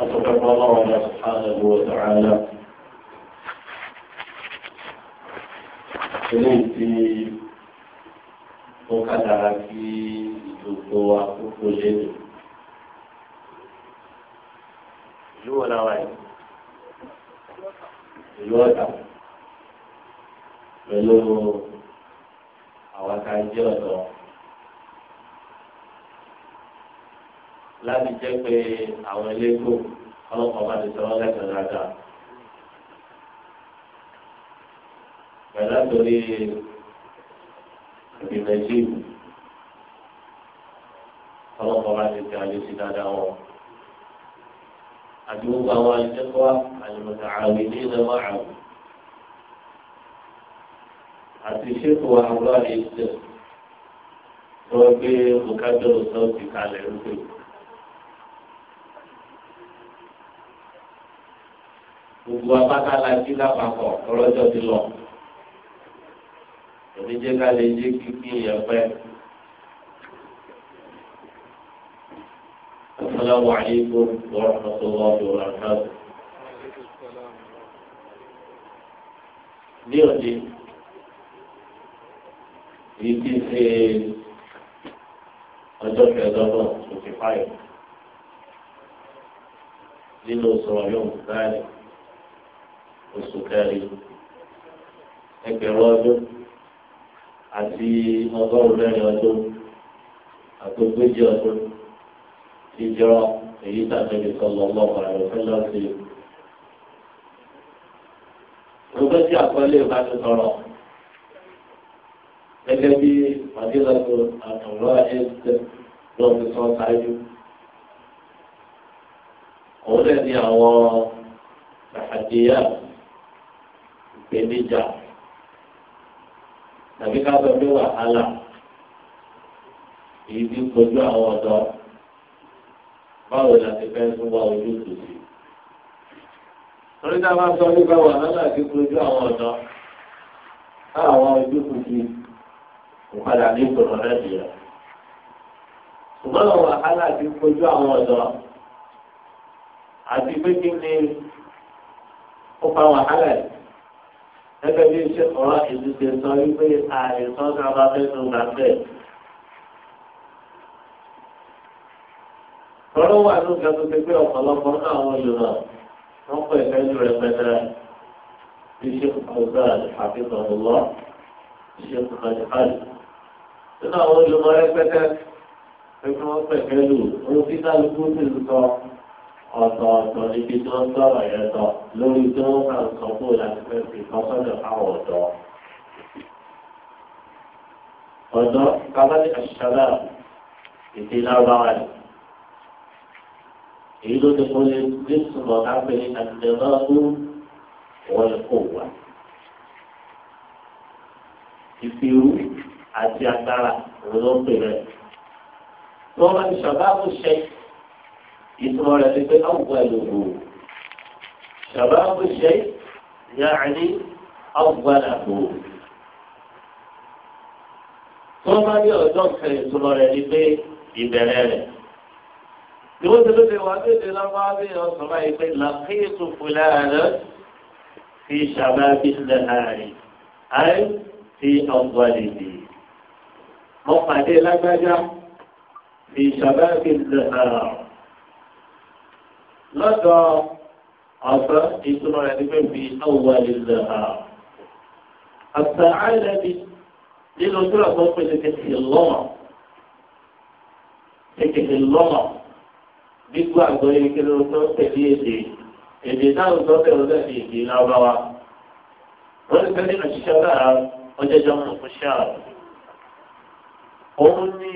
أتقبل الله سبحانه وتعالى eléyìí tí ó kádàrá kí ìdòkò àkókò lédè ìlú wọn náà wáyé ìlú ọ̀tà láti jẹ́ pé àwọn elétò àwọn kan bá ti sọ wọn lẹ́sẹ̀ dáadáa. Bẹ̀rẹ̀ látòrí ìbìmẹ̀jìmù àwọn kan bá ti sọ àlè sí dáadáa wọn. Àti gbogbo àwọn àlùkẹ́kọ̀ọ́ àlùmọ̀tà àwìn ní ilẹ̀ wà àwìn. Àti ṣètò àwọn ọlọ́ọ̀lẹ́ ìṣẹ̀ tó gbé bùkátà òṣèlú ti kalẹ̀ ń pè é. gbogbo apáta la jí lápapọ̀ ọlọ́jọ́ ti lọ. Èmi jẹ́ ká lè jẹ́ kíkí ìyẹ̀pẹ́. السلام عليكم ورحمة الله وبركاته ní òde yìí ti ṣe ọjọ́ kẹẹ̀ẹ́dọ́gbọ̀n twenty five nínú sọ̀rọ̀ yóò dáa yìí oṣù kẹrin ẹgbẹ̀rún ọdún àti ọgọ́rùn mẹ́rin ọdún àtògbéjì ọdún ìjọ èyí tàbí sọlọ ọlọ́pàá rẹ fẹlẹ sí i. gbogbo tí àkọlé bá ti sọ̀rọ̀ gẹ́gẹ́ bí àdéhùn àtọ̀rọ̀ ẹsẹ̀ lọ fi sọ ṣáájú. òun náà ní àwọn àdéhùn. ìpèníjà tàbí ká sọ wahala wàhálà èyí tí ọdọ kojú àwọn ọ̀dọ́ báwo la ti fẹ́ tún wá ojútùú sí. máa sọ nípa wàhálà tí kojú àwọn ọ̀dọ́ káwọn ojútùú sí kò padà ní ìgbòho náà nìyẹn. ṣùgbọ́n wàhálà tí kojú àwọn ọ̀dọ́ àti gẹ́gẹ́ bí iṣẹ́ ọ̀rọ̀ ìlú sọ wípé àìsàn sábà fẹ́sùn gbà bẹ́ẹ̀. Tọ́lọ́ wà ní ìgbà tó ti pé ọ̀pọ̀lọpọ̀ náà àwọn olùrọ̀ wọ́n pè fẹ́jú rẹ̀ pẹ́tẹ́rẹ́. Iṣẹ́ ọ̀gá àti ọ̀lọ́ iṣẹ́ kọ̀ọ̀dẹ́fàlì. Nínú àwọn olùmọ̀ rẹ̀ pẹ́tẹ́ pé wọ́n pè fẹ́jú olùfíkàlùkù sì ń sọ ọ̀tọ̀ọ̀tọ̀ níbi tó ń sọ̀rọ̀ yẹn tọ̀ lórí tó ń kà sọ fún láti fẹ́ fi kan sọ́dọ̀ fáwọn ọ̀dọ́. ọ̀dọ́ kábàlì àṣìṣàlá ètè lárúbáwá ni. èyí ló ti kó lè gbé sùnmọ̀ káfíń àtẹnudọ́gbù wọlé kó wà. ìfirú àti agbára ló ń pè rẹ̀. wọ́n máa ń ṣàbáwò ṣẹ́yìn ìtumọ̀ rẹ̀ ni pé àwùjọ ẹlòmù ṣàbáwò ṣe yáàní àwùjọ ẹlòmù. tó bá ní ọjọ́ kan ìtumọ̀ rẹ̀ ni pé ìbẹ̀rẹ̀ rẹ̀. ìwé tẹ́lẹ̀ tẹ́lẹ̀ wá tẹ́lẹ̀ lọ́wọ́ bí ọ̀sán báyìí pé làkìtù fúlàrẹ̀ fi ṣàbábí lẹ́hàrí àì fi àwùjọ ẹlòmù. mo pàdé lágbájá fi ṣàbábí lẹ́hàrí lọ́dọ̀ ọ̀sán ìtumọ̀ rẹ̀ nígbà bíi awùwà lílọ ha. àtà àìlẹ́bi nínú tí wọ́n tó pèsè kékeré lọ́mọ kékeré lọ́mọ gbígbó àgbọ̀ yìí kí ló tó tẹ̀lé èdè èdè náà tó tẹ̀lé èdè èdè lábáwá. wọ́n ti tẹ́lẹ̀ òṣìṣẹ́ náà ọjọ́ jọ mọ̀ fún ṣáà. òun ni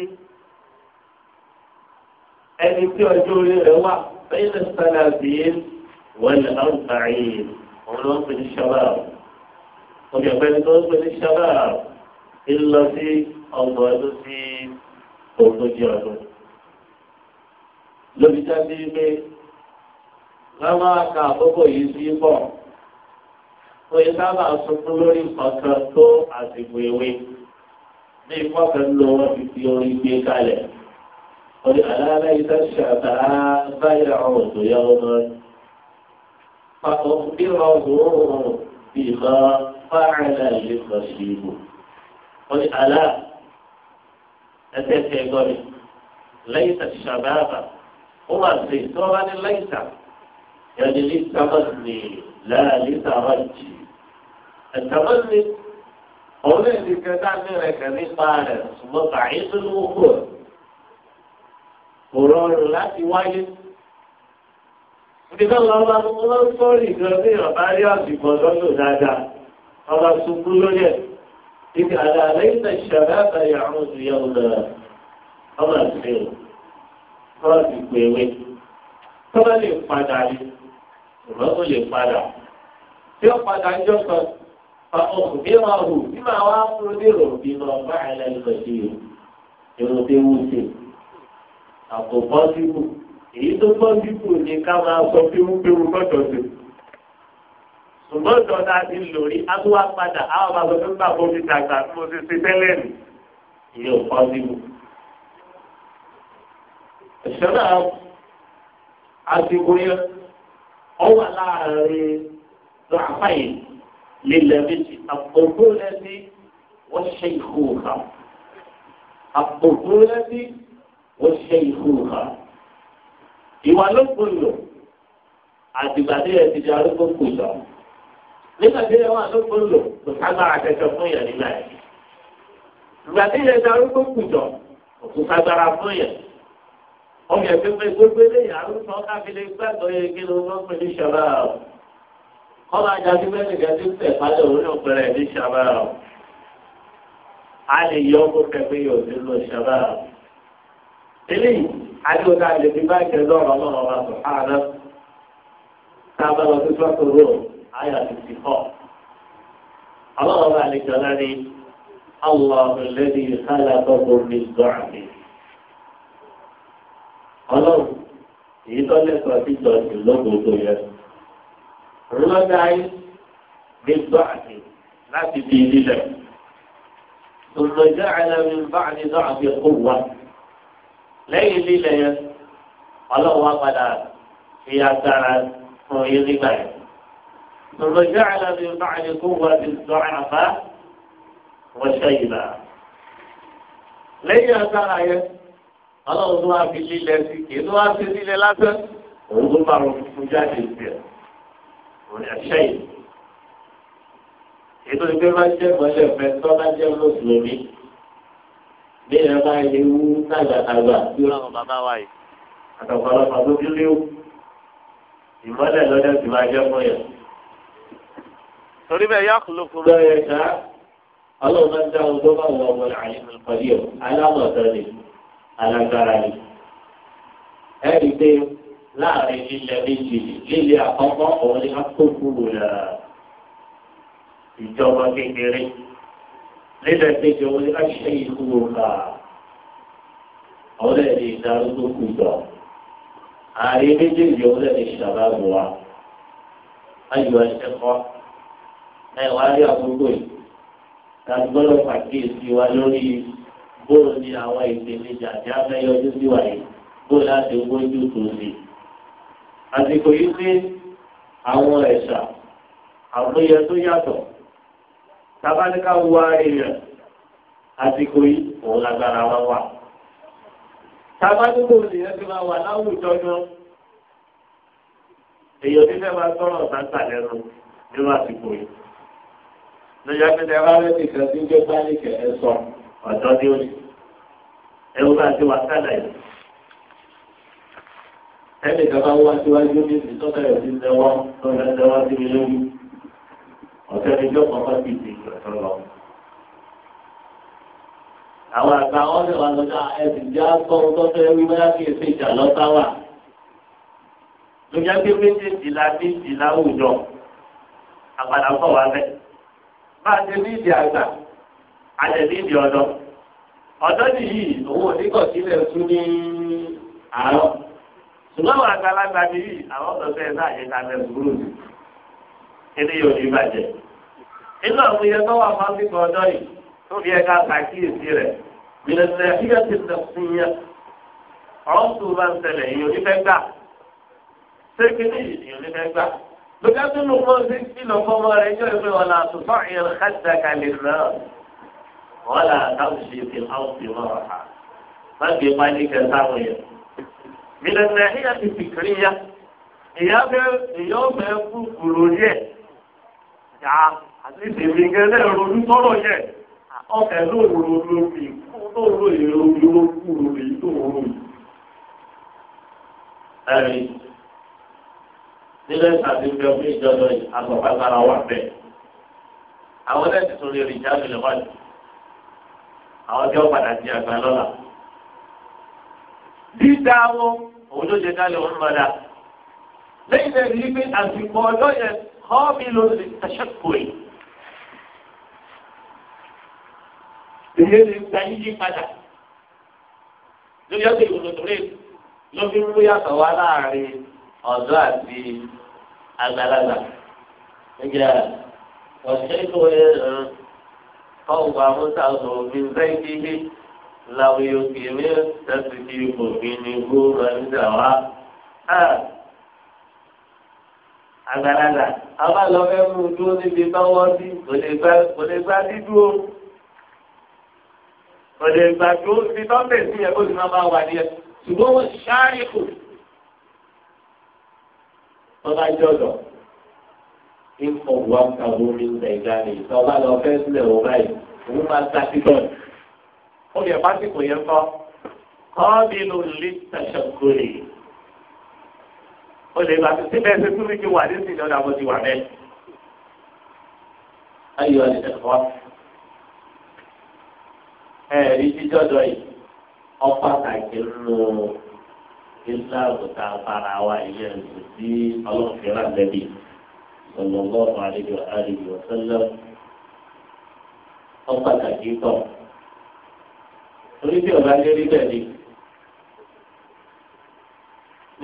ẹni tí ọjọ́ orí rẹ̀ wà bẹ́ẹ̀ ní sàlàbíyìn wọlé àǹfààyìn òun ló ń pè ní shabab òbí ọ̀gbẹ́ni tó ń pè ní shabab ń lọ sí ọgbọ̀n ọdún sí ogójì ọdún lóbi jáde pé láwọn aka àkókò yìí sí bọ̀ oye sábà sunkún lórí nǹkan tó àsìkò ewé bí nǹkan kan ló wọ́n fi fi orí gbé kalẹ̀. قل ألا ليت الشعباء فيعود يوما فأخبره بما فعل المخشيه قل ألا أتيت قولي ليت الشباب هما سيسرا ليس يعني للتمني لا لترجي التمني أولئك كتاب من ركني قال ثم ضعيف kò rọrùn láti wáyé. Ìgbà lọ́la ló ń sọ̀rọ̀ ìjọ ní ọ̀bá rí àsìkò lọ́dọ̀ dáadáa. Ọba ṣubú lórí ẹ̀. Ibi àlàalẹ́ ìta ìṣẹ̀lẹ̀ àtàyà àwọn òṣìyẹ́ ọ̀dọ̀ ọba ṣe o. Ọba ti pè wé. Tọ́lá lè padà ní. tó lè padà. Tí ó padà ń jọ fa ọkùn bí hù bí wá fún un ní àbòbọ́ síbù èyí tó bọ́ síbù ni ká máa sọ pé wọ́n pé wọ́n gbọ́dọ̀ sí. ṣùgbọ́n ìjọba ti lò rí adúwá padà àwọn bàbá tó ń gbà bó ti dàgbà tí mo ti ṣe tẹ́lẹ̀ nì ìyẹn ò bọ́ síbù. ìṣọ́nà àsìkò yẹn ọ wà láàárín tó àfàyè lílẹ̀ méjì àpòkúrẹ́sì wọ́n ṣe ìkú kan àpòkúrẹ́sì ó ṣe ikú ha ìwà ló kù lò àtìgbà tí ẹ ti di arúgbó kù lọ nígbà tí ẹ wà ló kù lò kò sábàá kẹsàn fún yẹn nígbà yẹn ìgbà tí yẹn darúgbó kù jọ òkú kagbara fún yẹn ọmọ yẹn pépé gbogbo eléyìí arúgbó káfílẹ̀ gbàgbọ́ yẹn kí ló wọ́n pè ní ṣàbáà kọ́lá ajásí mẹ́rin kan ti ń tẹ̀ fájọ òun ní ṣàbáà a lè yọ ọkọ pẹ̀pẹ́ eléyìí àdúgbò àlè fi bá ìkẹlẹ lọ́rọ̀ Ọlọ́run ọba tó hàn án tá a bá lọ sí sọ́kò rò ayọ̀ àti kọ́ Ọlọ́run ọba àlè jọlá ni Ọlọ́run lẹni ìkálà gbogbo mi gbọràmì Ọlọ́run èyí tó lẹsọọ sí jọjú lọgbọgbọ yẹn rúlọdà yìí mi gbọràmì láti fi lílẹ. ثم جعل من بعد ضعف قوة lẹ́yìn lílẹ̀ yẹn ọlọ́run wá padà fi agbára fún yín nígbà yẹn. ثم جعل من بعد قوة الضعفاء وشيبا lẹ́yìn agbára yẹn ọlọ́run tó wá fi lílẹ̀ sí kì í tó wá sí lílẹ̀ lásán òun tó bá wọn fún jáde ìgbẹ́ òun ẹ̀ṣẹ́ yìí ètò ìgbẹ́ máa jẹ́ mọ́lẹ̀ fẹ́ tọ́ bá jẹ́ mùsùlùmí bí ẹ bá ilé wú tàgbàtàgbà tí ó láwọn bàbá wa yìí àtọ̀pọ̀lọpọ̀ tó kí léwu ìmọ́lẹ̀ lọ́jọ́ ti máa jẹ́ fún yẹn. torí bẹ́ẹ̀ yá kúló kúrò. bẹ́ẹ̀ yẹ ká ọlọ́run máa ń dá ohun tó bá wọ ọmọ àyè mi ẹ̀ alámọ̀tọ́ ni alágbára ni. ẹ rí i pé láàrin lílẹ̀ méjì lílẹ̀ àkọ́kọ́ òun ni a lára ìjọba kékeré nígbà tí ìjọ wọlé aṣẹ ìlú ọ̀gá ọ̀lẹ́ ní ìdádúgbò kù jọ ààrẹ méjèèjì ọ̀lẹ́ ní ìṣàbáwò wa ayọ̀ ẹ̀ṣẹ̀ kọ́ rí àkókò yìí láti pàkíyèsí wa lórí bóòlù ní àwọn ìpèníjà tí a fẹ́ yọjú sí wa yìí bóòlù láti wójú tó sí. àsìkò yìí pé àwọn ẹ̀ṣà àgbéyẹ tó yàtọ̀ tabalika wá èèyàn àsìkò yìí òun lágbára wá wà. tabalika òṣèyàn ti máa wà láwùjọ náà èèyàn ti fẹ́ máa sọ̀rọ̀ sáńtà lẹ́nu nínú àsìkò yìí. lọ́jọ́ pẹ̀lú ẹ̀rọ alẹ́ ti kàn sí ń gbé pálíkì ẹ̀ sọ ọ̀dọ́ ní òní. ẹ̀rù bá ti wà sálà yìí. ẹnì kan bá wá síwájú ní ìtọ́ta ẹ̀ sí ń tẹ́wọ́ tó ń tẹ́wọ́ sí mi lórí ọ̀sẹ̀ ni yóò sí ti ìgbẹ̀tọ́ àwọn àgbà wọn lè wà lọ́jà ẹ̀sìn jẹ́ àgbọ̀ tó fẹ́ wí bóyá kí èsì ìjà lọ́tà wà. ló jẹ́ méjèèjì la ní ìdí láwùjọ àgbàdà ń wá bẹ́ẹ̀. bá a ti ní ìdí àgbà a lè ní ìdí ọ̀dọ́. ọ̀dọ́ nìyí òun ò ní kọ̀ sílẹ̀ tún ní àárọ̀. ṣùgbọ́n àwọn àgbàlagbà nìyí àwọn ọ̀dọ́ ẹni yóò ní bàjẹ́. inú àwọn ìyẹn tó wà fún àtìkọ ọjọ́ yìí tó fi ẹka àkíyèsí rẹ̀ mìlẹ̀sẹ̀ fíjọ́ ti sọ fún yẹn ọ̀rọ̀ tó bá ń sẹlẹ̀ èyí onífẹ́ gbà ṣé kí ní bàjẹ́. inú àwọn lùkàtú tó wà sí fásitì ọjọ́ yìí tó fi ẹ̀ka àkíyèsí rẹ̀ gbìyànjú ìyá ti nà fún yẹn ọ̀rọ̀ tó bá ń ṣẹlẹ̀ èyí ò gbà ṣé kíní èyí ò ní gbà. lókè tó lù mọ́ sí kìlọ̀ fọmọ rẹ̀ yóò fi wọn là tó tọ́ ìyẹn kájà kalẹ̀ náà wọn là táwọn ṣe ti àwọn ti mọ̀ ọ̀hà má gbé pálí kẹta wọn yẹn. gbìyànjú ìyá ti fìkìrì yá ìyá fẹ́ ìyá ọ̀fẹ́ kú kúrò yẹ. jà àwọn ẹlẹ́sìn tó lè rìn jáde lọ́wọ́dì àwọn tí wọ́n padà àgbà lọ́la dídá wọn òun ló ṣe dálé wọn mọ́ra lẹ́yìn náà pé àsìkò ọjọ́ yẹn. قابل للتشكل ìrèlè gba yíyí padà lórí ọ̀sẹ̀ ìwòsòtòrè ló fi ń mú yàtọ̀ wá láàrin ọ̀dọ́ àti àgbàlagbà nígbà ọ̀sẹ̀ ìkọ̀wé ọ̀gbà mọ́tà òfin sẹ́yìndínlé làwọn yòókè mi tẹ̀sí ti òfin ní gbóòrò nígbà wá. Ah! àgbàlagbà àbá lọ fẹ́ mú un dúró níbi bá wọ́n sí kò lè gba dídúró kò lè gba dúró ibi tó ń bèsì yẹn kó sì máa bá wà ní ẹ ṣùgbọ́n wọ́n ṣáàrì kù wọ́n bá jọ̀dọ̀ ìfọ̀ wà kàwé mi ń tẹ̀gá ni ìtọ́ba lọ fẹ́ sílẹ̀ wọ báyìí òun máa ta títọ̀ ó yẹ pásítọ̀ yẹn kọ́ kọ́ bínú lítàṣàkúrè o lè gbà tí bẹ́ẹ̀ ṣe tún ti wà ní ìsìn lọ́dà bó ti wà bẹ́ẹ̀. ayọ̀ ẹ̀kọ́ ẹ̀rí jíjọ́dọ̀ yìí ọ̀pá tàkì nù ìsìláàmù tá a fara wa ìyẹn ẹ̀sìn sí ọlọ́ọ̀fẹ́ lábẹ́bí sallallahu alaihi wa alihi wa sallam ọ̀pá tàkì tọ̀. orí ọ̀gá lérí bẹ́ẹ̀ ni.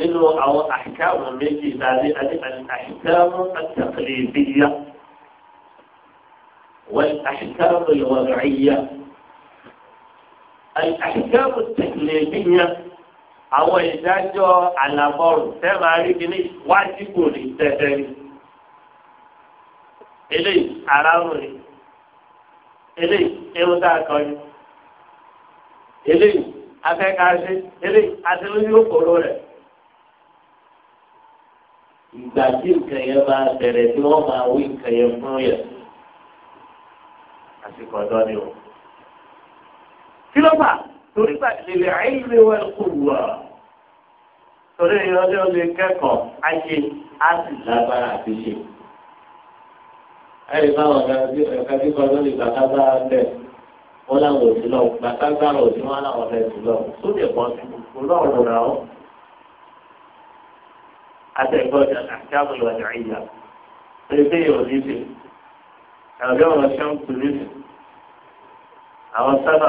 nínú àwọn àṣìkáàmù méjì ìdájí àṣìkáàmù àtàkìlìbíyà wọ́n àṣìkáàmù ìwọ̀nàíyà àṣìkáàmù àtàkìlìbíyà àwọn ìdájọ́ àlàbọ̀rù tẹ́lẹ̀ àríkìní wájibù ní tẹ́tẹ́ ni eléyìí aráàlú ni eléyìí ewu tá a afẹ́kàṣe eléyìí àti òkòrò rẹ̀. ìgbà tí nǹkan yẹn bá bẹ̀rẹ̀ tí wọ́n máa wí nǹkan yẹn fún yẹn àsìkò ọ̀dọ́ ni o. kí ló fà torí gbà lèlè àìlè wà kó wà torí ìrọ̀lẹ́ olè kẹ́kọ̀ọ́ ayé á sì lágbára àti ṣe. ẹ̀rí báwọn ọ̀gá tí kọ́ lórí bàtà bá bẹ̀ wọ́n láwọn òsì lọ bàtà gbàrọ̀ òsì wọn láwọn ọ̀gá ìsìn lọ sóde pọ̀ sí olóòrùn náà àtẹ̀gbọ́dọ̀ àtàwọn ìwà ìrìnà pépé òní sí ẹ̀rọ ọ̀rọ̀ ṣẹ́ń tùrìsì àwọn sábà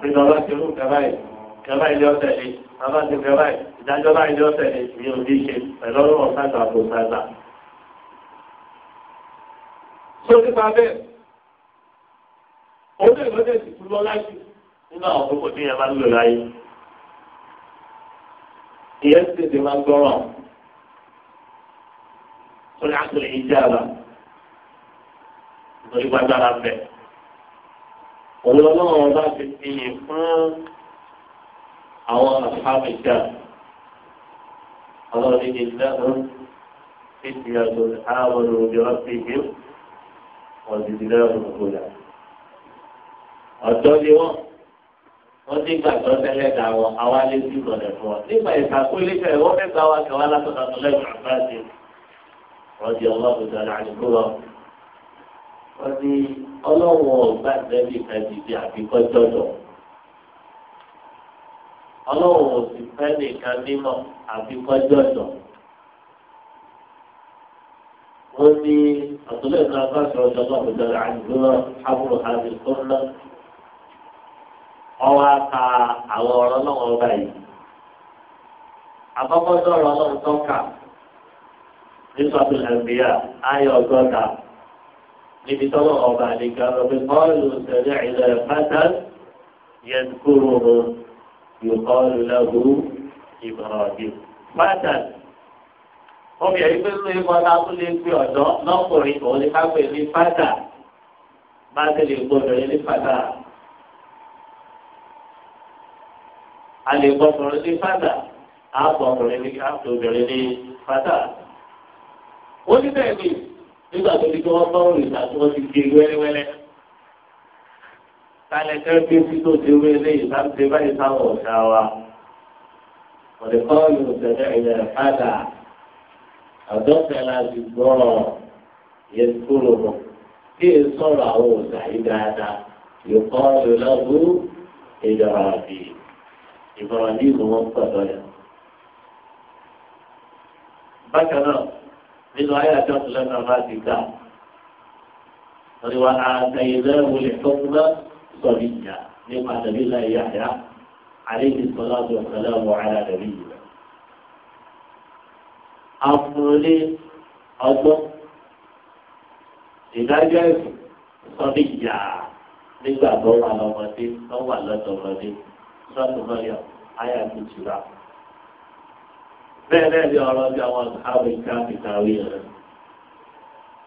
pínlẹ̀ ọba ti rú kẹfà yìí kẹfà yìí lọ́ọ́ tẹ̀lé bàbá ti kẹfà yìí ìdájọ́ báyìí lọ́ọ́ tẹ̀lé mi ò ní ṣe pẹ̀lú ọ̀rọ̀ sábà kò sábà. tó nípa bẹ́ẹ̀ òun náà lọ́dẹ̀ sì tún lọ láti nínú àwọn tó kò ní ẹ̀ máa ń lò láyé ìyẹn ti tètè máa ń gbọ́ràn ó ní àtúntò ìjáàbá nítorí gbàgbára bẹ́ẹ̀. òun lọ́wọ́ bá ti fi yìn fún àwọn àfáàmìjà àwọn onídìí lẹ́hìn títí àgbọ̀n àwọn olùjọ́ ti gbé ọ̀dìdì lẹ́hìn òkúta. ọ̀dọ́ ni wọ́n wọ́n ti gbà tó tẹ́lẹ̀ dà wọ́n àwa lé sí ìgbọ̀nẹ̀ fún wọn. nígbà ìtàkùn ilé ìfẹ́ wọ́n gbà wá kẹwàá látọ̀tà tó lẹ́yìn àbáṣe rọ́jì ọlọ́run dára àdúgbò lọ. wọ́n ní ọlọ́wọ́ ọ̀gbà ìdẹ́bí kan dìde àbíkọ́ jọ̀jọ̀. ọlọ́wọ́ òsì fẹ́ nìkan mímọ́ àbíkọ́ jọ̀jọ̀. wọ́n ní àtúlẹ̀ náà bá sọ ọjọ́ ọlọ́run dára àdúgbò lọ àbúrò àbí kọ́ńdà. ọwọ́ á ka àwọn ọ̀rọ̀ náà wọ́n báyìí. àkọ́kọ́ sọ̀rọ̀ ọlọ́run tó kà á nípasẹ̀ lẹ́mìíyà ayọ̀ ọgọ́ta níbi tọ́lọ̀ ọba àdìgá ọ̀gbìn bọ́ọ̀lù sẹ̀rí ilẹ̀ pátá yẹn kúrò yóò bọ́ọ̀lù lẹ́hu ìbọ̀rọ̀dì pátá. obìnrin pé ló ń bọ́lá tó lè gbé ọ̀dọ́ lọ́kùnrin òun ní ká pè ní pátá bá ó ní bẹ́ẹ̀ ni nígbà tó ti kí wọ́n bá òrìṣà tí wọ́n ti gé wẹ́lẹ́wẹ́lẹ́ kálẹ̀ kẹ́ bí bí tó ti wé eléyìí bá ti báyìí sáwọn ọ̀ṣà wa ọ̀dẹ̀kọ́ yóò tẹ̀lé ẹ̀yẹ padà àdọ́tẹ̀ láti gbọ́ yẹn kúrò mọ́ kí n sọ̀rọ̀ àwọn ọ̀ṣà yìí dáadáa yóò kọ́ yóò lọ́gbó ìjọba àbí ìbọ̀rọ̀ ní ìlú wọn pẹ̀lú ẹ̀. bákan náà nínú ayé àjọsìn lẹ́nu àbá ti ká oríwá àtẹ̀yẹ̀dẹ́ wọlé fọ́kúnlá sọ̀rọ̀ ìjà nípa tẹ̀lé ilá ìyá ìyá àléjì sọlá tó sọlá wọ ara tẹ̀lé ìyá. àfúnlé ọgbọ́n ìdájọ́ ẹ̀sùn sọ̀rọ̀ ìjà nígbà tó wà lọ́mọdé tó wà lọ́dọ̀ọ́mọdé sọ́tún lọ́yọ̀ ayé àtúntìlá. bẹ́ẹ̀ náà ni ọ̀rọ̀ bí àwọn àbò ìka ìkàwé rẹ̀.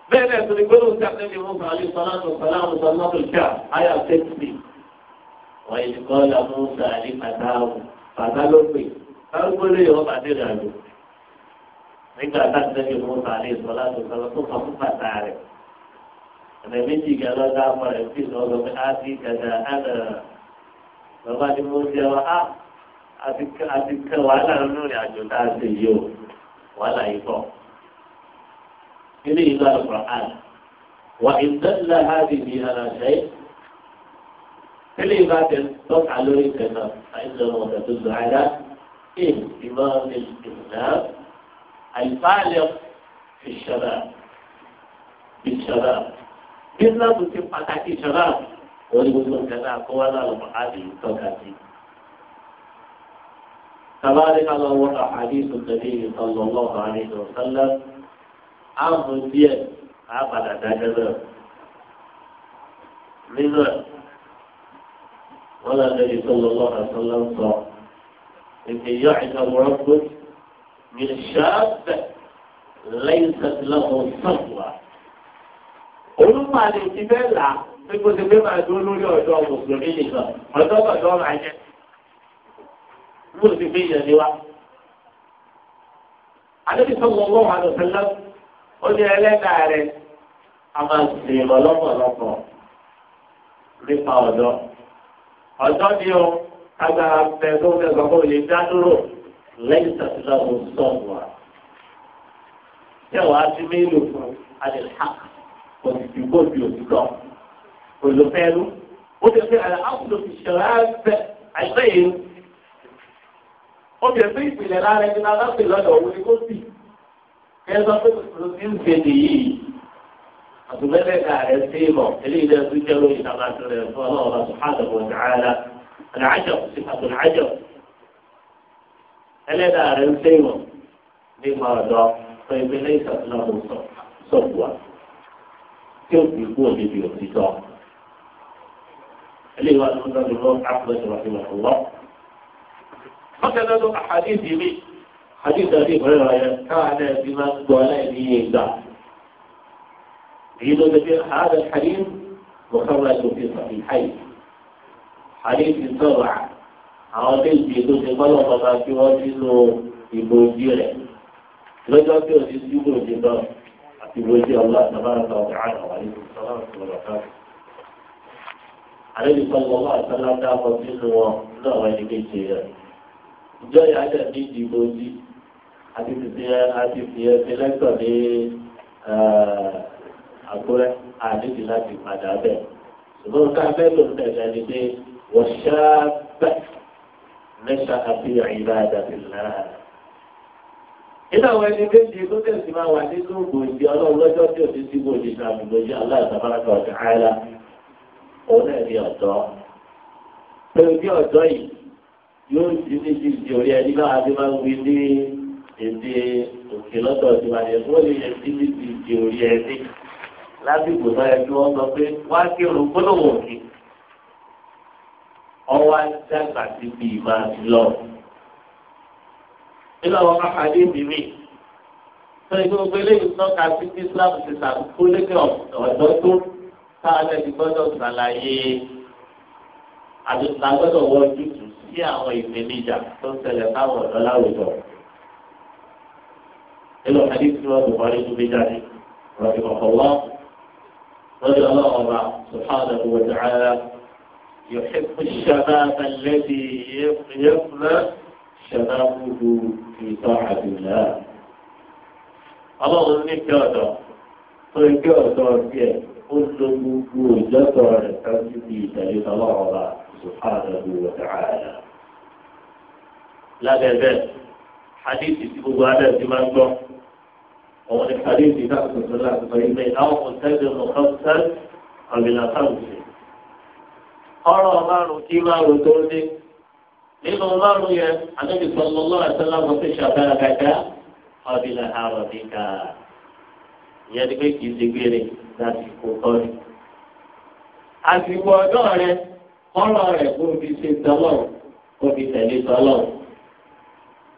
bẹ́ẹ̀ náà tó ní gbọ́dọ̀ sí àtẹ́bí mú sàlẹ̀ sọ́láàtò sọ́láàtò sọ́láàtò ìka àyà sẹ́kìtì. wọ́n yìí kọ́ la mú sàlẹ̀ pàtàkì pàtàkì ló pè káwé lè yọ bàtẹ́ rẹ̀ àjò. nígbà táàtẹ́bí mú sàlẹ̀ sọ́láàtò sọ́láàtò kọ́ fún pàtà rẹ̀. ẹ̀rẹ̀ méjì gẹ́gẹ́ lọ́dọ̀ àpọ̀ rẹ̀ sí ìlọ́dọ̀ àti tẹ wàhálà nínú ìrìn àjò tá a ṣe yìí o wàhálà yìí pọ̀. ilé ìlú alukur'an wà ìdánilá hàbí ní aláṣẹ ilé ìlú àti tọ́ka lórí ìtẹ̀nà àìsàn ọ̀sẹ̀ tó lọ àdá إن إمام الإسلام البالغ في الشباب بالشباب بالنسبة لفتاة الشباب ولمن كان أقوى على المعادي التوكاتي كذلك لو وقع حديث النبي صلى الله عليه وسلم عن مدير عقد دجبه لما ولا النبي صلى الله عليه وسلم قال إن يعلم ربك من شاب ليست له صفوة olùmọ̀ àti ìtìbẹ́là pé kò sí pé máa dúró lórí ọ̀dọ́ mùsùlùmí nìkan bóòlù ti fi yàn ní wa. Adébí sọ̀rọ̀ wọ́n wà lọ́sẹ̀lẹ̀ ó ní ẹlẹ́dàá rẹ̀ a máa sè lọ́pọ̀lọpọ̀ nípa ọ̀dọ́. Ọ̀dọ́ ni ó agbára pẹ̀ tó fẹ́ gbọ́gbọ́ lè dá dúró lẹ́yìn sàtìlá tó sọ̀rọ̀ wa. Tẹ̀wá sí mélòó fún Adélhà òtítìkó di òtítọ́. Olùfẹ́ lu ó ti fi àlàáfíà fi ṣẹ̀rẹ̀ àgbẹ̀ àgbẹ̀ yìí. obìnrin fún ìpìlẹ̀ lára ẹni náà láti lọ́dọ̀ òun ni kó sì kẹ́ sọ pé kòtò ti ń ṣe nìyí àtúbẹ́lẹ̀ ká rẹ̀ sí ìmọ̀ eléyìí lẹ́yìn tó jẹ́ lóyìn náà láti rẹ̀ fún ọlọ́run láti hàdà wọ̀ dáadáa àlàájọ sí àtúnà àjọ ẹlẹ́dàá rẹ̀ ń ṣe ìmọ̀ nípa ọ̀dọ́ fún ìpínlẹ̀ ìṣàtúnà mọ̀ sọ̀tùwà tí ó fi kú òdìbì òtítọ́ eléyìí wà lọ́dọ̀ lọ́wọ́ bákan náà àhàdìsì mi àdìsì àti ìfọ̀rẹ́ rẹ̀ káà náà ti máa ń gbọ́ aláìníye ìgbà èyí ló ti fi àádọ́ àdìsì mọ̀kànlá tó fi sàfihàn àyè àdìsì sọ̀rọ̀ àwọn méjì tó ti kọ́ lọ́kọ̀ máa fi wọ́n sínú ìbòjì rẹ̀ lọ́jọ́ tí òsì sí ìbòjì náà àti ìbòjì ọlọ́ àtàbáràtà ọ̀gá àwọn àyè sọ̀rọ̀ sọ̀rọ̀ àlejò sọ̀rọ̀ wọn àtàlá dáàbọ̀ sínú wọn náà wọ́n ẹni kéjì rẹ̀. ìjọ yà á dẹ̀ bí ìdìbò sí àti fi ẹsẹ̀ lẹ́tọ̀ ní àkúrẹ́ àdídì láti padà bẹ̀. ṣùgbọ́n ká fẹ́ ló ń tẹ̀lé ni pé wọ́n ṣá bẹ́ mẹ́ṣà àti àyíká àdàbí náà. nínú àwọn ẹni méjì tó tẹ̀sí máa wà nínú gbòǹdì ọlọ́run lọ́jọ́ tí òsì sí gbòǹdì ìsàmì lójú aláàtàbáràkà ọ̀tẹ̀ àìlá òun náà ọ̀dọ́. pé ojú ọ̀dọ́ yìí yóò ti ní ti di orí ẹni náà àti máa ń wí ní èdè òkè lọ́dọ̀ ti wà ní ẹ̀fọ́ lè ti ní ti di orí ẹni lásìkò náà ẹni wọ́n sọ pé wá kírun gbólóhùn òkè ọwọ́ dàgbà sí bí ìmọ̀ àti lọ. nínú àwọn káfíńdé mímì sọ èdè gbogbo eléyìí tọ́ka sí bí Islam ti sàkókò lẹ́kẹ̀ ọ̀dọ́ tó táwọn ẹni gbọ́dọ̀ sàlàyé àdùnnà gbọ́dọ̀ wọ́n jùtù tí àwọn ìpèníjà tó ń tẹ̀lé táwọn ọ̀dọ́ láwùjọ. Ilé ọ̀sẹ̀ ní tí wọ́n ti àwọn ìpèníjà tó ń tele fáwọn ọ̀dọ́ láwùjọ. nínú àdé tí wọ́n bọ̀ wọlé tó gbé jáde rọ̀bì ọ̀pọ̀lọ́ lórí ọlọ́run ọba subhanahu wa ta'ala يحب الشباب الذي يفنى شبابه في طاعة الله ọlọ́run ní kí ọ̀dọ̀ tó ń kí ọ̀dọ̀ bí ẹ̀ ó lo gbogbo ìjọ́tọ̀ rẹ̀ ká sí ibi ìtẹ̀lé ọlọ́run ọba. subhanahu wa ta'ala. lábẹ́ bẹ́ẹ̀ hadithi tí gbogbo adé ti máa ń gbọ́ àwọn ní hadithi náà tó tó láti sọ ilé àwọn kò tẹ́lẹ̀ mọ̀kàn sẹ́lẹ̀ ọ̀gbìnà sáwùsì. ọ̀rọ̀ márùn kí márùn tó ní nínú márùn yẹn àdébí sọlọ́lọ́ àtẹ́lá mọ́ sí ṣàbẹ́rẹ́ kàkà ọ̀gbìnà àrọ̀ níkà ìyẹn ni pé kì í ṣe gbére láti kó tọ́ ni. àsìkò ọ̀dọ́ rẹ̀ kọ́rọ̀ rẹ̀ kó o fi ṣe tọ́lọ̀ kó o fi tẹ̀lé tọ́lọ̀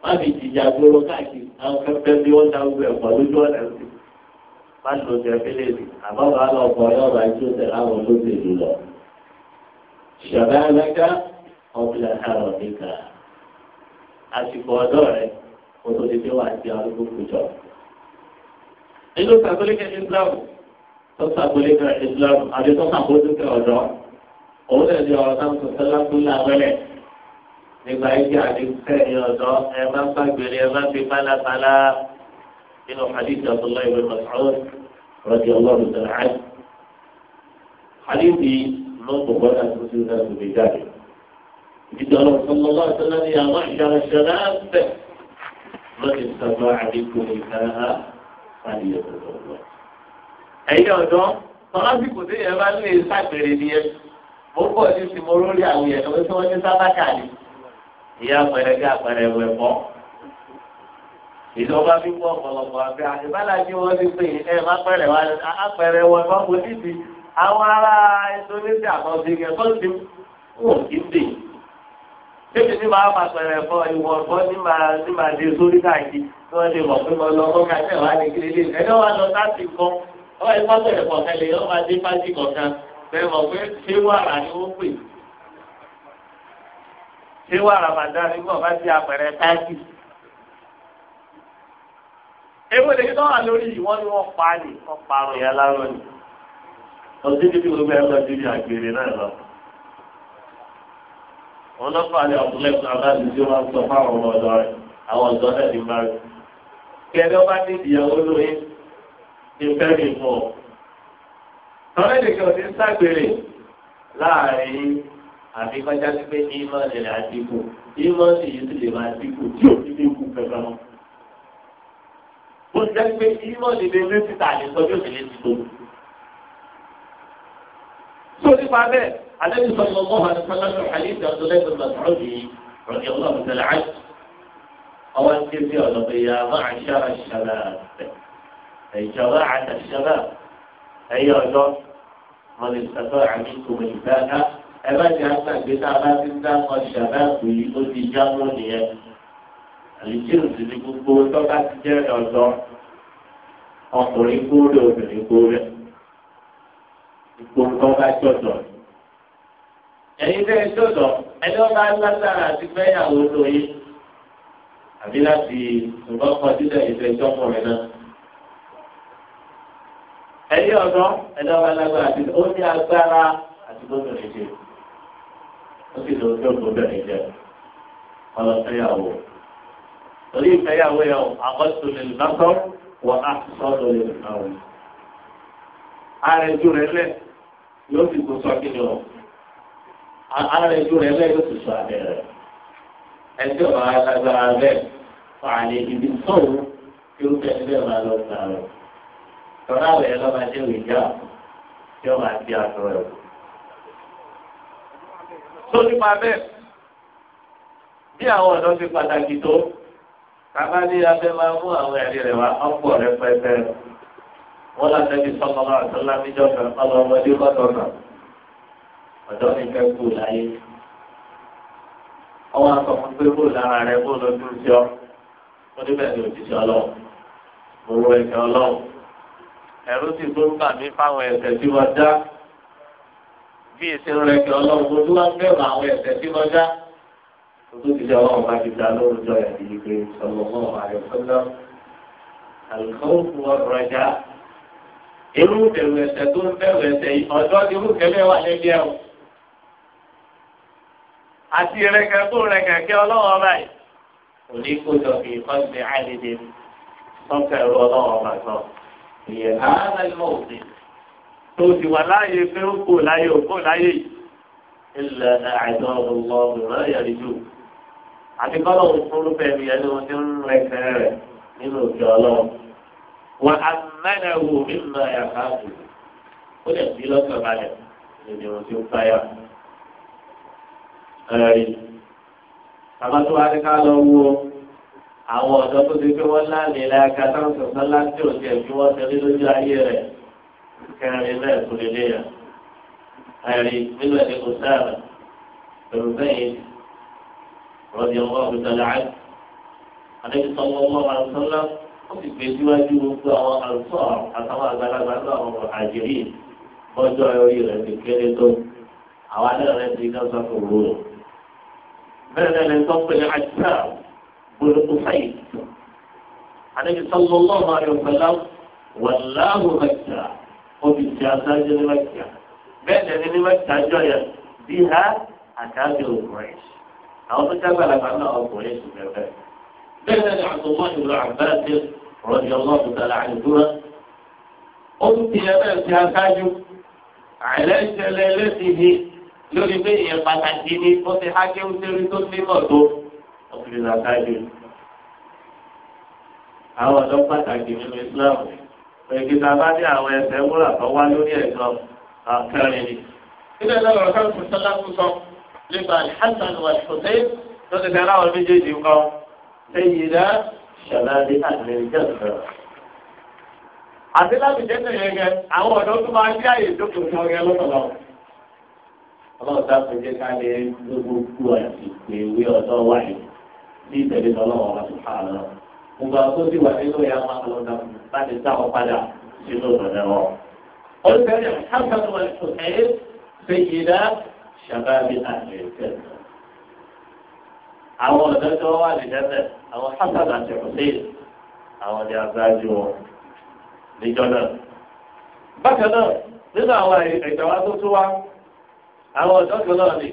má fi jìjà gbóró káàkiri àwọn kẹfẹ́ bí wọ́n dá gbogbo ẹ̀kọ́ lójú ọ̀nà sí má lò ó jẹ́ fẹ́lẹ́ sí àbábọ̀ àlọ́ ọkọ̀ yọ̀ọ̀bà tí ó tẹ̀lé àwọn olóṣèlú lọ. ìṣọ̀dá alága ọ̀bùnà àrọ̀ nìkan àsìkò ọ̀dọ́ rẹ̀ kó tó di pé wà á arúgbó kùjọ. nínú sàkólékẹ́ Islam tó sàkólékẹ́ Islam àti tó sàkólékẹ́ ọ̀dọ́ òun lè di ọ̀rọ̀ sáà tó sẹ́lá tó lé abẹ́lẹ̀ nígbà ìjà àti sẹ́yìn ọ̀dọ́ ẹ má bá gbèrè ẹ má fi pálapàla nínú hadith abdullahi ibn Mas'ud rọ̀dí ọlọ́run tó rà áyì. hadith yìí ló kò gbọ́dọ̀ tó ti rẹ̀ tó fi jáde. ìdíjọ́ lọ sọ́nà lọ́wọ́ ní àwọn ìṣẹ̀lẹ̀ ṣẹlẹ̀ lọ́dí sábà àdínkù ìkára ọ̀dọ́ mo ń bọ̀ ní ti mo lórí àwọn yẹn lọ́wọ́ tí wọ́n ní sábàkà ni ìyá pẹ̀rẹ̀ gé àpẹẹrẹ wẹ̀ bọ́. ìjọba fi ń bọ̀ ọ̀pọ̀lọpọ̀ àgbẹ̀ àtìbálàjì wọn ti pè é má pẹ̀rẹ̀ wá àpẹẹrẹ wọn bá mo níbi àwọn ará Indonesia kan ti kẹ́ tó ti wò kí n dè. Bébí ní máa ma pẹ̀rẹ̀ fọ ìwọ̀ ọ̀gbọ́n ní máa ní máa di sórí káàkiri tí wọ́n ti mọ̀ pé mo lọ mọ́ kàtẹ́ wá ní kílílé. Ẹ̀dọ́ wa lọ sáàtì kan, ọ̀ ẹ̀fọ́ pẹ̀rẹ̀ kọ̀ọ̀kan lè yọ́ máa dé fájì bẹ́ẹ̀ mọ̀ pé ṣé wàrà ni wọ́n pè ṣé wàrà máa dá nígbà bá ti àpẹẹrẹ táàkì. ewu lè tọ́ wà lórí yìí wọ́n ní wọ́n pa á nì wọ́n parun ìyá lárọ́ ni. ọtí níbi gbogbo ẹ̀ lọ síbi àgbèrè náà lọ. wọn lọ fà ní ọ̀túnlẹ̀ fún abáàlú tí wọ́n sọ fáwọn ọmọ ọ̀dọ́ rẹ̀ àwọn ọ̀dọ́ náà ti máa rí. kí ẹgbẹ́ bá ní ìyàwó lóyún ní tọ́lá èdè kan ti ń ságbèrè láàrin àfi kọjá sí pé ìmọ̀ ìrìn àdínkù ìmọ̀ ìyí sì lè máa dínkù tí ò ní dínkù pẹ̀lú ọmọ. bó ti jẹ́ pé ìmọ̀ ìdílé ní títà ní sọ́jú òṣèlú ti tó. tó nípa bẹ́ẹ̀ àdébí ẹ̀yẹ ọ̀dọ́ mo lè sọ́tọ́ àdínkù ìgbàgbá ẹ bá ti àgbàgbé tá a bá ti ń dákọ ṣàbáàkù yìí ó ti já mọ́ nìyẹn àlùjírù sì ni gbogbo tó bá ti jẹ́ ọ̀dọ́ ọkùnrin kúrò obìnrin kúrò gbogbo tó bá jọ̀dọ̀ ẹ̀yin tẹ́ ẹni wọ́n bá lágbára àti fẹ́yàwó lóyún àbí láti nǹkan kan dídá ìfẹ́ jọ́kùnrin náà ẹ̀yí ọ̀dọ́ ẹ̀dá wa lágbára àti ó ní agbára àti gbọ́dọ̀ lè jẹ ó sì lọ sí ọgbọ́dọ̀ lè jẹ ọlọ́fẹ́yàwó torí ìfẹ́yàwó yẹn àkọ́sùn lè lọ́sọ̀ wọ àtúnṣọ́dọ̀ lè lọ́wọ́ ààrẹ ju rẹ lẹ yóò fi kó sọ kí ni o ààrẹ ju rẹ lẹ yóò fi sọ abẹ rẹ ẹsẹ ọ̀rọ̀ alágbára bẹ́ẹ̀ fààlẹ ibi sọ̀rọ̀ yóò fẹ́ ẹgbẹ́ máa lọ sí tọ́lá wẹ̀ lọ́ba ṣe wì já tí ọba ti aṣọ rẹ̀ wò. tó nípa bẹ́ẹ̀ bí àwọn ọ̀dọ́ ti pàtàkì tó kàbá ní abẹ́ máa mú àwọn ẹ̀rí rẹ̀ wá ọ̀pọ̀ rẹ̀ pẹ́pẹ́ wọ́n láti ẹbí sọ́kọ́ máa tó lámíjọ́ kan ọlọ́mọdé kọ́tọ̀ kan ọ̀dọ́ mi fẹ́ kú láyé. ọwọ́ akọ̀mọ́ pé kó lára rẹ̀ bó lọ́dún sí ọ. mo níbẹ̀ ni òjijì ọlọ́run mo rọ ẹ̀kẹ́ ọlọ́run ẹ̀rú sì tó ń bà mí fáwọn ẹ̀ṣẹ̀ tí wọ́n dá bí èsì rẹ̀ kí ọlọ́run ojú wa bẹ̀rù àwọn ẹ̀ṣẹ̀ tí wọ́n dá tó ti jẹ́ ọlọ́run bá ti dá lórúkọ ẹ̀ yìí pé sallallahu alaihi wasallam al-khawfu war-raja irú bẹ̀rù ẹ̀ṣẹ̀ tó ń bẹ̀rù ẹ̀ṣẹ̀ yìí ọ̀dọ́ ti rú kẹ́lẹ́ wà lẹ́bí ẹ̀ àti ìrẹ̀kẹ̀ tó rẹ̀kẹ̀ kí ọlọ́run ọba yìí òní kó jọ kì í ìyẹn hàrá ìmọ̀ òfin tó ti wà láàyè pé ó kò láyè ó kò láyè ilẹ̀ àìsàn ọ̀rọ̀ ọ̀rọ̀ yẹn jù àti kọ́lọ̀ òfurufẹ́ mi ẹni wọn ti ń rẹ kẹrẹ rẹ nínú òkè ọlọ́run wà á mẹ́rẹ̀ wò mí mọ ẹ̀ka àbò ó lè bí lọ́kàn balẹ̀ lèdè wọn ti ń fáyà ẹ̀rí àbátúwárí ká lọ wú ọ àwọn ọ̀dọ́ tó ti fi wọ́n láàlè láàka táwọn sọ̀tàn láti òkè bí wọ́n ti rí lójú ayé rẹ̀ kẹrin náà kò lè léyà. àìrí nínú ẹni kò sáàrà pẹ̀lú bẹ́yìn rọ́bì ọmọ ọ̀gbìnrin àti àdébísọ̀ ọmọ ọmọ àlùsọ́lá ó sì gbé síwájú gbogbo àwọn àlùsọ̀ àtàwọn àgbàlagbà náà ọmọ àjèrí bọ́jọ́ orí rẹ̀ ti kéré tó àwọn adẹ́rẹ́ ti ká والقصيد النبي صلى الله عليه وسلم والله مكة وبالسياسة لمكة بعد أن مكة جاية بها أكابر قريش أو تكبر أنه قريش بذلك بعد عبد الله بن عباس رضي الله تعالى عنهما أمتي يا أكاجو على جلالته لربيع قتلتني فتحك وسرت في مرضه ọkùnrin làkàjù. àwọn ọ̀dọ́ pàtàkì nínú Islam èkìtà bá ní àwọn ẹsẹ̀ wúrà tó wá lórí ẹ̀sọ́ àkẹrin ni. ilé náà lọ́rọ̀ káàkiri sọ́lá ń sọ nípa alhassan wa ṣùtẹ́ tó ti tẹ̀lé àwọn méjèèjì ń kọ́ lẹ́yìn dá ṣàlàyé àlẹ́jọ́ sọ̀rọ̀. àti láti jẹ́ tẹ̀lé gẹ àwọn ọ̀dọ́ tó máa ń yá èyí tó kù fún ọgẹ lọ́sọ̀lọ́. ọlọ́run dákun ká lè gbogbo àti ìpèwé ọ̀dọ́ wáyé ní ìtẹ̀lé lọ́lọ́wọ́ wọn sùn fáà lọ. tó ti wà nínú ìyá wọn lọ dà láti dá wọn padà sínú ìrọ̀lẹ́ wọn. Olùfẹ́rẹ́ Hamza wà ṣùgbọ́n ṣe ìdá ṣàbábí àti ìfẹ́. Àwọn ọ̀dọ́ tó wà ní Dẹ́sẹ̀, àwọn Hamza àti Hussein, àwọn ni aṣáájú wọn níjọ́ náà. Bákan náà, nínú àwọn ẹ̀jọ̀ wa tó tún wá, àwọn ọ̀dọ́ kan náà ni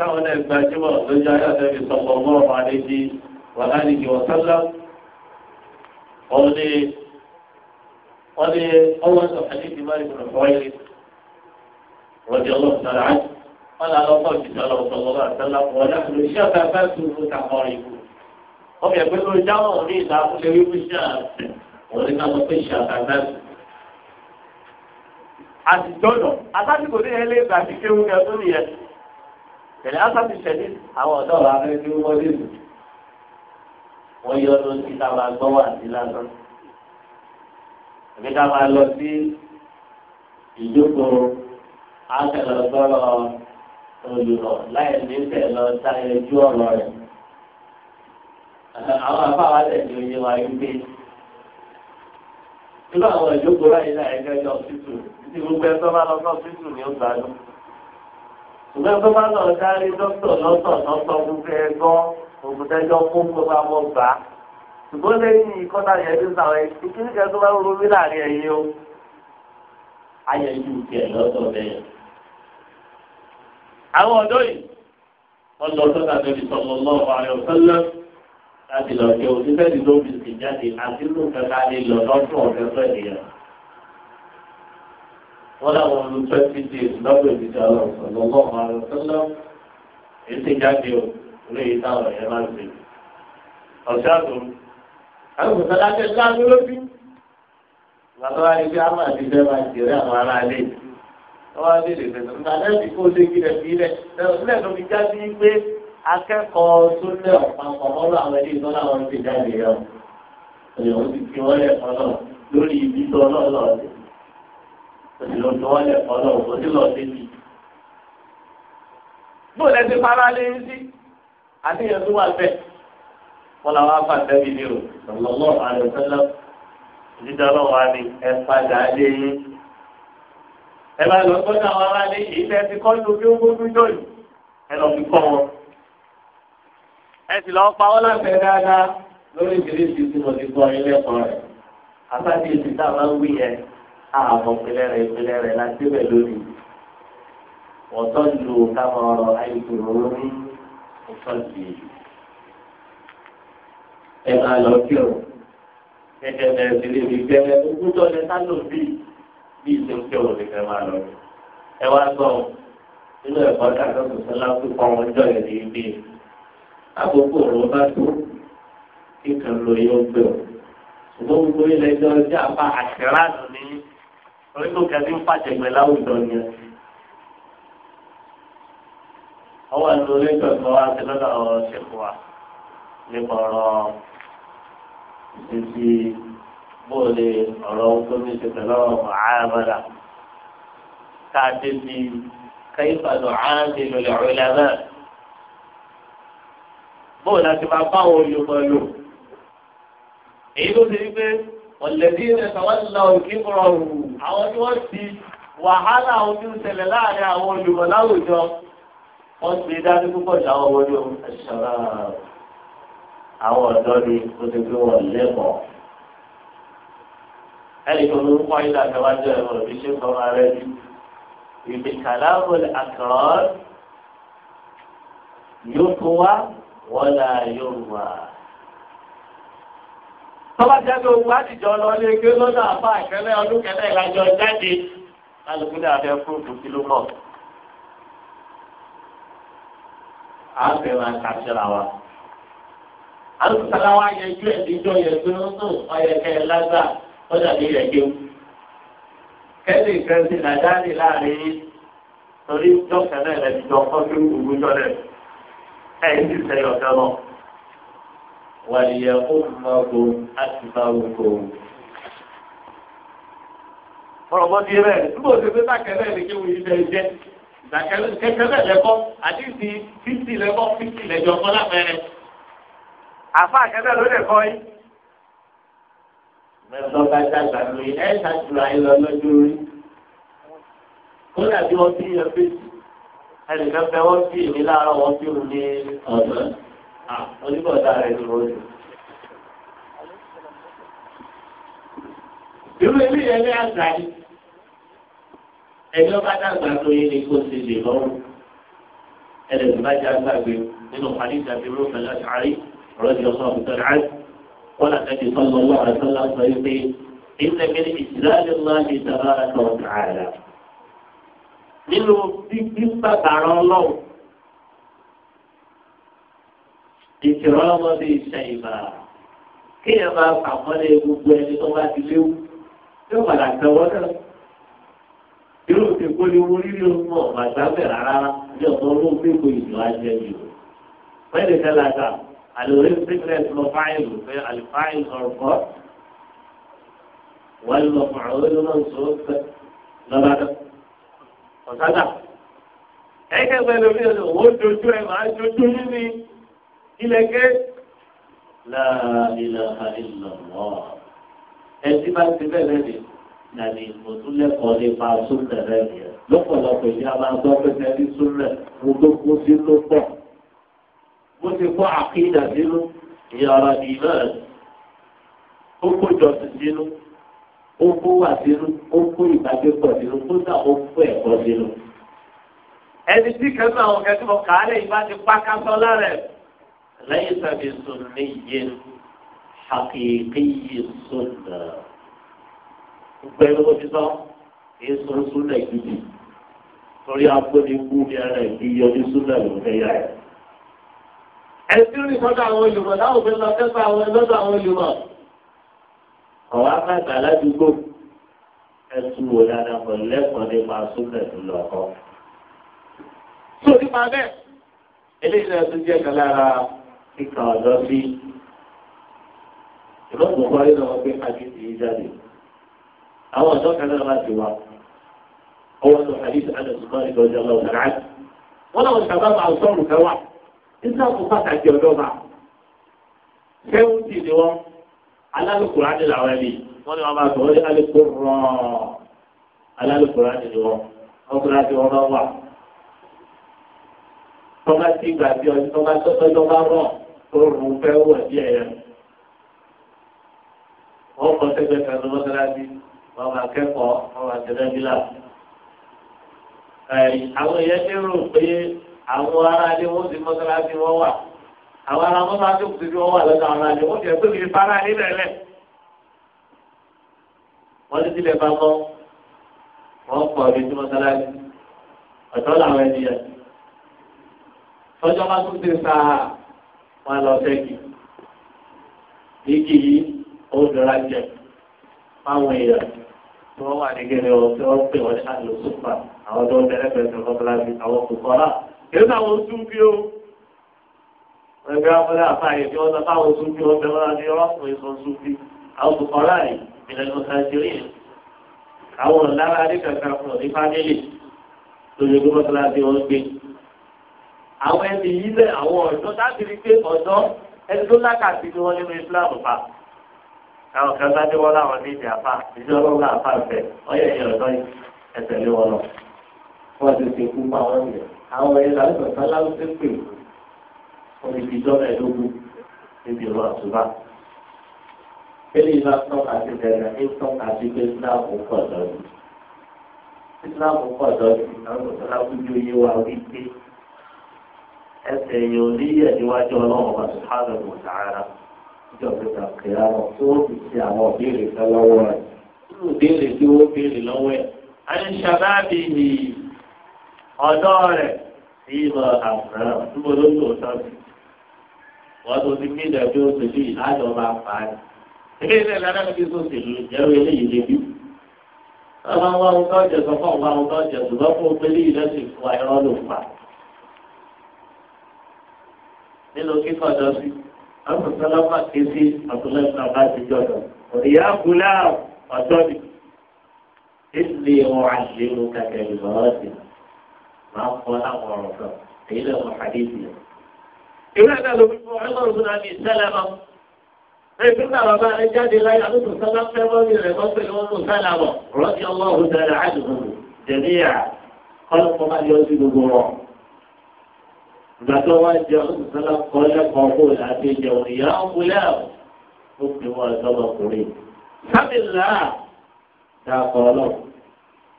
táwọn náà gbajúmọ̀ lójú ayé àtẹ́bí sọ̀pọ̀ mọ́ọ̀mọ́ àdéjì wà láàrin ìwọ̀ sọ́lá ọ̀lẹ́ ọ̀lẹ́ ọwọ́ sọ àdéjì máa ń gbọ̀n fọ́ọ̀lì rọ̀jì ọlọ́run sára ájì wọn là lọ sọ̀rọ̀ sọ̀rọ̀ àtẹ́lá wọn náà lè ṣe bá tún fún tàwọn ìbò ọmọ ẹgbẹ́ ló jáwọ́ ní ìta fúnlé wíwú ṣáà wọn ní ká lọ pé ṣàkàtà àtijọ́nà àtàkùn kò ní ẹ lé ìgbà tí tẹ̀lé asáfi ṣẹ̀lẹ̀ àwọn ọ̀dọ́ wa fẹ́ fi wọ́n lé lù wọ́n yọ lọ sí ká máa gbọ́ wà sí lásán àbí ká máa lọ sí ìjókòó akẹlọgbọrọ olùrọ láì ní tẹlọ dá ẹjú ọ̀rọ̀ rẹ̀ àwọn afáwa tẹ̀lé oye wa yín gbé nínú àwọn ìjókòó láyé náà ẹgbẹ́ yọ fífù títí gbogbo ẹgbẹ́ bá lọ sọ fífù ní ó gbádùn ṣùgbọ́n tó bá lọ sáré dókítà lọ́tọ̀ sàwọn ẹ̀sìn kíní kan tó bá rú mi láàrin ẹ̀yìn o. ayẹyẹ tiẹ̀ lọ́tọ̀ bẹ́ẹ̀. àwọn ọ̀dọ́ yìí wọ́n lọ sọ́dà tẹ̀lé sọ̀rọ̀ lọ́wọ́ ààrẹ ọ̀sánlẹ̀ láti lọ jẹ́ òṣìṣẹ́ ìdókòwò ti jáde àti lóòótọ́ wọ́n láwọn lu twenty days lọ́dọ̀ ìdíjà lọ ọ̀gbọ́n àrùn tọ́lọ́ èsì jáde o lórí yìí táwọn ẹ̀yẹ́ máa ń ṣe. ọ̀sẹ̀ àtòrò àwọn kò sọ́dá tẹ̀ láàánú lójú. bàbá wa ní bí àwọn àtijọ́ máa jẹ̀rẹ̀ àwọn ará ilé wọ́n wá lè lè fẹ̀sọ̀ nípa lẹ́ẹ̀dì kó lè gírẹ̀ sílẹ̀ sílẹ̀ ló fi jáde pé akẹ́kọ̀ọ́ tó lẹ̀ ọ̀pọ̀ mọ́lọ́ àwọn ilé ìtọ́lá wọn ti jáde yẹn o. òyìnbó ti fi wọ́n lẹ̀ kọ́ náà lórí ibi tó náà lọ́ọ̀dẹ̀ òṣèlú tó wọlé ọlọ́run kò sí lọ síbi. bó lẹ ti fara lé sí àtìyàn tó wà bẹ́ẹ̀ wọn làwọn afàtẹ mi ni o lọlọ àlùfẹlẹ ìdíjà ọlọ́run wa ni ẹ padà lé yín. ẹ bá lọ sọ́dọ̀ àwọn ará ní ilẹ̀ ti kọ́ ju bí ó gbójú jọ̀yìn ẹ lọ fi kọ́ wọn. ẹ sì lọ pa ọ́ láfẹ̀ẹ́ dáadáa lórí ìdílé ti ti mọ̀ ti gbọ́ ilé ẹ̀kọ́ rẹ̀ àtàkì ìsìn tá ń wí yẹn àwọn ìpínlẹ̀ rẹ̀ ìpínlẹ̀ rẹ̀ láti bẹ̀ lónìí. Wọ́tọ́ lu káwọn ọ̀rọ̀ àìsàn lórí ọ̀tọ́ sí i. Ẹ máa lọ kí o. Gẹ́gẹ́ bẹ̀rẹ̀ sí lè fi bẹ̀rẹ̀ ogún tó lẹ sálò bí bí ìṣòro kí o lè fẹ́ máa lọ. Ẹ wá sọ nínú ẹ̀kọ́ dàgbà kò sọ́lá fún ọmọ ọjọ́ yẹn ní ibi. Àkókò òun bá tó kíkan lóye ó gbé Ṣùgbọ́n gbogbo ilẹ̀ ẹjọ́ ọjọ́ àpá àṣírà torí tó kẹ́sí ń pàṣẹgbẹ́ láwùjọ ni ẹ. ọwọ́ ẹni olóyè ìgbàgbọ́ wa ti lọ́dọ̀ ṣèkú wa nípa ọ̀rọ̀ ìṣesí bóòlì ọ̀rọ̀ tó ní ṣe pẹ̀lú ọ̀rọ̀ àyàbọ̀dà káàdé bí kẹ́yìfà lọ àádé ọ̀rẹ́lẹ̀ náà bóòlì àti máa àwọn olùkọ́ lò èyí ló ti rí pé ọ̀lẹ́dí ẹ̀sọ̀wọ́sọ̀lá òkèbọ̀rọ̀ òwò àwọn tí wọ́n ti wàhálà ojú ṣẹlẹ̀ láàrin àwọn olùmọ̀ láwùjọ wọ́n ti dájú púpọ̀ láwọn wọlé ẹ̀ṣọ́ra àwọn ọ̀dọ́ ni ó ti fi wọ́n lẹ́kọ̀ọ́. ẹnì kan ló ń kọ́ ilé àtẹwájú ẹ̀rọ mi ṣe kọ́ ara rẹ̀ bí ìbí kàlámù àkàrọ̀ yóò tó wá wọ́n là yóò wà tọ́ba jáde ogun àtijọ́ lọ lé ké lọ́dọ̀ àbá ìfẹ́lẹ́ ọdún kẹta ìlàjọ jáde alùpùpù ní abẹ́ fúrúfú kí ló mọ̀. a fẹ́ máa kàṣẹ́ra wa. alùpùpù aláwa yẹjú ẹ̀ níjọ́ yẹ pé ó tó ọyẹkẹ lágbà ọjà ní ìrẹ̀jẹ̀ o. kẹ́sì kẹ́sì nàdáàdì láàrin torí jọ́kẹ́lẹ́ rẹ̀ ti jọ kọ́ sí gbogbo jọ́lẹ̀ ẹ̀ ń ti sẹ́yọ̀ fẹ́ wàlíyẹ ọmọgbò àtìmáwòkò. ọ̀rọ̀ bọ́ di rẹ̀ nígbà tó ṣe sákẹ́lẹ́ ní kí wọ́n ilé jẹ́ kẹ́kẹ́lẹ́ lẹ́kọ́ àdìsí fífì lẹ́kọ́ fífì lẹ́jọ́ kọ́ lápẹ́rẹ́. àfa kẹ́kẹ́ ló lè kọ́ yín. mẹ́tọ́ bá dàgbà lóye ẹ̀ ṣàtúrà ẹ̀ lọ lọ́jọ́ orí. ó dàbí wọ́n bí yẹn fèsì ẹnìkan fẹ́ wọ́n bí èmi láàárọ̀ wọ́n bí òun ní ọ̀sán. Ah, oníbọ̀dá rẹ̀ ló rọ́ọ̀dù. irú ilé yẹn ní àgbà yìí ẹni ọba dàgbà tó yé ni kó ti lè lọ́rùn ẹlẹ́dùn bá já gbàgbé nínú pàdé ìdàbí rúfẹ́ láti àárín ọ̀rọ̀ ìjọ sọ̀rọ̀ tó rà áì wọ́n àtẹ́jú sọ́nà owó àrẹ́sọ́lá sọ yìí pé ilẹ̀ mi ní ìsìláàlì ńlá ní ìtàbára kan tààrà nínú bíbí bàbàrà ọlọ́run ìṣòro ọmọdé ìṣe ìmọ̀ kéèyàn máa pàmọ́lé gbogbo ẹni tó bá ti léwu yóò padà tẹ̀wọ́ náà irú ìpínpó ni wọ́n rí ló mọ̀ màgbà bẹ̀rẹ̀ rárá ní ọ̀pọ̀ olóògbé kò ìlú ajẹ́ jù pẹ́ẹ́lí tẹ́lága àlòrí fitness lọ fáìlù pé àlìfáìlù ọ̀rọ̀ wọ́n lọ fọ̀rọ̀ ló lọ sọ pé lọ́ba náà ọ̀sádà ẹ̀kẹ́ ilẹ̀ ké la ilaha illallah ẹtí bá ti bẹ̀rẹ̀ ni nàní ìmọ̀túnlẹ̀kọ́ nípa súnlẹ̀ rẹ̀ nìyẹn lọ́pọ̀lọpọ̀ ìdí a máa gbọ́ pé ẹni súnlẹ̀ mo tó kó sí ló pọ̀ mo ti kó àkídà sínú ìyàrá ìmọ̀ ó kó jọ̀sìn sínú ó kó wà sínú ó kó ìbágbépọ̀ sínú kódà ó kó ẹ̀kọ́ sínú. ẹni tí kẹ́kọ̀ọ́ àwọn kẹ́kọ̀ọ́ kàálẹ̀ ìbá ti pákásọ́ lára ẹ̀. ليس بسني حقيقي السنة gbẹ̀rù ojú sọ kìí sọ súnà ìdíje torí agbóni kú ní ara ìdíje ojú súnà ló fẹ́ yá ẹ̀. ẹ̀sìn rí sọ́dọ̀ àwọn olùmọ̀ láwọn fẹ́ lọ kẹ́kọ̀ọ́ àwọn ẹlọ́dọ̀ àwọn olùmọ̀. ọ̀wá kàkà ládùúgbò ẹ̀sùn wò dáadáa pọ̀ lẹ́kọ̀ọ́ nípa súnà tó lọ kọ́. sórí máa bẹ́ẹ̀ eléyìí náà tún jẹ́ kan lára kíkà lọ sí ìlọ́pọ̀ parí náà wọ́n pé àdìsí yìí jáde àwọn ọ̀dọ́ kan náà láti wá ọwọ́ lọ àdìsí àdàtúmọ́ ìlọ́jà lọ́wọ́ rà á wọ́n náà sábà máa sọ̀rọ̀ fẹ́ wà nígbà tó pàtàkì ọ̀dọ́ bá fẹ́hùn tì ní wọn alálùkùrá ni làwọn ẹbí wọ́n ní wọ́n máa sọ wọ́n ní alùkùrọ̀ alálùkùrá ni wọn ọkùnrin àti wọn máa wà tọ́ba ti gbà bí ọdún bá rọ̀ oòrùn fẹ́ wọ̀ díẹ̀ yẹn wọ́n kọ́ sẹ́gbẹ́ kan ní mọ́sálásí wọ́n máa kẹ́kọ̀ọ́ wọ́n máa tẹ̀lé bílà. àwọn èèyàn ti rò pé àwọn ará ilé wọn ti mọ́sálásí wọn wà àwọn ará mọ́sálásí kùtù tí wọ́n wà lọ́dọ̀ àwọn ará ilé wọn ti rẹ̀ pé kì í fara ilé lẹ̀. wọ́n ti tilẹ̀ bá mọ́ wọ́n pọ̀ ní ti mọ́sálásí ọ̀tọ̀ làwọn ènìyàn. tọ́jọ́ bá tún wọ́n lọ sẹ́kì igi yìí ó dọ́ra jẹ fáwọn èèyàn tí wọ́n wà ní gẹ́gẹ́ ọ tí wọ́n pè wọ́n ní àlùsùpà àwọn tó ń bẹ̀rẹ̀ pẹ̀lú ọ̀pọ̀lá bí àwọn kò kọ́lá kìí sáwọn oṣù bí ó ẹgbẹ́ ọ̀pọ̀lá àfáàyè tí wọ́n sọ fáwọn oṣù bí ó bẹ̀rẹ̀ wọn ní ọlọ́pàá ìsọ̀ oṣù bí àwọn kò kọ́lá yìí ìlànà nàìjíríà àwọn ọ̀lára adékàkà àwọn ẹni yìí lẹ àwọn ọ̀dọ́ láti rí pé ọ̀dọ́ ẹni tó lákàtí ni wọ́n nínú Islam pa àwọn kan bá dé wọ́n láwọn ní ìdí àfà ìdí ọlọ́run àfà ń bẹ̀ ọyẹ ẹ̀yìn ọ̀dọ́ yìí ẹsẹ̀ lé wọn lọ. wọ́n ti ṣe kú máa wọ́n yẹ àwọn ẹ̀yìn làwọn kan láwùjọ pé wọ́n ti fi jọ́nà ẹ̀dógún níbi ìlú àtúbà. Kéde ìlú àtúntọ́ka ti bẹ̀rẹ̀ ní tọ́ka sí pé Islam pọ̀ dọ́jú. Islam pọ̀ dọ́jú àwọn ọ̀dọ́ ẹsẹ̀ èèyàn ní ẹ̀díwájú ọlọ́run ọba sùhánù mùsàárà níjọba ìgbà kìlá wọn tí wọ́n fi ṣe àwọn ìbéèrè kan lọ́wọ́ rẹ̀ nínú ìbéèrè tí wọ́n béèrè lọ́wọ́ ẹ̀ àyìnṣàbáàbí ni ọ̀dọ́ rẹ̀ sí ìmọ̀ àwòrán níbo ló ń lò tán sí wọ́n tó ti mí ìdàgbé òṣèlú yìí láti ọba àpáàdì ilé ilé ìlànà níbi sòṣèlú tó jẹ sọ fún ọ̀gbọ́n nínú kíkọ́ ọ̀dọ́ sí àwọn sọlọ́pà ké sí àtúnlẹ́sìn àbá àtijọ́ ọ̀dọ́ òdìyà kúlá ọ̀dọ́ mi. ìsìlè wọn àṣírò kàkẹ́ ìlọ́wọ́ sí máa ń kọ́ láwọn ọ̀rọ̀ kan èyí lè wọ́n fàdé ìsìlẹ̀. ìwé ẹ̀ka ló fi fún ọlọ́run fún àmì ìṣẹ̀lẹ̀ mọ́. Ebi náà bàbá rẹ̀ jáde láyé àlùkò sọ́lá fẹ́ mọ́ ìgbà tó wá jẹ olùsọ́lá kọ́ lẹ́kọ̀ọ́ kó láti jẹun ìyá ọ̀gbìnlẹ̀ ó pè wọ́n lọ́mọkùnrin. sábìlá dákọ̀ ọlọ́run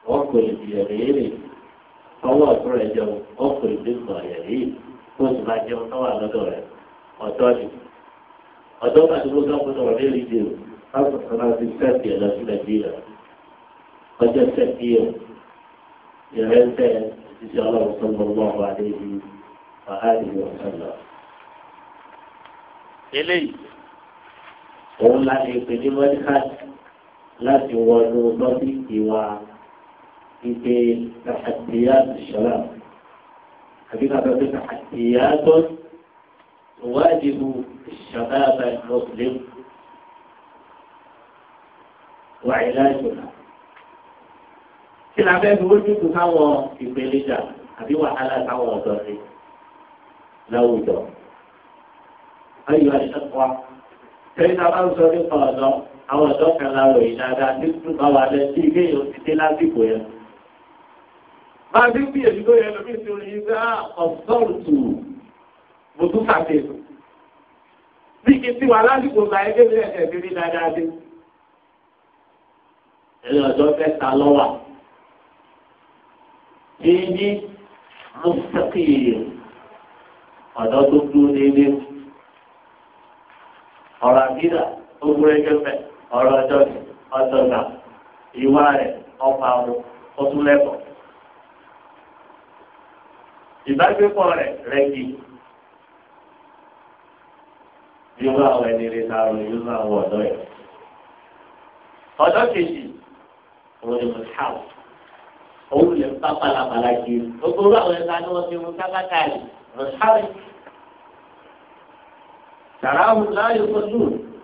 wọ́n kò lè fi ẹ̀rí rè ọwọ́ ọ̀tún rẹ̀ jẹun wọ́n kò lè fi gbọ̀ ẹ̀rí kó sì máa jẹun tó wà lọ́dọ̀ rẹ̀ ọ̀tọ́ ni. ọ̀dọ́ bá dúró sọ́kùnrin ọ̀rẹ́ rí di o láti sọ́lá ti sẹ́ẹ̀tì ẹ̀ lọ sí fàhálì ọ̀sẹ̀lọ̀. eléyìí òun la lè pè ní mọ́díkàtì láti wọnú lọ́bìkì wa ìpè kàkàtìyà ìṣọ́lá àbí kàkà pé kàkàtìyà tó wájú ìṣọ́lá bá mọ́sílẹ̀mù wà ìlàjọba. kí la fẹ́ fi wójú tó káwọn ìpèníjà àbí wàhálà táwọn ọ̀dọ́ ni láwùjọ. Ayọ̀ àṣẹ́kọ̀ọ́. Kẹ́yìn náà bá ń sọ nípa ọ̀dọ́, àwọn ọ̀dọ́ kan láwọ̀ yìí dáadáa ní tún bá wà lẹ́ sí ilé ìyọ̀ ti dé lásìkò yẹn. Bá a ti ń bí èmi ló yẹ lómi sí yìí bá ọ̀sọ́ọ̀tù mo tún fàṣẹ. Bí kì í wà lásìkò báyé kébí ẹ̀sẹ̀ ti rí dáadáa dé. Ẹni ọ̀dọ́ mẹ́ta lọ́wà. Èyí ní Mùsùlùmí ọ̀dọ́ tó dúró déédéé ọ̀rọ̀ àbídà tó gúnrẹ́ jẹ́fẹ̀ ọ̀rọ̀ ọjọ́ ni ọ̀dọ́gba ìwà rẹ̀ ọ̀pá ọ̀rọ̀ ọ̀túnlẹ̀kọ̀. ìbágbépọ̀ rẹ̀ rẹ́gì yóò bá àwọn ẹni rẹ̀ sáré yóò bá àwọn ọ̀dọ́ yẹn. ọ̀dọ́ kejì òun ni mùsàlù òun lè ń bá pàlàpàlà kiri gbogbo àwọn ẹ̀ka ni wọ́n ti mú sábàtà الحرج تراهم لا يصلون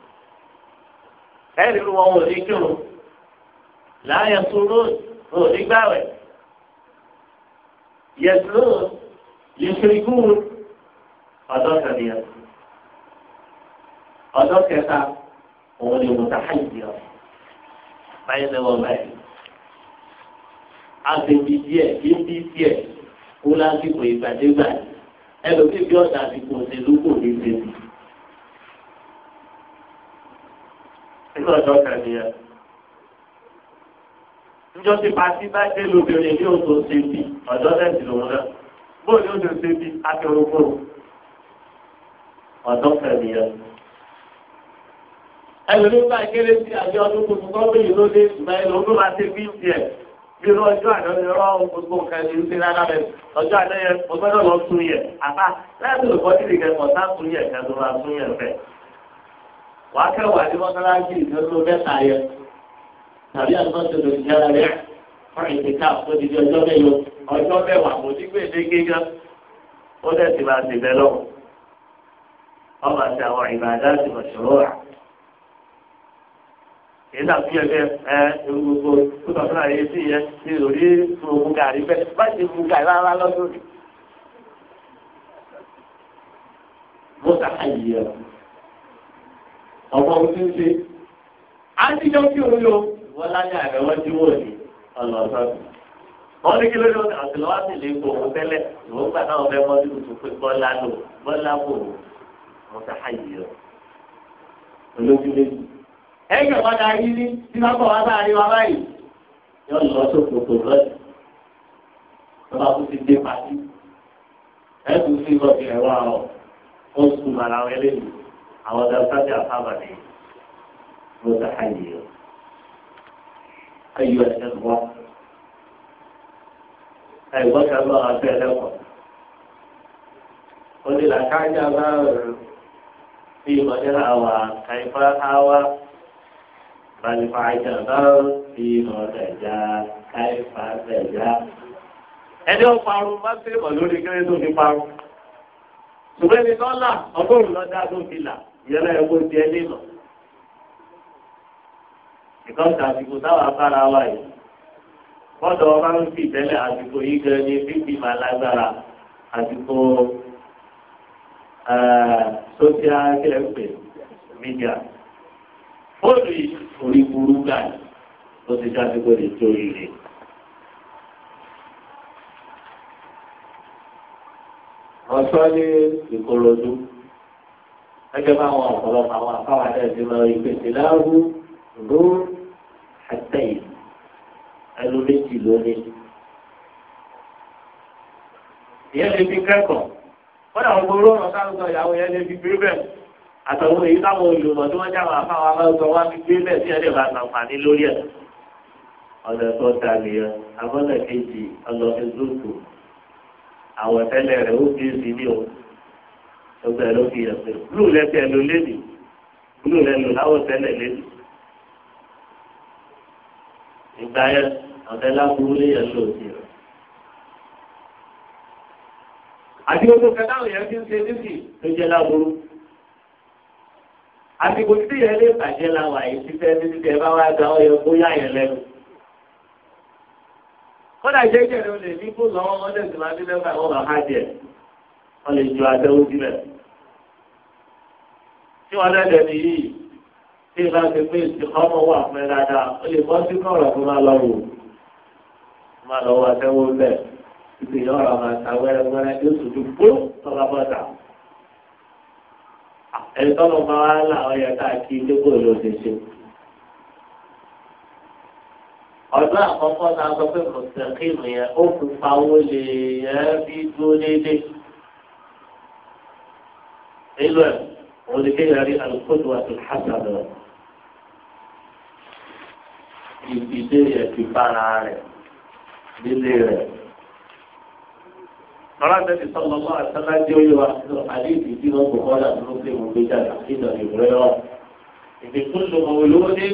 خير وهو ذكرهم لا يصلون هو ذكرهم يسلون يشركون ọjọ́ kẹrin yẹn ọjọ́ kẹta òun ni wọ́n ta hàìdì ọ̀ báyìí lẹ́wọ̀ báyìí agbègbè díẹ̀ bíbí díẹ̀ kó lásìkò ìgbàdégbà yìí ẹlòmíì bí ọ̀dà ti kò ṣe lóko ní ṣe. Nínú ọjọ́ kan ni ẹ. Níjọ́ tí pàṣí bá dé lóbìnrin ní oṣù ṣe bí ọ̀dọ́ lẹ́sìn lòun náà. Bóò ní oṣù ṣe bí akẹ́rù fóònù. Ọ̀dọ́ kan ni ẹ ẹlòmíì bá kéré sí àjọ ọdún tuntun kọ́bìnrin ló dé ìgbà ẹlòmíì bá ti fi ń tiẹ̀ bí irú ọjọ́ àná ni ọ̀rọ̀ gbogbo nǹkan ti ń ṣe lálábẹ́ ọjọ́ àná yẹn mo gbọ́dọ̀ lọ sún yẹn àbá láti lè kọ́ sílẹ̀ kẹ́kọ̀ọ́ tá sún yẹn kẹ́kọ̀ọ́ máa sún yẹn fẹ́. wà á kẹwàá ní mọ́sálásí ìdánwò mẹ́ta yẹn tàbí àtúntò tó ti yára rẹ̀ fún ìtìká tó ti di ọjọ́ mẹ́yọ ọjọ́ mẹ́wàá kò ní gbé dégé gan ó dẹ̀ ti máa ti bẹ́ lọ́wọ́ ọ èyí àti ẹgbẹ́ ẹ gbogbo tó tọ́ fúnra yìí sí yẹn ti lórí fún ogun gàrí bẹ́ẹ̀ bá ti fún gàrí rárá lọ́dún rí. mo ta ayé ẹ ọmọ ohun tí ń ṣe á ti jọ kí òun lò wọ́n láyà rẹ̀ wọ́n jí wọ́n ní ọlọ́sọ́dún. wọ́n ní kí ló dé àtìlọ́wọ́ sì lè kó òun tẹ́lẹ̀ ìwọ́n gbà náà fẹ́ mọ́ tuntun pé bọ́lá lò bọ́lá bò mo ta ayé ẹ olójú méjì. ẹ̀yìn ọ̀padà yìí ní sínákọ̀ wá sáàrin wa báyìí yóò lọ sókòtò lọ́dún lọ́ba tó ti dé pàtí ẹ̀kú sí ìwọ́sí ẹ̀wọ́ àwọn oṣù màrà àwọn eléyìí àwọn ọ̀dà sáfì àfáàbà ló ta àyè o ayò ẹ̀ṣẹ̀ ẹ̀gbọ́n rẹ̀ fi ìmọ̀lẹ́ra àwà kàìfà àwà. fàlìfàjà bá fi hàn ẹ̀já káìfà ẹ̀já. ẹni ó parun bá sí ìmọ̀ lórí kéré tó fi parun. ṣùgbọ́n ẹni tó là ọgọ́rùn-ún lọ́dá tó fi là ìyẹ́lá ẹ̀kọ́ ti ẹni nà. ìkọ́sí àsìkò táwọn afárá wà yìí. bọ́dọ̀ ọba ń fi ìtẹ́lẹ̀ àsìkò yìí gan ni fífi máa lágbára àsìkò social kílẹ̀ ń pè ó rí orí burú gbà ó ti dájú pé lè torí rẹ̀. ọ̀sán ní ìkòròdú ẹgbẹ́ bá wọn ọ̀pọ̀lọpọ̀ àwọn afáwádẹ́ ti lọ ìpèsè láàrú ló àtẹ̀yìn ẹlú méjì lónìí. ìyẹn lè fi kẹ́kọ̀ọ́ wọ́n dà wọ́n gbọ́ lọ́rùn sáà sọ ìyàwó yẹn lè fi bírí bẹ́ẹ̀ àtọ̀wọ́n èyí táwọn olùmọ̀ tí wọ́n jáwọ́ àfáwọn amáyọ̀tọ̀ wá fi gbé bẹ́ẹ̀ sí ẹ̀dẹ̀ bá sàǹfààní lórí ẹ̀. ọ̀nà tó ta nìyẹn abọ́nà kejì ọ̀nà àwọn tẹ́lẹ̀ rẹ̀ ó fi sí ní o gbogbo ẹ̀ ló fi yẹ pé blu lẹ́sẹ̀ ló lébi blu lẹ́nu láwọ̀ tẹ́lẹ̀ lébi. ìgbà yẹn ọ̀tẹ́ láburú léyẹ̀ lóòtì rẹ̀. àti oṣù kẹta àsìkò tí yẹn lè bàjẹ́ làwọn àyè ṣiṣẹ́ títí tẹ bá wá gba ọyọ kó yẹn lẹ́nu. kódà jẹ́jẹ́ ló lè ní kó lọ́wọ́ ọdẹ ìgbìmọ̀ abílẹ̀ fún àwọn bàbá jẹ wọ́n lè ju adẹ́wó sílẹ̀. tí wọ́n dẹ́dẹ̀ ní tí ìbá ti pé ọmọ wà fún ẹ dáadáa ó lè bọ́ sí kọ̀ọ̀rọ̀ fún máa lọ wò máa lọ wọ adẹ́wó bẹ́ẹ̀ ìgbìyànjú ọ̀rọ̀ máa ta wẹ́rẹ́wẹ́rẹ́ yóò ẹni tọ́lọ́ máa wá láwọn yẹ káàkiri dókò ló ti ṣe. ọ̀dọ́ àkọ́kọ́ náà sọ pé mùsùlùmí yẹn ó fi pawó lè yẹ bí dúró déédéé. nílò ẹ̀ òun ni kéèyàn rí alùpùpù àti hasanu ìdílé yẹn ti bára rẹ̀ nílé tọ́lá tẹ́lẹ̀ sọ́kọ́ bá àtàlá jẹ́ oyè wa lọ àdéhùn tí wọ́n kò kọ́lá tó ń pè wọ́n gbé jáde nínú ìwúrẹ́ ọ̀. ìdè kúlù olówó dé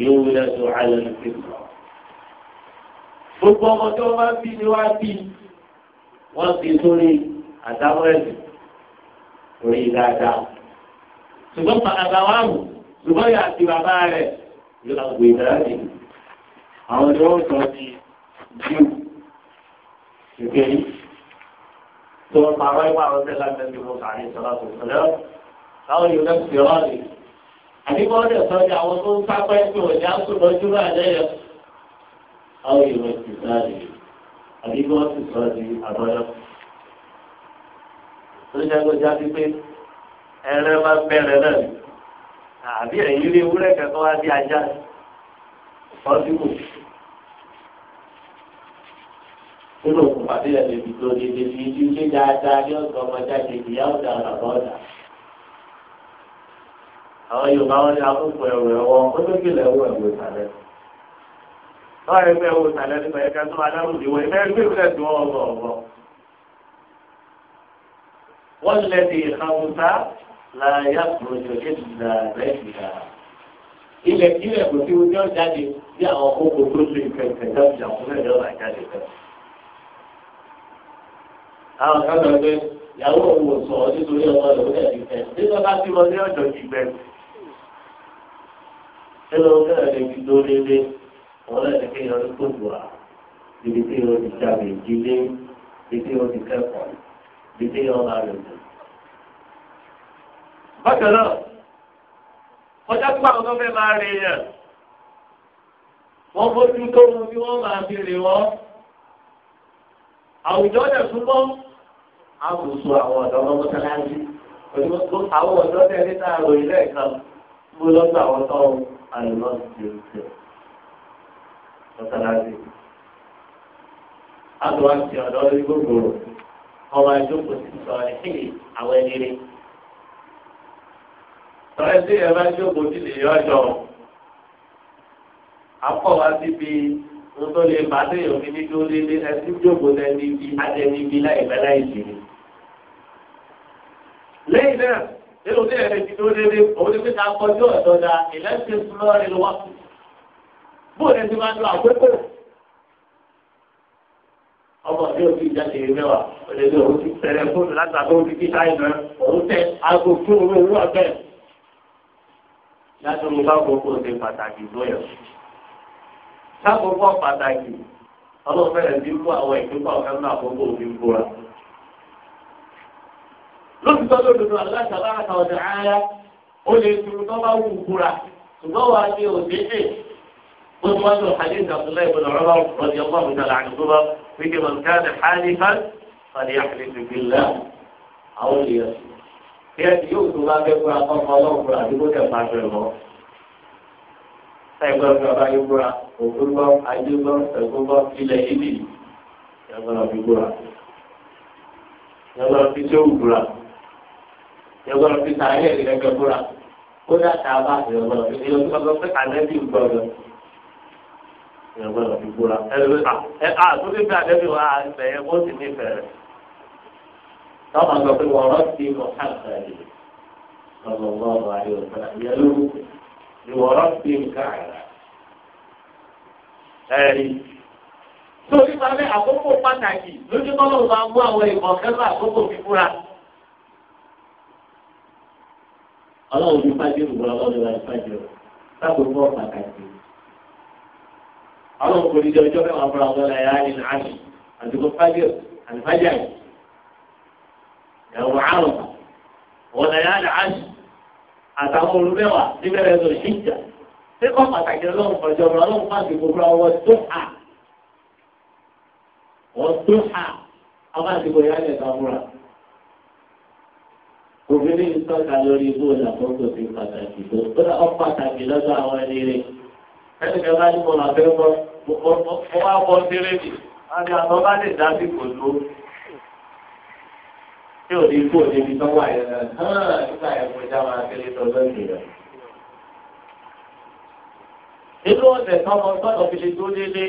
yóò wúlẹ̀ tó alẹ́ ní pé. gbogbo ọmọ tó bá bí ni wá bí wọ́n ti sórí àdáwọ̀ẹ́sì orí dáadáa. ṣùgbọ́n bàbá wa mú ṣùgbọ́n yà àti bàbá rẹ̀ yóò àgbè ìdáradì. ثم تعرفوا على رسول الله النبي موسى عليه الصلاة والسلام أو ينفراني أني ما أدري أصلي أو أقول سأقول في وجهه رجل عليه أو ينفراني أني ما أدري أصلي أبدا sọ́jà ló já sí pé ẹrẹ máa ń bẹ̀rẹ̀ náà ni àbí ẹ̀yìn lé wúrẹ́ kẹ́kọ̀ọ́ wá sí ajá ọdún kù. pàdé ẹ̀ lè fi tó dédé fi ibi ilé dáadáa ní ọ̀sán ọmọjáde ìyá ọ̀dà bàbá ọ̀dà. àwọn Yorùbá wọn ní akókò ẹ̀rọ ẹ̀wọ̀n ó tó kí lẹ́wọ̀ ẹ̀wọ̀ ìsàlẹ̀. wọ́n rí pé ẹ̀wọ̀ ìsàlẹ̀ nípa ẹ̀ka tó máa dárò ìwọ̀ ìfẹ́ gbé ìfẹ́ tó ọ̀gọ̀ ọ̀gọ̀. wọ́n lẹ́ ti ìkàwùsá láyà kúròjò ìlà rẹ̀ ilẹ̀ kílẹ̀ kò sí ojú ọ̀jáde bí àwọn kókó tó ṣe ìfẹ̀fẹ̀ lọ́jà fún ẹ̀rọ àwọn kan lọ pé ìyàwó òun ò sọ nítorí ọmọ rẹ̀ ó dẹ̀ ti fẹ́ nígbà bá ti lọ sí ọ̀dọ̀ ìgbẹ́ ẹnu kẹrẹ lè fi dó léde wọn lè ní kéèyàn ní kóòtù à ibi tí yóò ti jáde ìdílé ibi tí yóò ti kẹ́kọ̀ọ́ ibi tí yóò máa rìn jù. bákan náà kọjá pé àwọn tó máa rìn yẹn wọ́n fojú tó wọn bí wọ́n máa fi rìn àwùjọ dẹ̀ túbọ̀. àbùsù àwọn ọ̀dọ́ ọmọ mọ́sálásí òṣìṣẹ́ àwọn ọ̀dọ́ tẹ̀lé náà ròyìn lẹ́ẹ̀kan mo lọ́gbà àwọn tọ́wọ́ àìlọ́sì oṣù mọ́sálásí. àtúwá ti ọ̀dọ́ orí gbogbooro ọmọ ìjókòó sì sọ ẹ̀hìn àwọn sí sí lè àpọ̀ wá nítorí olè bàtẹ́ yòó fi ní tó délé ẹtí jókòó lẹ́ni ibi adẹni ibi láìpẹ́ láì sí ni. lẹ́yìn náà nínú ilé ẹ̀rẹ́ ti tó délé òun ní pípa kọjú ọ̀dọ́ da ìlẹ́sìn fúlọ́ọ̀rì lọ́wọ́ bóòlù ẹni máa ń lo àgbékò ọmọ tí o ti jáde mẹ́wàá olèdè òun ti tẹ̀lé fóònù látàkó ti kí táyì náà òun tẹ aago fún sákòókò pàtàkì ọlọ́run fẹ́rẹ̀ ti kó àwọn ìpínpá ọ̀kan náà àkókò òfin kóra. lóòótọ́ lódodo aláṣàlá àtàwọn ará ó lè turu tó bá wù kóra ṣùgbọ́n wà á ní òdèdè ó ti wájú hadith abdullahi ibn umar rọ̀dí ọgbọ́n mi sàlẹ̀ àdúgbò fíjì man kana halifan fàdí àkìlẹ̀ bìlá àwọn èèyàn. bí bá fẹ́ kóra kọ́ ọmọ ọlọ́run kóra àdúgbò tẹ̀ pàṣẹ lọ ẹgbẹ́ ọ̀gá bá yóò gbọ́ra ògbógbọ́ ayégbọ́ ẹ̀gbọ́gbọ́ ilẹ̀ ìlì ẹgbọ́n ọ̀fi gbọ́ra ẹgbọ́n ọ̀fi tó gbọ́ra ẹgbọ́n ọ̀fi sàárẹ̀ ẹ̀gbẹ́ gbọ́ra ó dá ta bá ẹgbọ́n ọ̀fi ẹgbọ́n ọ̀fi ọ̀gbọ́n pé ànẹ́bí gbọ́dọ̀ ẹgbọ́n ọ̀fi gbọ́ra ẹgbẹ́ àtúndé bí ànẹ́bí wà bẹ̀yẹ kó sì ní fẹ̀rẹ̀ tọ́mọ sọ pé wọ́n rọ́ ìwọ̀rọ̀ fi nǹkan àrà. Ẹ̀rí. Torí pàmí àkókò pàtàkì lójúmọ́ ló máa mú àwọn ìmọ̀ kẹ́lá àkókò fífúra. Ọlọ́run ní Fájírù lọ lọ́dọ̀ láti Fájírù. Sábòbọ̀ pàtàkì. Ọlọ́run kò ní jẹ ọjọ́ mẹ́wàá fúnra ọ̀dọ́ láyé ayé ní àṣì. Àdìgbò Fájírù àti Fájírù. Ẹ̀wọ̀n àrùn. Wọ́n láyé àṣì àtàwọn olú mẹ́wàá níbẹ̀rẹ̀ lọ sí ìjà ṣé kọ́ pàtàkì ọlọ́run ọjọ́ ọ̀rọ̀ ọlọ́run máa ti gbogbo àwọn tó hà wọ́n tó hà àwọn àti gbogbo ìyá ẹ̀ka múra. obìnrin ń tọ́ka lórí ibú ìlàkóso ti pàtàkì tó ó lọ ọ pàtàkì lọ́dọ̀ àwọn ẹni rẹ̀ tí ò ní kó níbi tó wà yẹn náà hàn nígbà yẹn mo já máa kéré tó lónìí rẹ̀. nínú ọ̀sẹ̀ tọmọ gbọ́dọ̀ fi lè tó délé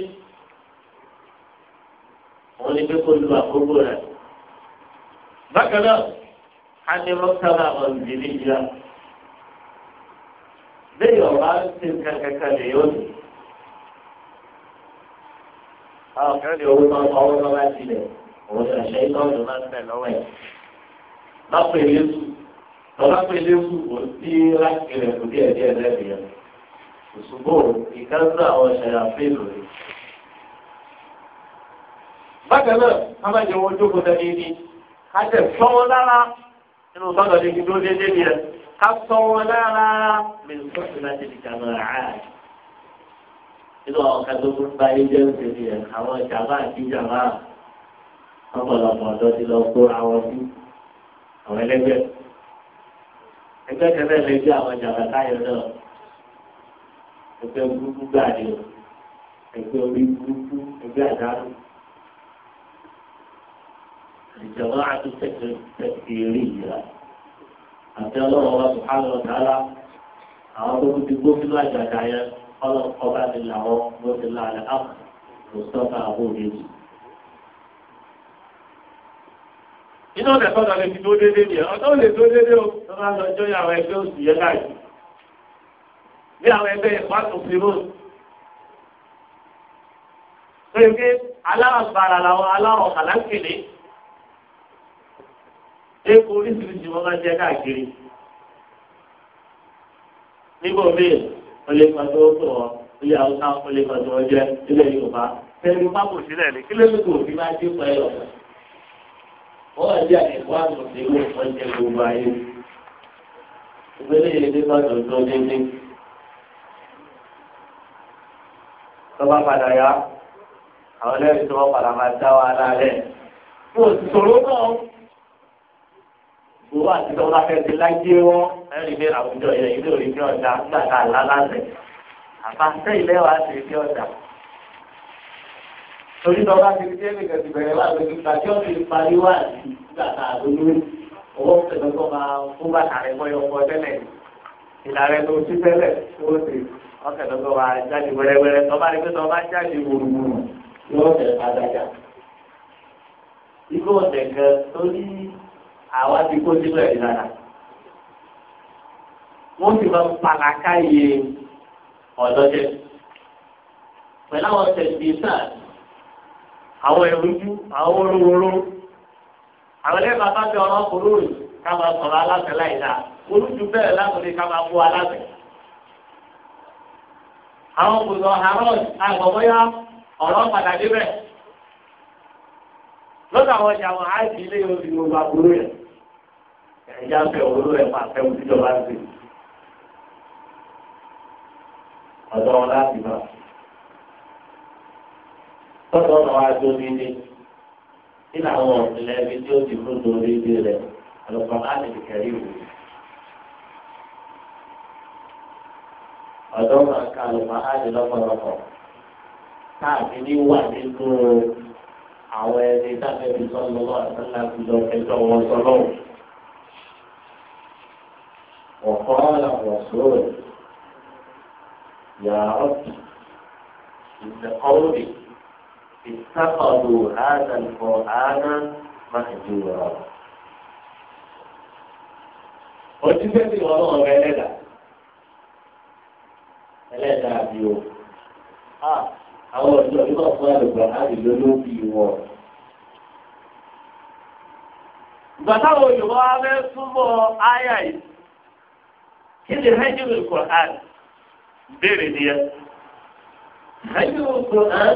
òun ni pé kó lu àkókò rẹ̀. bákan náà a ní mọ́tàlá ọ̀nbìlì yá lẹ́yìn ọ̀rọ̀ á ti kankankan lè yóò ní. àwọn kan lè owó náà ọwọ́ náà bá tilẹ̀ òun ṣàṣẹ ìtọ́jú máa ń tẹ̀ lọ́wọ́ yìí. na lẹ́sù lọ́lápẹ̀ lẹ́sù kò sí láti rẹ̀ kò díẹ̀ díẹ̀ lẹ́bìyàn ṣùgbọ́n ìkánsá àwọn ṣẹ̀yà fèlò rẹ̀. bákan náà ká má jẹ wọn jókòó tẹ́lẹ̀ ní ká tẹ̀ sọ́ lára nínú sọ́dọ̀ ní kíkó déédéé ni ẹ ká sọ́ lára mi sọ́ọ̀tì láti di kàmọ́ àá nínú àwọn ń tẹ̀lé ẹ̀ àwọn àti ti àwọn ẹlẹgbẹ́ ẹgbẹ́ kẹfẹ́ lè gbé àwọn jàmbá káyọ̀ náà ẹgbẹ́ burúkú gbàdé o ẹgbẹ́ orí burúkú ẹgbẹ́ àdáàlú ìjọba àti tẹkẹrì ìyá àti ọlọ́wọ́ wa sùhánù ọ̀tàlá àwọn tó ti gbófinú àjàdá yẹn ọlọ́kọ́ bá ti làwọn bó ti làlẹ́ àpò tó sọ́ka àbò òdejì. iná ọ̀dẹ̀ tọ́jọ́ lè fi tó dédé ni ọ̀dọ́ lè tó dédé o tó bá lọ jọ́ àwọn ẹgbẹ́ òsì yẹn láì bí àwọn ẹgbẹ́ ìpá tó fi rò tó yẹ pé aláàbàrà làwọn aláwọ̀ kàlákìlì epo oríṣiríṣi wọn máa jẹ káàkiri nígbà míì wọn lè fa tó tó ọ ilé haúsá wọn lè fa tó ọ jẹ ilé yorùbá tẹlifíwá kò sílẹ̀ ní kílẹ̀ kò fi máa dín pẹ́ yọ̀ wọ́n jẹ́ àyẹ̀wò àtúnṣe owó ọ̀jẹ̀ gbogbo ayé. ìgbélé yìí ní sọ́dọ̀ tó dédé. tọ́ba padà yá àwọn ẹlẹ́rìí tó wọ́n padà máa dá wa lálẹ́. mo sì sọ̀rọ̀ náà. gbogbo àti tọ́wọ́ bá fẹ́ẹ́ ti láyé wọn ẹ̀rí ní àwùjọ yẹn ìlú ní ọ̀dà nígbà tá a lálẹ́. àbá sẹ́yìn ti rí ní ọ̀dà torí lọ bá ti rí jẹ́ nìkan ti bẹ̀rẹ̀ wá lójú ìgbà tí ọ̀sẹ̀ ti parí wá sí ìgbàta àdójú owó pẹ̀lú tó máa fún bàtà rẹ̀ mọ́yọ́ ọkọ̀ tẹ́lẹ̀ ìlànà tó ti tẹ́lẹ̀ ó sì ọkẹ̀ lọ́gbọ̀n wa jáde wẹ́rẹ́wẹ́rẹ́ tọ́ba rí pé tọ́ba jáde wòlúwòlú yóò tẹ̀ padàjà. Igbó ọ̀sẹ̀ kan torí àwa ti kó sínú ẹ̀ Wọ́n sì máa ń palakáyé ọ̀dọ́jẹ́. Pẹ̀lú àwọn tẹ̀sí àwọn ẹ̀rújú àwọn olówóró àwọn ẹlẹ́yìn bàbá mi ọ̀rọ̀ kòlóòrì ká máa sọ̀rọ̀ aláṣẹ láì dáa olùjú bẹ́ẹ̀ látòlé ká máa bú aláṣẹ. àwọn kòtò harold agbọ̀bọ́yá ọ̀rọ̀ padà débẹ̀ lọ́dọ̀ àwọn ọjà àwọn àìsí ilé yóò fi gbogbo àbúrò rẹ̀ ẹ̀yà fẹ́ òwúrò rẹ̀ pàṣẹ òjijọba ń sè ọ̀dọ́ ọ̀la ti bá tọ́tọ́ ọ̀nà wa tó ní ní kí làwọn ọ̀sìnlẹ̀ ibi tí ó ti kú fun to ní ibi rẹ̀ àlùkò láti fi kẹ́rì wò. ọ̀dọ́ máa ka àlùkò láti lọ́pọ̀lọpọ̀ káàkiri ní wà ní nínú àwọn ẹni fi sọ lọ́wọ́ àtàlà àtijọ́ ẹjọ́ wọn sọ lọ́wọ́ ọ̀kọ́ sọ́nù. wọ̀ الرسول يا ọ̀tún إن قولي اتخذوا هذا القرآن مهجورا ojúṣe ti wọn náà rẹ ẹlẹ́dà ẹlẹ́dà bí o àwọn ọ̀dọ́ yìí fún àlùkò àdìgbò ló bí wọ. ìgbà táwọn òyìnbó wa fẹ́ súnmọ́ àyà yìí kí ni hajjul Qur'an béèrè nìyẹn hajjul Qur'an.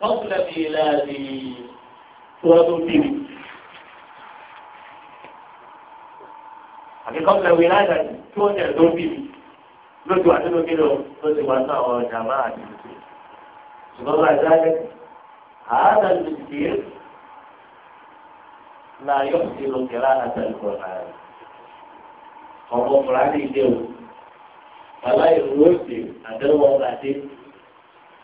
قبل ميلادي وتبدي àti kọ́pìlẹ̀ wí láìka tí wọ́n tẹ̀lé tó ń bì mí lójú àdúgbò kí ló ló ti wá sí àwọn ọjà máa àti ìdíje ṣùgbọ́n bá ìdájọ́ àádá lè dé láyọ̀ sí lókèrè àtàlùkọ̀ náà ọmọ fúlàní ilé o bàbá ìrù ó sì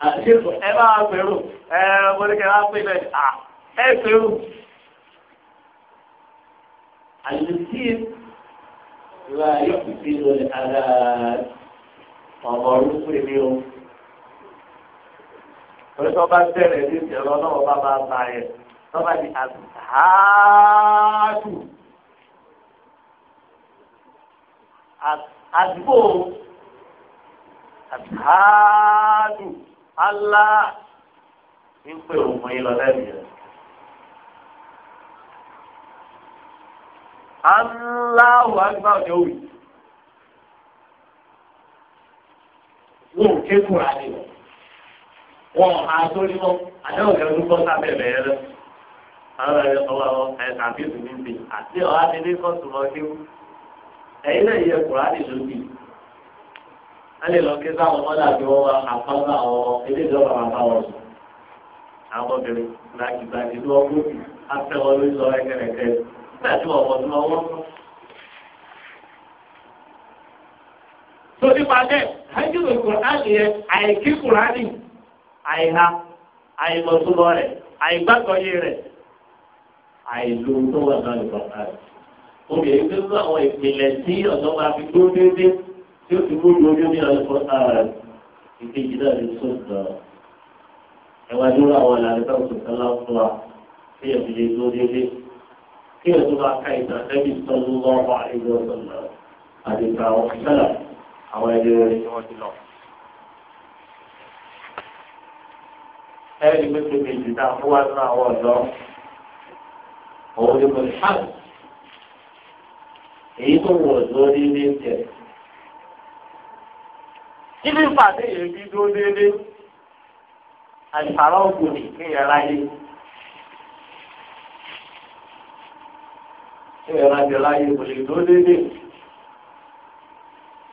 ẹ bá wa pẹ̀rù ẹ mo ní kẹ́ ẹ bá pè bẹ́ẹ̀ à ẹ pẹ̀rù. àlùsíyìn ìwà yóò fi sí lórí ara ọmọ orúkú mi o. Orí tó bá bẹ̀rẹ̀ ní ìṣẹ̀lẹ̀ ọlọ́wọ́ bá bá bá yẹ. Tó bá di àdùn. Àdúgbò àdùn. Allah ń pè òun yín lọ lẹ́yìn rẹ̀. Allahu Akbar ni ó ò ké kúra ni. Wọ́n á tó ní mọ́. Àdéhùn ẹ̀rọ ń bọ́ sábẹ́ bẹ̀rẹ̀ rẹ̀. Àwọn ẹ̀rọ ọwọ́ ọ ẹ̀ka àbí ìsìn Àti ọ̀há ti ní kọ́sùmọ́ kéwù. Ẹ̀yin náà yẹ kúra ni lóbi alẹ́ lọ kí sáwọn ọmọ dàbí wọn máa àfáàbà àwọn ilé ìjọba máa bá wọn sùn. àwọn obìnrin gbàgì gbàgì ló ọgbó afẹ́wọ́ ló sọ ẹ̀kẹ́rẹ́kẹ́ nígbà tí wọ́n wọ́n lọ wọ́n. tó nípa bẹ́ẹ̀ hajjúwe kùránì yẹn àìkí kùránì àìha àìmọ̀túnbọ̀ rẹ̀ àìgbàgbọ́yé rẹ̀ àìlú tó wà náà nìkan náà. obìnrin tó ń lọ àwọn ìpìlẹ̀ tí ọ̀dọ́ máa fi dúró déédéé tí ti gbójú ojú ní ọ̀pọ̀ ìkejì náà ní sọ̀tọ̀ ẹ̀wà dúró àwọn ìlànà tó ń sọ̀tọ̀ kí ẹ̀ fi lè dúró délé kí ẹ̀ tó bá ka ìtàn ẹ̀bí sọ́dún lọ́wọ́ àìlú ọ̀sán náà àwọn sẹ́là àwọn ẹ̀dẹ́ rẹ̀ ni wọ́n ti lọ. ẹ̀rí pépé méjì náà fún wa nínú àwọn ọ̀dọ́ òun ni mo ní èyí tó wọ̀ lórí ní ìtẹ̀ ibi ń pàdé yẹn bí dúró déédéé àìsàrọ̀ ògùn ní kéèyàn láyé kéèyàn láyé láyé kò lè dúró déédéé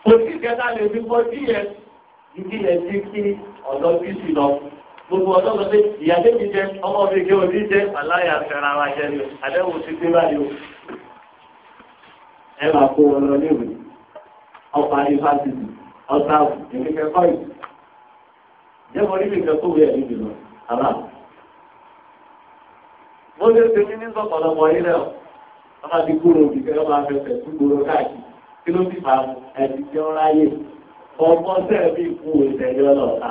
kò sí ìkẹta lè fi bọ́ sí yẹn ibi yẹn ti kí ọ̀dọ́ bí sí lọ gbogbo ọ̀dọ́ lọ sí ìyá tẹ́mi jẹ ọmọ mi kí o ní jẹ aláya fẹ́ra wa jẹ ni àdéhùn ti dé báyìí o ẹ máa kó wọn lọ níwèé ọkọ̀ ayé fásitì ọ̀tá èmi kẹ́kọ́ yìí. Jẹ́ mo rí mi kẹ́kọ́ wí ẹ̀mí jùlọ, àbá. Mo lé ṣe mí ní sọ̀pọ̀lọpọ̀ yìí lẹ́ọ̀. Wọ́n máa ti kúrò òbí kẹ́kọ́ máa fẹsẹ̀ sí gbòòrò káàkiri. Kí ló ti fà ẹ̀sì tí ó ráyè? Ọgbọ́n sẹ́ẹ̀ bí ikú ìtẹ̀lẹ́ ọlọ́ọ̀ta.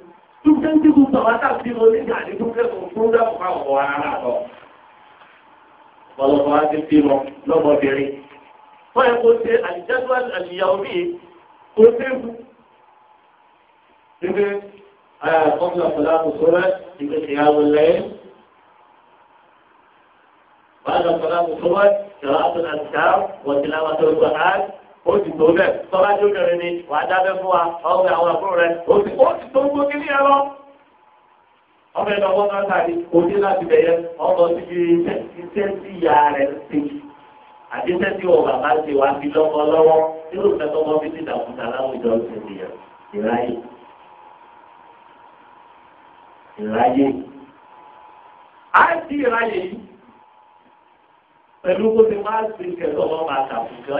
dúkẹ́ tí kò tọ̀wátà sí mo nígbà ní dúkẹ́ tó fún dáàbò fáwọn ọ̀wọ́ ara lọ. ọ̀pọ̀lọpọ̀ á ti fi mọ lọ́mọbìnrin. wọ́n yẹ kó ṣe àlìjáde àlìyàwó mi kó séwu. níbi àkọ́kọ́ ọ̀pọ̀lọpọ̀ àkùsọ́rẹ́ ìgbésíyàwó lẹ́yìn. بعد صلاة الصبح قراءة الأذكار وتلاوة القرآن ó ti tó bẹ́ẹ̀ tọ́lá obìnrin ni wà á dábẹ́ fún wa ọ̀gbẹ́ àwọn àbúrò rẹ̀ ó ti tó gbogbo kí ni ẹ ọmọ ẹ̀dọ̀ ọmọ náà tàbí òde láti bẹ̀yẹ ọmọ síbi iṣẹ́ sí ìyá rẹ̀ ṣe àti iṣẹ́ tí wọn bàbá ṣe wá fi lọ́mọ lọ́wọ́ nínú ìfẹ́ tó fi ti dàkúta láwùjọ ìṣèlú ìráyè. ìráyè á sí ìráyè yìí pẹ̀lú bó ti máa ń ṣe ìṣẹ̀lẹ̀ ọmọ màtàkùn kí ọ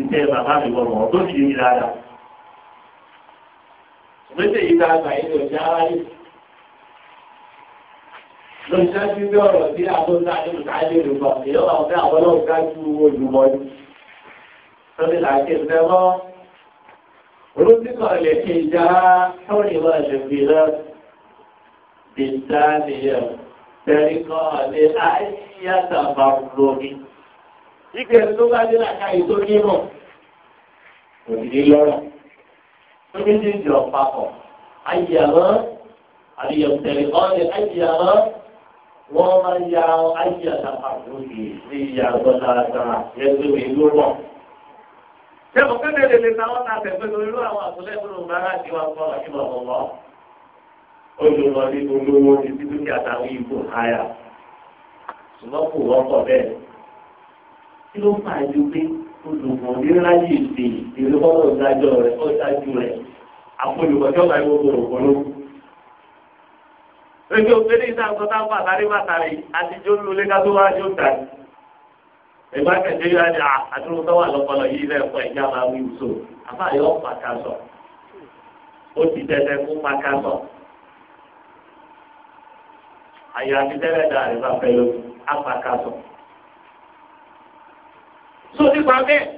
iṣẹ́ bàbá mi wọ̀ wọ́n tó sì yé mi dáadáa. Ìgbésẹ̀ yìí dáa gbà yín lòdì ara yìí. Lórí sáájú bí ọ̀rọ̀ sí àtúntà ní ìtàgé olùkọ́, èyí wà fún àwọn náà ṣáájú olùmọ̀ yìí. Sọ́dí làákè ń fẹ́ mọ́. Olùsíkọ̀ lè fi ìjà sọ́ọ̀rì wà lòdì náà. Bìtáníyà, tẹ̀ríkọ́ ní àyíyá tàbá lórí ìgbẹ́ tó bá dé láta ètò onímọ̀ òdìdí lọ́rọ̀ tó ní ti jọ papọ̀ ayíyàmọ́ àríyàmùtẹ̀lẹ̀ ọ̀rẹ́ ayíyàmọ́ wọ́n máa ya ayíyàtà pàtó sí sí ìyàgbọ́ dáradára yẹtò ìlú pọ̀. Ṣẹ́gun kẹ́kẹ́ lè lè ta wọ́n ta tẹ̀sán lórí irú àwọn àtúnlẹ̀ tó lòun bára ti wá fún ọ̀rọ̀ ìmọ̀ ọ̀mọ̀. Olùrọ̀ ní olówó ti ti dúkìá táwọn ìbò háyà. Ṣùgbọ́n kò wọ́pọ̀ bẹ́ẹ̀ kí ló fà á ju pé olùkọ́ nílá yìí ṣe ìlú bọ́lọ̀ ìdájọ́ rẹ̀ ó dájú rẹ̀ àpolùkọ́jọ́ bá ìwọ́n bọ̀rọ̀ pọ̀ ló. Ojú òfin ìta nǹkan tá ń fà sáré bàtà rẹ̀ àtijọ́ lulẹ̀ ká tó wá jó ta. Ìgbà kẹ̀kẹ́ yóò ní àtúntò tó wà lọ́pọ̀lọ́ yìí lẹ́ẹ̀kọ́ ìjà máa wí wùsọ. Àbá yọ pàkà sọ. Ó ti tẹ̀sẹ̀ fún pàkà sọ. Àyà àti tẹ́lẹ̀ dà rẹ̀ bá fẹ́ lóko tó nípa bẹ́ẹ̀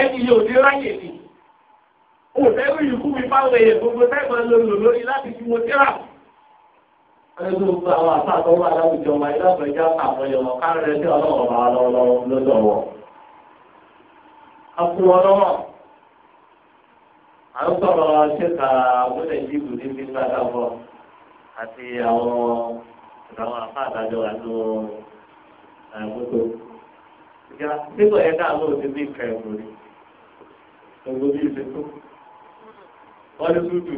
ẹni yóò ní ráyè ni òfẹ́rù ìkú mi fáwọn èèyàn gbogbo tẹ́gbọ̀n lòlò lórí láti fi mo tíra ẹgbẹ́ gbogbo àwọn àtàkọ́ wà láwùjọ wa ìlàbẹ̀já àwọn èèyàn kárẹ̀ sí ọlọ́wọ́ wa lọ́wọ́ lọ́dọ̀ wọ. akú ọlọ́wọ́ à ń sọ̀rọ̀ ṣẹ́ka gbọ́dọ̀ ìdíbò ní bí gbàdàbọ̀ àti àwọn àwọn àfáàdájọ́ àti àwọn àgbẹ̀tọ̀ nígbà ẹ̀ka àwọn òṣèlú ìka ẹ̀wọ̀n ni ọgbọ́n bí ìṣe tó wọ́n ní tútù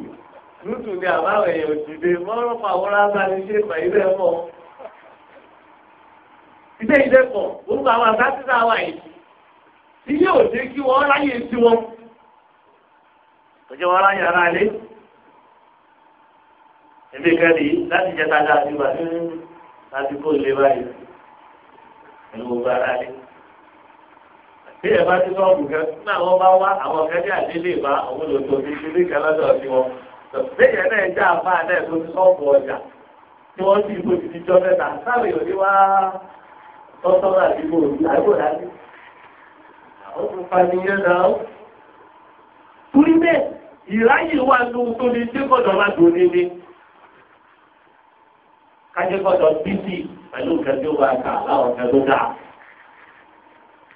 tútù ni àbáwọ̀ èèyàn òṣìṣẹ́ mọ́rọ́ pàwọ́rọ́ abáni ṣe ìpà ilé ẹ̀kọ́ ilé ilé pọ̀ orúkọ àwọn àtàtìsá wà yìí tí yóò dé kí wọ́n ráyè sí wọn òjò wọn ráyè ara lé ebi kẹ́lì láti jẹ́ tájà àti wà láti kó ilé báyìí ẹ̀wọ̀n gbára lé. bí ẹ bá ti sọ kẹ náà wọ́n bá wá àwọn kẹ́kẹ́ àdílé bá àwọn olùtò ti fi ní sí wọn. lẹ́yìn náà já àbá náà tó ti ọjà tí wọ́n sì gbòdì ti jọ mẹ́ta sáwọn èèyàn wá tọ́tọ́ àgbò láti. àwọn tó fa náà. torí bẹ́ẹ̀ ìráyè wà tó ní gbọ́dọ̀ má dùn ní ní. kájẹ́ gbọ́dọ̀ pẹ̀lú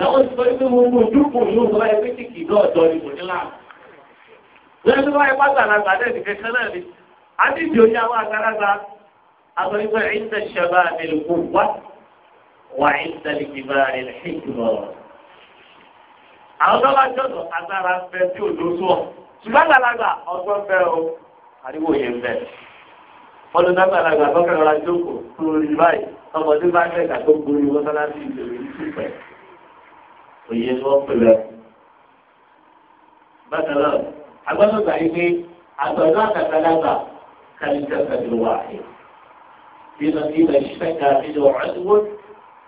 làwọn ti sọ pé mo mú ojúkùn ní òun láyé pé kìkì náà jọ ni kò ní láàmú. lẹ́yìn wáyé pátá àlàgbà náà ní ni àdìdì oní àwọn àgbàlagbà ṣẹba wá wà tó jọ̀dọ̀ agbára tí ò ọ̀ ṣùgbọ́n ọgbọ́n òye ni wọ́n pè lẹ́kùn. bákan náà agbọ́dọ̀gbà yìí pé àtọ̀dọ̀ àtàkàdàgbà kàlíkà kàdúrà wà áyè. bínú tí ilẹ̀ iṣẹ́ ká nínú ọ̀rẹ́dúwó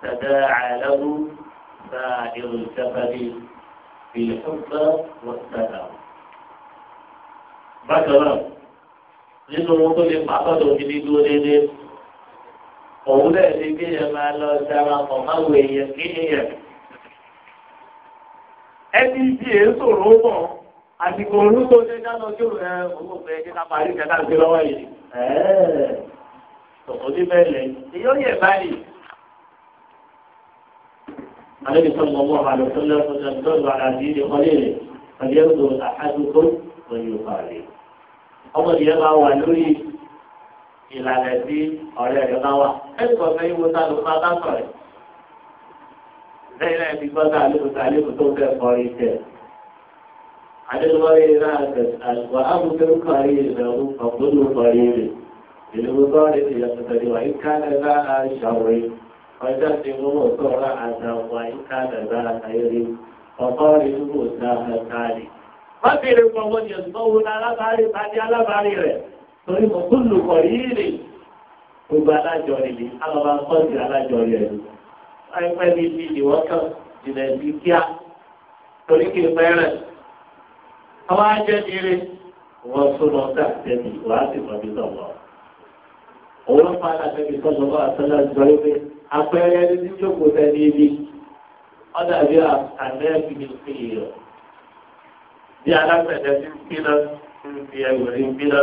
tàdá àlẹ́wò náà irú ìjàmbáde ìlẹ̀ fúnpẹ́ wọ́n tàdá. bákan náà nínú wọn tó lè pàtó òfin dúró déédéé òun náà ti kéèyàn máa lọ dára pọ̀ máwò èèyàn kéèyàn. ẹni ibi èé sòrò bọ̀ àsìkò òru tó ṣe dáná kí òun ẹ owó fẹ́ kí ká parí kẹta sí lọ́wọ́ yìí. Tọ̀tọ̀ ní bẹ́ẹ̀ lẹ̀ èyí ó yẹ báyìí. Àlejò sọ̀rọ̀ mọ́ wọn àlọ́ tó lọ́wọ́ tó lọ́wọ́ tó lọ́wọ́ àti ìdí ọlẹ́ rẹ̀ ọ̀dẹ́ òdo àádókò lórí ọ̀pá rẹ̀. Ọmọ ìyẹn máa wà lórí ìlànà tí ọ̀rẹ́ rẹ̀ bá wà. Ẹ̀sùn ọ̀fẹ́ yìí wo sálùkọ́ lẹ́yìn náà ti gbọ́ tá àlékún tá àlékún tó ń fẹ́ kọrí tẹ̀. Adébọ́lé náà tẹ̀ àgbà ábùkẹ́ ń kọrí ìbẹ̀rù ọ̀gbọ́nù kọrí rẹ̀. Ìlú sọ́ọ̀rẹ́ ti yàtọ̀ tẹ̀lé wà ní Kánádà àṣàwẹ̀. Ọjọ́ ti mú mọ̀ sọ́ọ̀rọ̀ àdàwà ní Kánádà àyẹ̀rí. Ọ̀pọ̀ rẹ̀ ń bò dá àtàlì. Wọ́n béèrè pọ̀ wọ́n yẹ̀ sọ́wọ́ alábàárì tàbí alábàárì rẹ̀. Torí mọ̀ kúlù kọ̀rí rẹ̀. Gbogbo alájọ rẹ̀ ni, àlọ́ àìpẹ́ ní ibi ìwọ́kàn jìnnà ìbí kíá torí kì í pẹ́rẹ̀. Àwọn ajẹ́ ìrè wọ́n súnmọ́ káàkiri wàá sì mọ̀ bí sọ̀rọ̀. Òun ló fa àtàkì sọ̀rọ̀ bá àtàlà jọ wípé àpẹẹrẹ ẹni tí jókòó sẹ́ni ibi. Wọ́n dàbí àmẹ́ẹ̀kì ní fi ìrọ̀. Bí alágbẹ̀dẹ ti ń bínà, ń fi ẹgbẹ̀rẹ̀ ń bínà.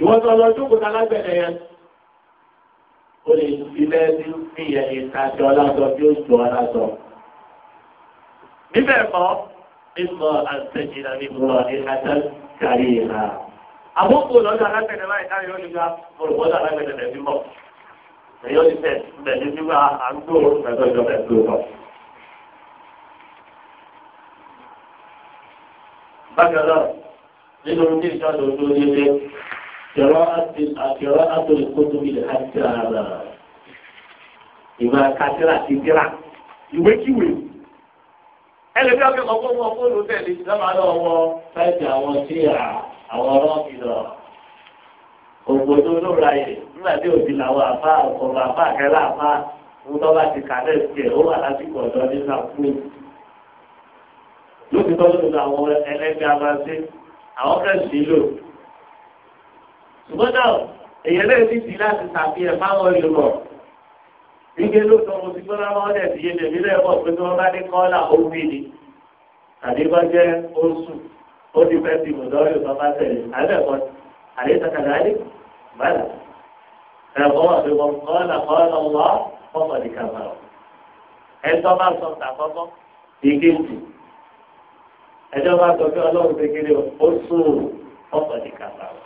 Ìwọ́n tó lọ jókòó alágbẹ̀dẹ yẹn ó lè fi lẹ́ẹ̀dí fi ìtajọ ọlọ́dọ tí ó jọ ọlọ́dọ. níbẹ̀ mọ́ mímọ àtẹ̀jìnà ní mọ́ ní àtẹ̀kárí ìhà. àwọn kò lọ́dọ̀ alágbẹ̀dẹ̀ láì dáre ó lè gba olùkọ́dọ̀ alágbẹ̀dẹ̀ rẹ̀ bímọ. èyí ó ti tẹ̀ bẹ̀rẹ̀ bákan náà nínú ní ìjọba قراءة الكتب الحكامة ìmọ̀ kátírà ti dírà ìwé kíwèé ẹlẹ́bí ọ̀gbìn ọ̀gbọ́n wọn kó ló tẹ̀lé lọ́mọ lọ́wọ́ wọn láti àwọn síra àwọn rọ́ọ̀kì lọ. ògbódó ló ra yẹ nígbà tí òbí làwọn àfa ọ̀gbọ̀n àfa àkẹ́lá àfa ń tọ́ba ti kàlẹ́ tiẹ̀ ó wà lásìkò ọ̀dọ́ ní sàkúrò. lóòótọ́ ló lọ àwọn ẹlẹ́gbẹ́ abáṣe àwọn fẹ́ẹ́ ṣùgbọ́n náà èyàn náà ti di láti ṣàfihàn fáwọn Yorùbá gbígbé ló sọ mo ti gbọ́ láwọn ọ̀dẹ̀ ti yé lèmi náà pé tí wọ́n bá ní kọ́là ó ni tàbí bá jẹ́ oṣù ó ti fẹ́ ti mùdọ́rì tó bá tẹ̀lé àbẹ̀kọ́ àdétakàdá ní bàlá ẹ̀kọ́ wà pé wọ́n kọ́là kọ́là wọ́ fọ́fọ́ ní kàmárọ̀ ẹ̀tọ́ bá sọ tàkọ́kọ́ ìkejì ẹ̀jọ́ bá sọ pé ọlọ́run ti kiri oṣù fọ́fọ́ ní kàmárọ̀.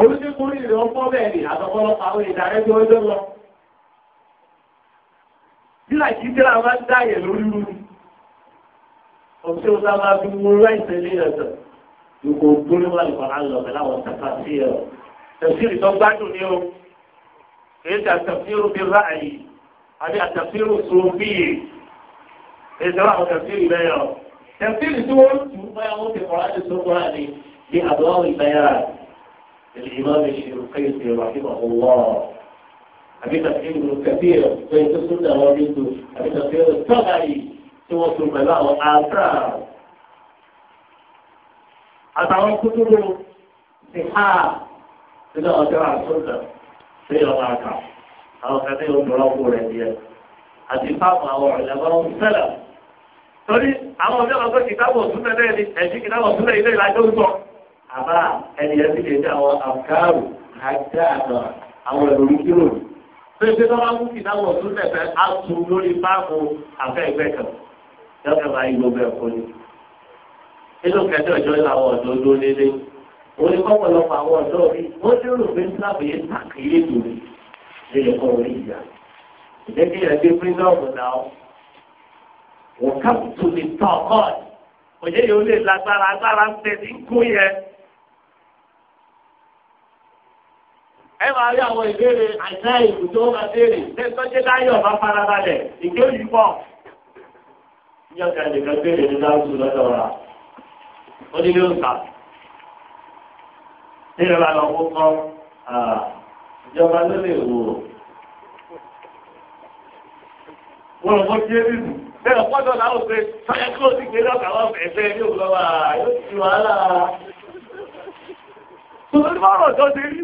onídìkúrú ìrìn ọgbọ́ bẹ́ẹ̀ ni àtọ̀kọ́lọ́ àwọn ìdàrẹ́ tí wọ́n jọ lọ. Nílà kí tí a máa lórí rú. Ọ̀sẹ̀ òsà máa fi mú rẹ̀ ìṣẹ̀lẹ̀ ẹ̀sẹ̀. Ìkò gbórí wà lùkọ̀ á pẹ̀lú àwọn tàkà sí ẹ̀rọ. gbádùn ní o. Èyí ti àtẹ̀sírù bí ráàyè àbí àtẹ̀sírù sòfíì. Èyí ti àwọn tẹ̀sírì bẹ́ẹ̀ yọ. Tẹ̀sírì tí wọ́n tù báyà wọ́n ti kọ̀ الإمام الشنقيطي رحمه الله أبي تفسير ابن كثير بين السنة وجده أبي تفسير الثغري سوى البلاء والآثار أتعرف كتب صحاح إلى أتباع السنة في رمعك أو كثير من ربه الأنبياء أتفاق أو علماء السلف torí أما ọjọ́ كتاب tó kìtàbọ̀ súnmọ́ كتاب ẹ̀jì إليه لا ilé àbá ẹni ẹ sì lè dá àwọn àbùkárù àti àtọ̀ àwọn ìròyìn kírò ní. pé pé tó bá mú kí táwọn ọ̀tún tẹ̀fẹ́ á tu lórí páàpù àfẹ́ kan lọ́kẹ́ máa yí gbogbo ẹ̀kọ́ ni. nínú kẹtẹ ọjọ́ làwọn ọ̀dọ́ ló lélẹ̀ wọ́n ní kọ́pọ̀lọpọ̀ àwọn ọ̀dọ́ rí wọ́n ti rò pé sábìyẹ tàkìlẹ̀ tó rí lè kọ́ orí ìyá. ìdẹ́kẹ̀yẹ̀ dé pírísọ̀mù náà wọ́n káàpù tó lè tọ̀ ọ́ òye yóò lè lágbára ẹ máa rí àwọn ìbéèrè àìsá ìlú tó máa béèrè lẹ́sọ́jẹ́ láyọ̀ bá farabalẹ̀ ìgbé òyìn pọ̀. yọ̀ọ̀kà nìkan béèrè ní dáhùn lọ́dọ̀ wa ó ní yóò sà. nílẹ̀ bá lọ fún kọ́ ìjọba ló lè wò wọ́n lọ fọ́ sí ẹbí mi bẹ́ẹ̀ pọ́jọ́ làwọn pé sọ́yẹ́ kí o ti gbé lọ́kà fẹ́ fẹ́ yóò lọ́wọ́ yóò ti wàhálà. Tòlórí bá rọ̀ tó ti rí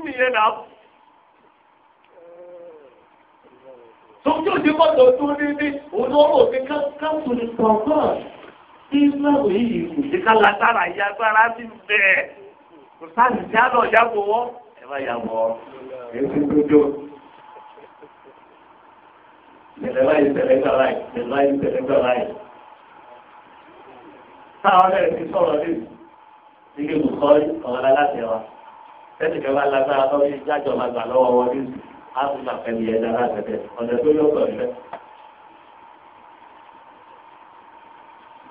tó tí ó ti bọ́tọ̀ tó dédé òun ọ̀rọ̀ òfin káàkùn ní pọ̀npọ̀n tí ìsìláàmù yìí kò sí ká látara ìyá agbára ti bẹ̀ẹ̀ kò sáàlì tí a lọ yàgò wọ́ ẹ bá yàgò ọ́ èsì gbogbo. Ìṣẹ̀lẹ̀ láyé ìṣẹ̀lẹ̀ gbà láyé ìṣẹ̀lẹ̀ á tún máa fẹ́ yẹ dára tẹ̀tẹ̀ ọ̀nà tó yọ sọ̀rọ̀ lẹ́.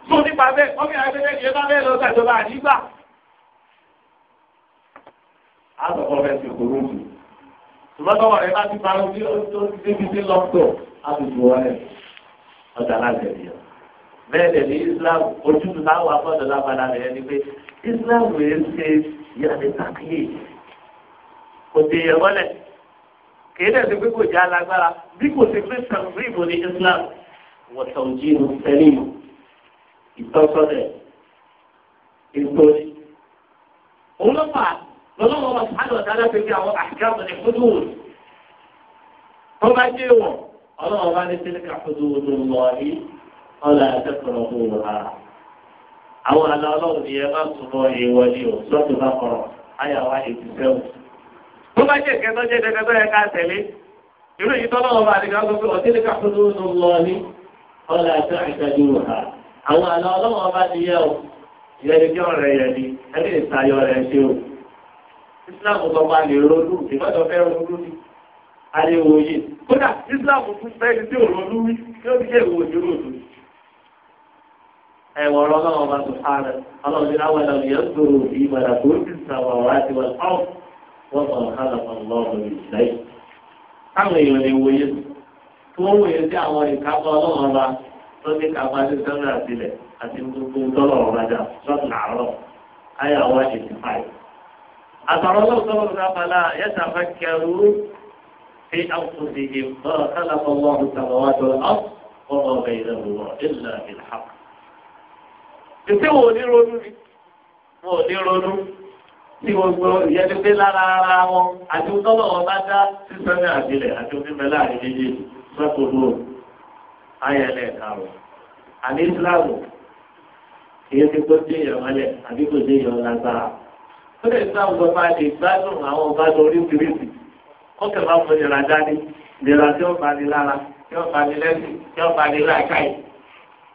tó nípa bẹ́ẹ̀ ọmọ ìyá bẹ́ẹ̀ ni ẹ bá bẹ́ẹ̀ lọ sàjọba àdígbà. á sọ fún ọ̀rẹ́ ti kúrú jù ṣùgbọ́n tọ́wọ́ rẹ bá ti parọ́ bí ó ti débi sí lọ́tọ̀ á ti ju ọ̀rẹ́ ọjà láti ẹ̀yẹ bẹ́ẹ̀ lè ní islam ojútùú táwọn afọ́dọ̀ lábala rẹ̀ ẹni pé islam rẹ̀ ń ṣe yàrá ìtàkìyè kò dé wọlé kìí dẹ̀ ṣe pé kò já lágbára bí kò ṣe pé sàmúrì ìbò ní Islam wọ̀tọ̀ òjì ló ń tẹ́lẹ̀ mọ́ ìtọ́sọ́dẹ̀ ìtòlí. òun ló fà lọ́lọ́wọ́ wa sàánù ọ̀dáná fi fi àwọn àṣìkáàmù ní fúdùn tó bá jẹ́ wọ̀ ọlọ́wọ́ wa ní sílíkà fúdùn lọ́ọ̀rí ọ̀là àtẹ́kọ̀rọ̀ fún wa. àwọn àlọ́ ọlọ́run ni ẹ má sùn mọ́ ìwọlé ò sọ́tún bá kọ̀rọ̀ tó bá jẹ́ kẹtọ́ jẹ́ kẹtọ́ yẹ ká tẹ̀lé irú yìí tọ́lọ́ ọba àdìgbà gbogbo ọtí lè káfọ́ tó tó lọ ní ọ̀là àti àìsàdì wò ha àwọn àlọ́ ọlọ́wọ́ ọba ti yẹ o ìyẹn ìjọ rẹ̀ yẹ ni ẹni ìtayọ rẹ̀ ṣe o Islam tó bá lè ronú ìgbọ́dọ̀ fẹ́ ronú ni àlewò yìí kódà Islam fún fẹ́ni tí ò ronú wí tí ó ti jẹ́ ìwò ìdúró tó ẹ̀wọ̀n ọlọ́wọ́ ọba tó fara ọlọ́wọ́ wọ́n kàn kálọ̀kọ̀ lọ́wọ́ ìsẹ́yìn. Káwọn èèyàn lè wòye tí wọ́n wòye sí àwọn ìkápá ọlọ́run ọba tó ní kápá sí sẹ́mìnà sílẹ̀ àti gbogbo tọ́lọ̀ ọ̀rajà lọ́dún àárọ̀ ayé àwọn eighty five. Àtàwọn ọlọ́run tó lọ́dún abala yẹ́ta fẹ́ kẹrù fi àkùnrin ìgbọ́ kálọ̀kọ̀ lọ́wọ́ ìsàlọ́wọ́dọ̀ ọ̀pọ̀ ọ̀bẹ̀ ìlẹ̀ tí gbogbo ìyẹ́dúgbé lára ara wọn àti tọ́lọ̀ wọn bá dá sísẹ́mi àbílẹ̀ àti onímọ̀ láàrin méjèèjì lọ́kòló ayẹlẹ̀ kàrọ̀ àní Islam kìí ti kó dé èèyàn mọ́lẹ̀ àbí kò dé èèyàn lágbára. ó lè sá àwọn ọba lè gbádùn àwọn ọba lórí kìrìsì ó kẹ̀ máa mú nira dání tí ó bá ní lára tí ó bá ní lẹ́sìn tí ó bá ní láìkáyìí.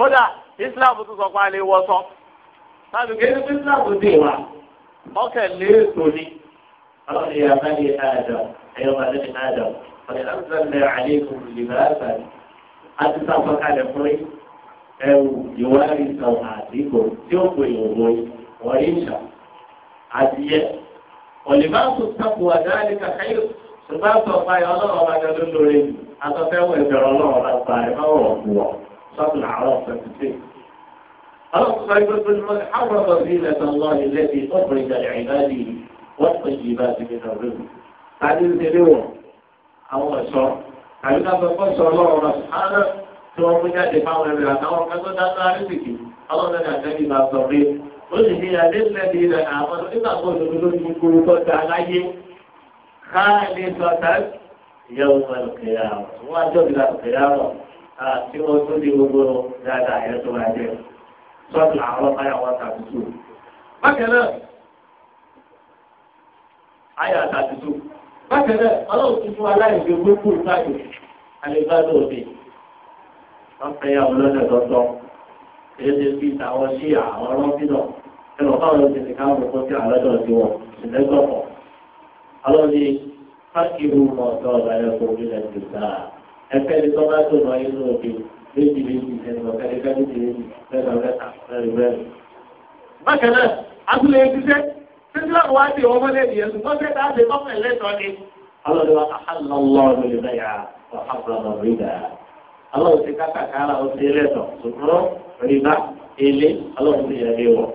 kódà islam tún sọ pé a lè wọṣọ láti gbé ní islam dè wá ọkẹ lẹ́ẹ̀tọ́ ni ọlọ́run yà bá lè àdàm ẹ̀yọ́ bá lè àdàm ọ̀lẹ́ àtúntàlẹ̀ àlékún lìbàásà àti sàfọ́kàlẹ̀ fún yín ẹ̀wù ìwárí sàn àdìgbò tí ó pè é wọ́n wọ́n yín ṣà àdìyẹ ọ̀lẹ́bàásù sàkó àdáyé kàkáyọ̀ ṣùgbọ́n àtọ̀fà yọ ọlọ́run ọba sọ́kùnà àwọn ọ̀fẹ́fẹ́. àwọn ọ̀fẹ́fẹ́ ló máa àwọn ọ̀fẹ́fẹ́ ilẹ̀ tó ń lọ ilé bíi ọ̀pọ̀lọpọ̀ ìjàlẹ̀ ìbáàdì wọ́n pè jì bá ti nínú rẹ̀. tàbí ń tẹ̀lé wọn àwọn ẹ̀ṣọ́ tàbí ká fẹ́fọ́ sọ ọlọ́run rẹ̀ sáré tí wọ́n mú jáde fáwọn ẹ̀rẹ̀ àtàwọn kẹ́kọ̀ọ́ dáná àrísìkì ọlọ́run náà tẹ́lẹ̀ máa sọ pé ó sì ní adélẹ́dì rẹ̀ àwọn onígbàgbọ́ òdodo lórí kúrú tó ta láyé káàlì sọ̀tà yẹ́wọ́n kẹ̀yà wọ́n á jọ́ tí ó di gbogbo dáadáa yẹn tó máa jẹ sọ́ọ̀tù àwọn ọlọ́pàá wọn tàbí bákan náà àyà tàbí bákan náà ọlọ́run tuntun aláìsí gbogbo ìtàkùn alẹ́gbàdo òde wọ́n fẹ́ yà wọ́n lọ́dọ̀ tọ́tọ́ èdè fi àwọn sí àwọn ọlọ́pìnà ẹnì ọ̀fáwọn ọ̀sẹ̀ ti káwọn ọ̀pọ̀ sí àlọ́dọ̀ sí wọn ìlẹ́gbọ̀pọ̀ ọlọ́ni fákìrù mọ̀ ọ̀dọ́ ọ̀dà ẹ̀kọ́ ẹ̀fẹ́ ni tọ́ bá tó lọ inú òkè méjì méjì ẹnu ọ̀kẹ́lẹ́kẹ́ méjì méjì mẹ́ta mẹ́ta mẹ́rin mẹ́rin. bákan náà abúlé ṣiṣẹ́ títí láwọn wá dé ọmọ lẹ́nu yẹn ṣùgbọ́n ṣé ṣe tọ́pẹ̀ lẹ́tọ̀ọ́ ni. ọlọ́run wa àhàlọ́ lọ́ọ̀rù lè bẹ̀yà ọ̀hàbọ̀lọ̀ rí dà. ọlọ́run ti kákàkárà ó ṣe lẹ́tọ̀ ṣùgbọ́n rí bá ilé ọlọ́run ti yẹ léwọ̀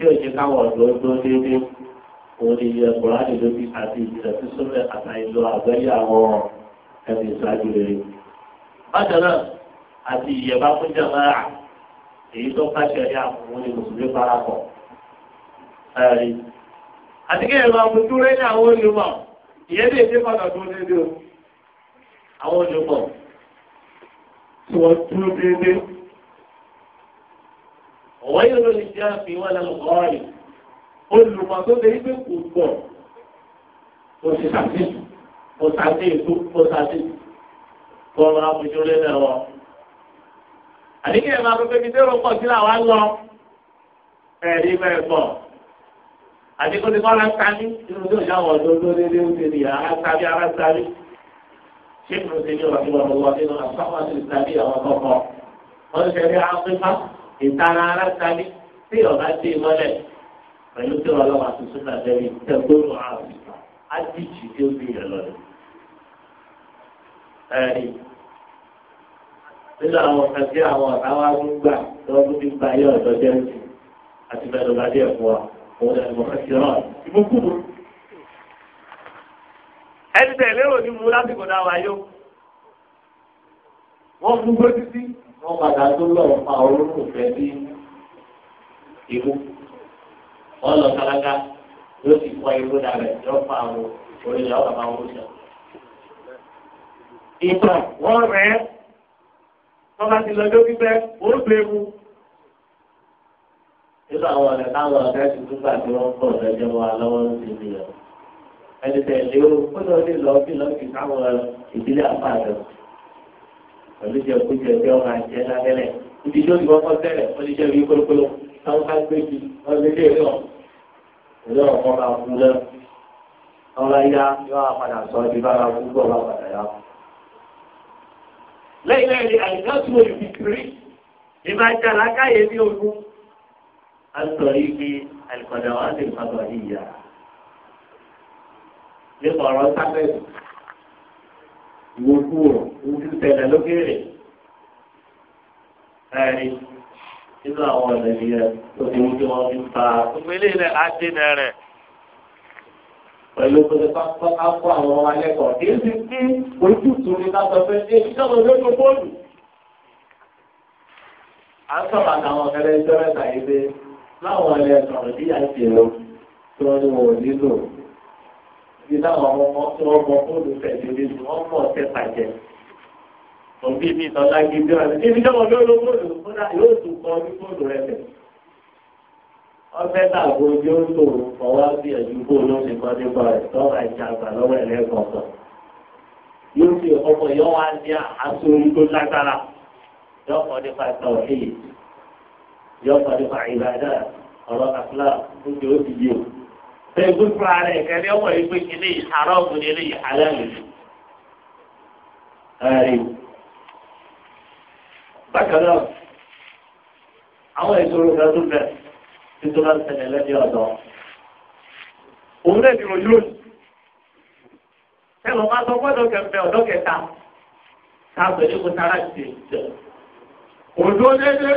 tí ó ṣe káwọn ọ̀dọ́ dúró déédéé òun ni iye kùránì lóbi àti ìjìnlẹ̀ tí súnmọ́ àtàìlọ àgbẹ́yẹ ẹni ìṣáájú rere. bákan náà àti ìyẹ̀bá fún jàmáà èyí tó káṣẹ ní àwọn ní mùsùlùmí parapọ̀. àti kí ẹ̀rọ àbùtú ní àwọn olùmọ̀ ìyẹn lè dé padà dúró déédéé o àwọn olùmọ̀ tí wọ́n dúró déédéé wọ́n yóò lórí jẹ́ àfi wọn lẹ́nu kọ́ọ̀rì olùmọ̀ tó lè gbé kù pọ̀ òṣìṣàtì òṣàtì ètò òṣàtì kọ́ ọmọ àbújọ lẹ́nu wọn. àdéhùn ẹ̀ máa pẹ́ pẹ́bi tẹ́rọ pọ̀ sí làwọn lọ ẹ̀rí bẹ́ẹ̀ pọ̀ àdéhùn ti kọ́ ara ń tani nínú tó ìyá wọn tó lórí ilé ń tẹ̀lé ara tàbí ara tàbí ṣé kùrù tẹ̀lé ọ̀rọ̀ ìwà ọ̀wọ́ nínú àtàwọn àti ìtàbí àwọn ọkọ̀ wọn ti ìtara ara tani tí ọba tí ì mọ́lẹ̀ pẹ̀lú tí ọlọ́wà tuntun náà dẹ́bi tẹ́gbọ́rọ̀ àrùn àdìjì tí ó fi yàn lọ́dọ̀. ẹ̀rí nínú àwọn ọ̀sán tí àwọn ọ̀sán wa ń gbà tí wọ́n fi gba ayé ọ̀dọ́ jẹ́ ń sìn àti mẹ́rin bá dé ẹ̀fọ́ òun ẹ̀ mọ̀ ẹ̀ rọ̀ ìmúkúrú. ẹni tẹ̀lé òní mu lásìkò náà wáyó wọ́n fún gbójú sí wọ́n padà tó lọ pa olólùfẹ́ bí ìlú wọ́n lọ kálákà yóò sì kọ́ ìlú dàrẹ̀ yóò pa àwọn orílẹ̀ ọ̀gá máa wọ́n sọ. ìtàn wọ́n rẹ̀ ẹ́ tọ́ba ti lọ lórí bẹ́ẹ̀ ó bẹ́ẹ̀ mu. nínú àwọn ọ̀nà táwọn ọ̀gá ti tún gbà tí wọ́n ń bọ̀ lọ́jọ́ wa lọ́wọ́ ń sinmi lọ. ẹni tẹ̀lé o ó lọ sí lọ́ọ́ sí lọ́ọ́ sí káwọn ìdílé àpá àdàmù pẹ̀lú jẹ kójẹ tí ọmọ àjẹ lábẹ́lẹ̀ ibi tó ti kọ́kọ́ tẹ́lẹ̀ wọ́n ti jẹ́ ibi kólókóló táwọn bá gbé bi wọ́n ti lé lọ ìlú ọ̀kan bá kú lọ ọmọ ya yóò wá padà sọ ibi bá bá kú bọ̀ wá padà yá. lẹ́yìn lẹ́yìn àyíká tún lè fi kiri ìbá jà lákàyè ní ogun àtọ̀ igi àlùkọ̀dà wọn ti fàgbọ̀ yíyà nípa ọ̀rọ̀ sábẹ́sì ìwòkú rò ń tún tẹ̀lé lókèrè ẹ̀rí nínú àwọn ọ̀nà ìyẹn tó ti wú kí wọ́n fi ń ta. Gbogbo ilé ilẹ̀ á dènà rẹ̀. Pẹ̀lú gbogbo pápá ká kó àwọn ọmọ alẹ́kọ̀ọ́ kí ó ti pín ojútùú ní ká sọ pé ṣé ìjọba lójú bóòlù. À ń sọ̀rọ̀ àtàwọn ọ̀kẹ́rẹ́ ìjọba ìtàgé pé láwọn ilẹ̀ sọ̀rọ̀ bí àìsè lọ tí wọ́n ní wọn ò nílò ti láwọn ọmọ ọmọ fóònù tẹ̀lé ní wọ́n mọ̀ ọ̀tẹ̀ pàjẹ́. òbí mi tọ́lá gidi rẹ̀ níbi tí wọ́n lé olóńgbòdò fúnra yóò tún kọ́ ní fóònù rẹ̀ bẹ̀. wọ́n fẹ́ ojú ó tòun fọwọ́ sí ẹ̀jú fóònù ti kọ́ nípa rẹ̀ tọ́ àìjà àgbà lọ́wọ́ ẹ̀lẹ́kọ̀ọ̀kan. yóò fi ọmọ yọ wá ní àsórí tó lágbára yọkọ̀ nípa ìtọ̀ ẹgbẹ́ fúnra rẹ̀ kẹ́lẹ́ ọmọ yìí pé kíní àrọ́ọ̀mù ni eléyìí aláàlú. bákan náà àwọn ìṣòro kan tó bẹ̀ nítorí wọn ṣẹlẹ̀ lẹ́ni ọ̀dọ́. òun náà ti rojú lónìí. ẹnu máa sọ gbọ́dọ̀ kẹfẹ́ ọ̀dọ́ kẹta sáàpẹ̀ ní kò sára ti tẹ̀. òjò déédéé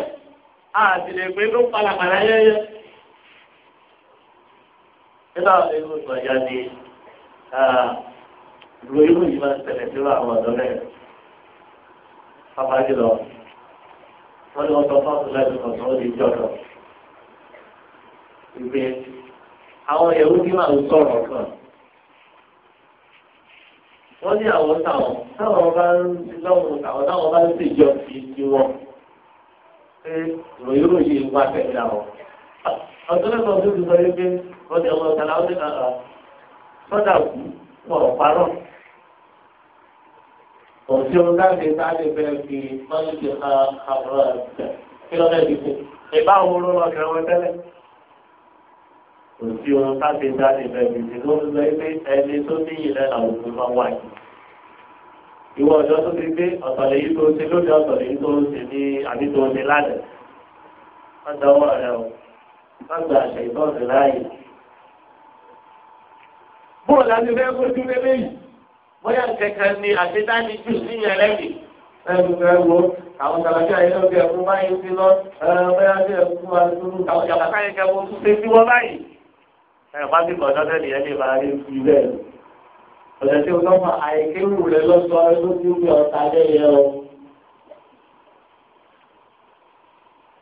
àtìlẹ́gbẹ́ ló palàpàlà yẹ́yẹ́ nígbà wọn lè mú jáde ìlú ìlú yìí máa ń tẹ̀lé sí àwọn ọ̀dọ́ rẹ̀ jùlọ wọn ni wọn sọ fún àtúnṣe àti ọ̀sán ó di ìjọ kan ìgbé àwọn ẹ̀rú bí máa ń sọ̀rọ̀ kan wọ́n ní àwọn táwọn táwọn bá ń lọ́wọ́ táwọn táwọn bá ń ṣèjọ sí ti wọn pé ìròyìn ròyìn wá tẹ̀lé àwọn ọ̀dọ́ lẹ́kọ̀ọ́ tó ti sọ yé pé lọ́dẹ ọmọ ìtàlá ọdẹ kàkà sọ́dà kú wọ́n parọ́. Òsì ohun dáàbì sáàbì bẹ́ẹ̀ fi mọ́lìkì ha àbúrò ẹ̀ kí lọ́dẹ ti fi. Ìbá òun ló lọ kẹrin wọn tẹ́lẹ̀. Òsì ohun dáàbì sáàbì bẹ́ẹ̀ fi ti ló ń lọ pé ẹni tó ní ìlẹ̀ làwọn òkú máa wà yìí. Ìwọ ọ̀dọ́ tó ti gbé ọ̀tọ̀lẹ̀ yìí tó ṣe lóde ọ̀tọ̀lẹ̀ yìí tó ṣe ní àbí tó ṣe lánàá. Wọ́n dánwọ́ rẹ̀ o. Wọ́n gba àṣẹ ìbọ̀ọ̀sẹ̀ láàyè bóòlù àti bẹ́ẹ̀ fojú lélẹ́ yìí bóyá kẹ̀kẹ́ ni àṣetáni jù sí yẹn lẹ́yìn ẹnu fẹ́ wo àwọn jàbàtà yẹn lọ́ọ́ kẹ́ fún báyìí sí lọ bóyá sí ẹ̀kú wa lóru àwọn jàbàtà yẹn kẹ́ fún ṣe sí wọn báyìí. ẹ̀ wá sí kọ̀ọ̀dọ́ tẹ́lẹ̀ yẹn lè máa rí fi bẹ́ẹ̀ ọ̀sẹ̀ tí o lọ́ mọ àìkéwù rẹ lọ́sọ ẹlú tí ó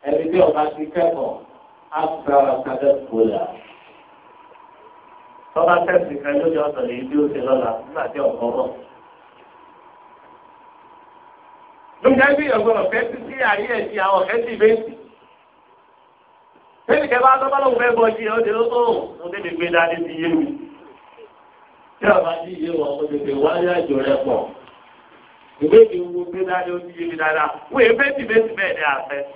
ẹni tí ọba ti kẹ́kọ̀ọ́ á gbára kájọ́ kó tọ́ba tẹ̀sí kan lójú ọ̀sán lèyí tí ó ṣe lọ́la nígbà tí ọ̀kọ́ mọ̀. lóúnjẹ bí ọgbọ́n ọ̀fẹ́ ti sí àyè ẹ̀ àwọn ọ̀fẹ́ ti bẹ́ẹ̀sì. bẹ́ẹ̀ni kẹfà tọ́ba lóun fẹ́ bọ́ jí ọdẹ ó tó mo débi gbé dání ti yé mi. tí ọba ti yé wọn mo tètè wáyé àjò rẹ pọ̀. ìwé ìdíwọ́ gbé dání ó ti yé mi dáadáa wọ́n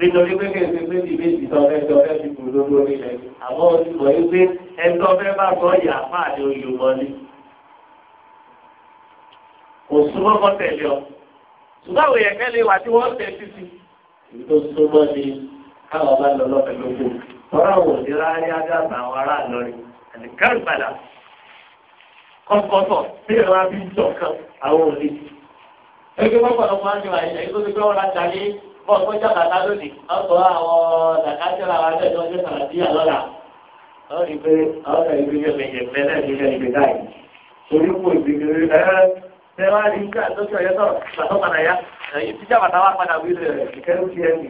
nítorí pé kí ẹsẹ̀ pé ìbí ìtọ́ ẹjọ́ ẹ ti kù lórí orílẹ̀ àwọn olùkọ́ yìí pé ẹjọ́ fẹ́ bá gbọ́ ìyá fáàdé olùmọ́lé kò súnmọ́ kọ́ tẹ̀lé ọ ṣùgbọ́n àwọn èèyàn kẹ́lẹ́ wà tí wọ́n tẹ̀ títí. èyí tó súnmọ́ ni káwọn bá lọ lọ́fẹ̀ lóko tọ́lá wò ní rárá ajá àwọn ará àlọ́rin àdìkárì padà kọ́kọ́tọ̀ bí ẹ̀rọ abíjọ kan àwọn òní. ẹgbẹ́ bọ́ọ̀ tó jẹ́ bàtà lónìí ọkọ̀ àwọn dàkátìrà àwọn akẹ́kọ̀ọ́ ọjọ́ sàràdíyà lọ́la ọ̀rọ̀ ìgbé ọ̀rọ̀ ìgbé yẹn lè yẹ fẹ́lẹ́ ní torí kò ìgbé rẹ̀ ẹ́ ẹ wá rí nígbà tó sọ̀rọ̀ pàtó padà yá èyí tí jà bàtà wà padà wí rẹ̀ ìkẹ́rù ti ẹ̀ nì.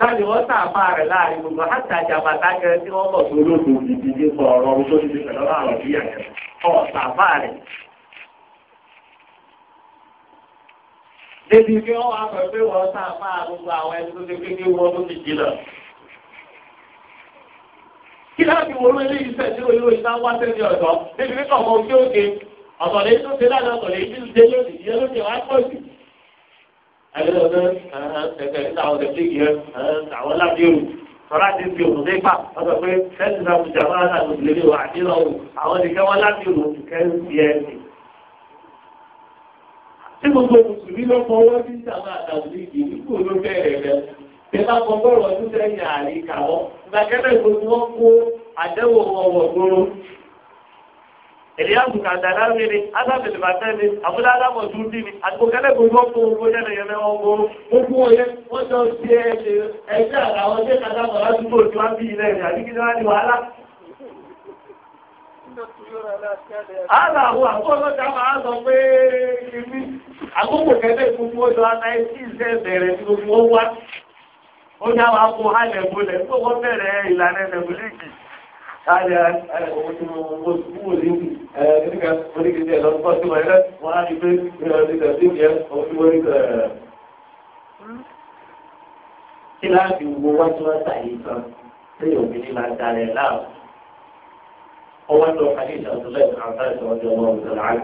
Táyì wọ́n tà máa rẹ̀ láàrin gbogbo àtàjà bàtà kẹrẹ tí wọ́n bọ̀ sí olóòtú ìdíje pọ̀ ọ̀rọ̀ orí tó ti di pẹ̀lú àwọn àròbíyà Débi kí wọ́n wá pẹ̀lú pé wọ́n sá máa àwọn ẹni tó ti fi ní wọ́n tó ti jí lọ. Kí láti wo orí iṣẹ́ tí olú ìta wá sẹ́ni ọ̀dọ́? Débi kí ọmọ ojú òkè ọ̀tọ̀ lè tó ṣe láti ọ̀tọ̀ lè tí ń ṣe lónìí, ìyẹn ló wá pọ̀ sí. Ẹgbẹ́ ọ̀dọ́ ẹgbẹ́ ìta àwọn ọ̀dẹ̀ yẹn àwọn lábẹ́rù sọlá ti fi òun ní pa ọ̀sọ̀ pé sẹ́ni náà kùjà máa ń tí gbogbo mùsùlùmí ló fọwọ́ sí ìjàmbá àtàwọn ìdí nípò ló bẹ̀rẹ̀ rẹ̀. Ìjọba kan bọ̀rọ̀ ọdún sẹ́yìn àárín kàwọ́. Gbàgẹ́rẹ́ gbogbo wọn kó àdẹ́wò wọn wọ̀ gbóró. Èlìyàbù kàdàdà mi ni, Ásábìlì bàtẹ́ ni, àbúlé Ádámọ̀ tún dì ni, àgbo kẹ́lẹ́gbò wọn kó owó yẹn yẹn wọn kó. Gbogbo yẹn wọ́n jọ ṣe ẹgbẹ́ àtàwọn ṣé kàdàmọ̀ a àwọn àkọ́lọ́dá máa sọ pé kìíní àkókò kẹ́lẹ́ gbogbo ọjọ́ aláìsí ìṣẹ́ bẹ̀rẹ̀ ní gbogbo ó wá. Ó ní àwọn akọ halẹ̀ bolẹ̀ tó le bẹ̀rẹ̀ ìlànà ya Káàdì àwọn tí mo kú òní nígbà oníkejì ẹ̀lọ́ pọ̀ sí wọ̀nyẹ́ wọ́n á rí pé ìrọ̀lẹ́gbẹ̀ sí ìyẹn òun ti wọ́n ní kẹ̀rẹ̀. Kí láti wo wájú wá sàyè kan ọwọ́ tó kàdé ìṣàtúnlẹ̀ àǹfààní ìṣàwọ́jọ́ ọlọ́run tó láàyè.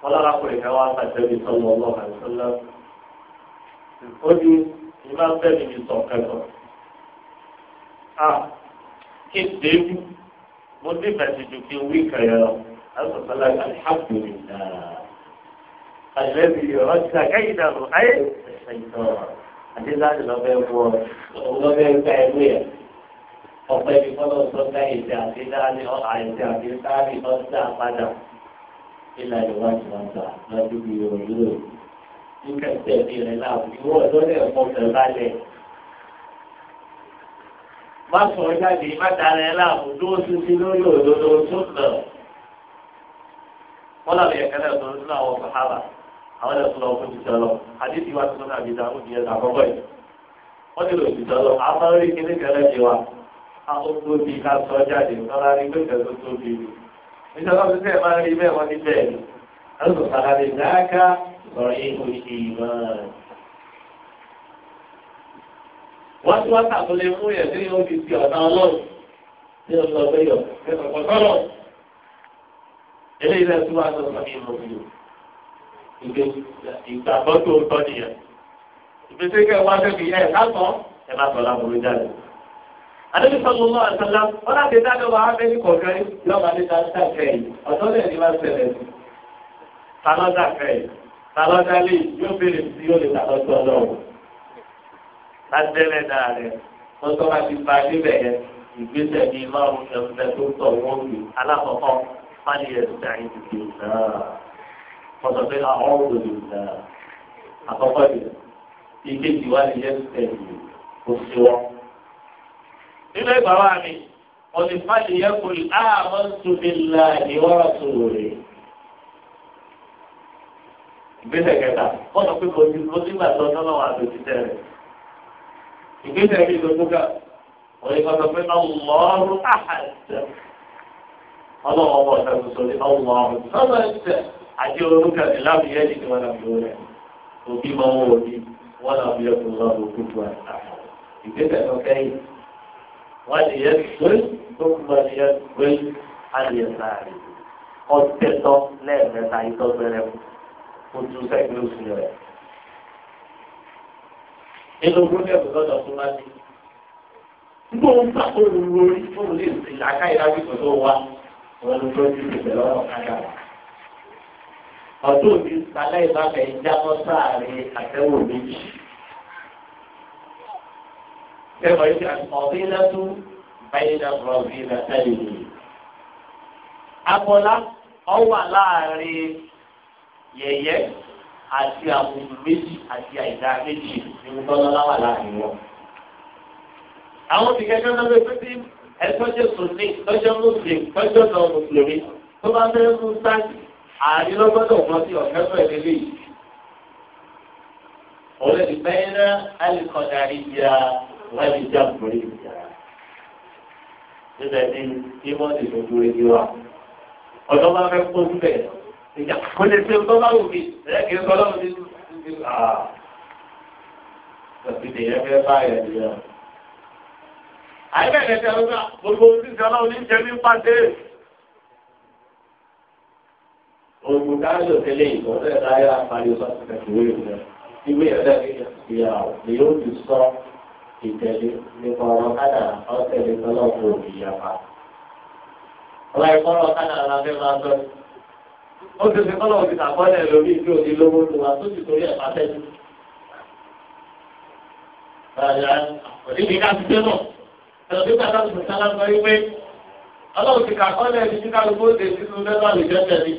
wọ́n lára kò lè fẹ́ wá pàṣẹ bí sọ́wọ́ ọlọ́run àti sọ́lá. ó ní ìmá bẹ́ẹ̀ ni sọ kẹsàn. a kí dèbí mo ní bẹ̀sẹ̀ ju kí n wí kẹyọ lọ. àtọ̀sọ́lá alhamdulillah. àlẹ́bí ọjà kẹ́yìn dàrú ayé. àti láti lọ bẹ́ẹ̀ wọ lọ bẹ́ẹ̀ gbà ẹ̀mú yẹn ọ̀pẹ ní fọ́lọ́ sọ́kà ètè àti dáálé àìsè àti dáálé ọ̀sẹ̀ àpadà ìlà ìwádìí wọn gbà lọ́dún bíi òwúrò ní kẹsẹ̀ ní rẹ̀ náà ìwọ lórí ẹ̀kọ́ fẹ́ balẹ̀. má sọ jáde má dára ẹ láàmú dúró títí lórí òdodo tó nà. wọ́n làwọn yẹn kẹ́lẹ́ ọ̀dọ́ nínú àwọn àwọn ẹ̀ fúnra ọkùnrin ti sọ̀rọ̀ àdéhùn wa ti sọ́nà àbíjà ó di ẹ̀ akótóbi ká sọ jáde lọ́la ní pé tẹ̀sán tóbi ni. nítorí wọn fẹ́ máa rí bẹ́ẹ̀ wọ́n ní bẹ́ẹ̀ ni. lọ́sùn sàlàyé dáká sọ̀rọ̀ yìí kò ṣe ìmọ̀. wọ́n ti wá sàkólé mú yẹn tí yóò fi ti ọ̀nà ọlọ́run tí ó lọ bẹ́yọ̀ kẹsàn kọ́sọ́rọ̀. eléyìí lẹ́sùn wá sọ sọ́mi ìmọ̀ ìgbàgbọ́ tó ń tọ́ nìyẹn. ìgbésẹ̀ kẹ́ wá sọ ẹ àdébí sọ́dún ọmọ àtàlá wọn láti dájọ́ bá wá bẹ́ẹ̀ kọ̀ọ̀kan lọ́ba ní dáadáa fẹ́ yìí ọ̀tọ́ lẹ̀ ní máa ṣẹlẹ̀ sí. talọ́dà fẹ́ yìí talọ́dà lè yóò béèrè sí yóò lè talọ́dà ọlọ́run. lájẹ́lẹ̀ dáa rẹ̀ wọ́n tọ́ bá ti ba níbẹ̀ yẹn ìgbésẹ̀ ní márùn-ún ẹ̀fẹ́ tó tọ̀ wọ́n wù alákọ̀ọ́kọ́ fani ẹ̀sẹ̀ àyìnbí náà wọ́n sọ pé àwọn òdòdó náà àkọ́kọ́ yìí ìkéjì wá ní ẹ̀sẹ̀ yìí kò nínú ìgbà wa mi ọ̀sìn fàlì yẹ kò lè àmọ́ tóbìlà ìwọ́rọ̀ sòrò rẹ̀. ìgbésẹ̀ kẹta wọ́n sọ pé mo ti mo ti gbà sọ sọ́nà wà lójú tẹ́lẹ̀. ìgbésẹ̀ mi ló tó ga wọ́n yẹ kó sọ pé ọlọ́run àhàtẹ̀ ọlọ́run ọmọ ọ̀sẹ̀ tuntun ní ọlọ́run sọ́nà ẹ̀sẹ̀ àti orúkọ ìlàbíyẹ́ ní ìwọ̀n àbúrò rẹ̀ òbí máa وليكفل ثم ليكفل عن يساره ọtẹtọ lẹ́ẹ̀mẹ́ta ìtọgbẹrẹ ojú sẹgbẹ oṣù rẹ nínú gúrúmẹ̀tì lọ́dọ̀ tó máa ní. nígbà wọn bá òun lórí fóun lè ṣe àkáyìlá wípé tó wá wọn ló tó ti ṣẹlẹ̀ lọ́rọ̀ kájà wá. ọdún òbí sálẹ̀ ìjábọ̀ sáàrin àtẹ̀wò méjì kẹwàá yìí ọ̀rìn lẹ́tú bẹ́yìn ọ̀rìn lẹ́tẹ́lẹ̀ yìí. Abọ́lá ọwà láàrin yẹ̀yẹ́ àti àbùkù méjì àti àìdá méjì ni mo tọ́lọ́ láwà láàrin wọn. Àwọn ti kẹ́kẹ́ náà wípé tí ẹ̀tọ́jọ́ sùnmí tọ́jọ́ mùsùlùmí tọ́jọ́ náà mùsùlùmí tó bá fẹ́ mú sáàkì ààrin lọ́gbọ́dọ̀ wọn sí ọ̀fẹ́ pẹ̀lú eléyìí. Òun lè bẹ́ẹ̀ náà alìkọ̀dà ìyá wọ́n já kúrò ní ìjàrá. Níbẹ̀ ni kí wọ́n ti lójú ẹni wa. Ọ̀dọ́ máa fẹ́ kó síbẹ̀. Ìjà kò lè ṣe ọ̀dọ́ máa wù mí. Ẹ kì í sọ ọlọ́run nínú ìlú. Ọ̀sìnkè yẹn fẹ́ bá ẹ̀ ní ọ. Àyẹ̀bẹ̀rẹ̀ tẹ ọgbà gbogbo oríṣi ọlọ́run ní jẹ ní pàṣẹ. Ògùn káyọ̀ tẹ́lẹ̀ ìgbọ́n tẹ́lẹ̀ láyé àpárí ọ̀sán ti tẹ̀síwé ìwé ẹ̀dá ìtẹ̀lé nípa ọ̀rọ̀ kádà ọ̀tẹ̀lé tọ́lọ́pù òbí yàpá. ọ̀la ìkọ́rọ̀ kádà la fẹ́ máa sọ ní. ó ti fi kọ́lọ̀ òbí sàkọ́lẹ̀ lórí ìlú òdi lówó tó wà tó sì torí ẹ̀fà tẹ́lú. òdìdí ká ti dé mọ̀ ẹ̀rọ tó kàdá tó sálá sọ wípé ọlọ́run ti kàkọ́lẹ̀ ní kíkà lóko ó ti sínú mẹ́fà lè jẹ́ tẹ̀lé.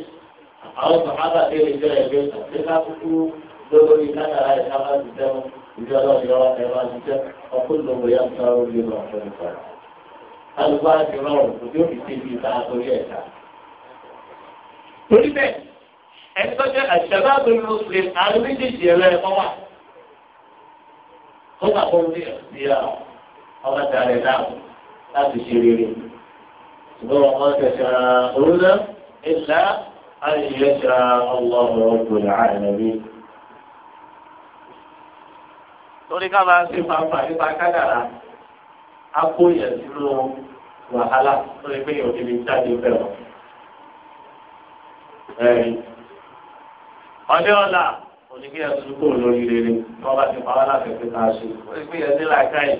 àwọn sọ̀hábà jẹ́ ẹ̀gbẹ́ ìjọ ọlọ́run ẹ̀rọ àjíjẹ́ ọkùnrin lòun yà ń sọ orí ọ̀rọ̀ ọ̀fẹ́ nípa rẹ̀. alùpàá ti rọrùn kò tí ó fi ṣe ibi ìta torí ẹ̀ka. torí bẹ́ẹ̀ ẹni tó jẹ́ àṣàbá tó ló ṣe àwọn méjèèjì ẹ̀rọ ẹ̀kọ́ wà. ó bà fún mi ní ọba tààrẹ dáàbò láti ṣe rere. ṣùgbọ́n wọn kọ́ ṣẹ̀ṣẹ̀ òun náà ìlà àyè ṣe àwọn ọmọ ọ̀gbìn àìlẹ́bí torí ká máa ṣe fàǹfà nípa kádàrá akóyàn sínú wàhálà lórí pé yóò ti fi jáde fẹ́ ọ. ọdẹ ọ̀la onígbé ẹ̀sùn kò lórí rere tí wọ́n bá ti pa wá láti fi máa ṣe lórí pé ẹ̀sìn làákàyè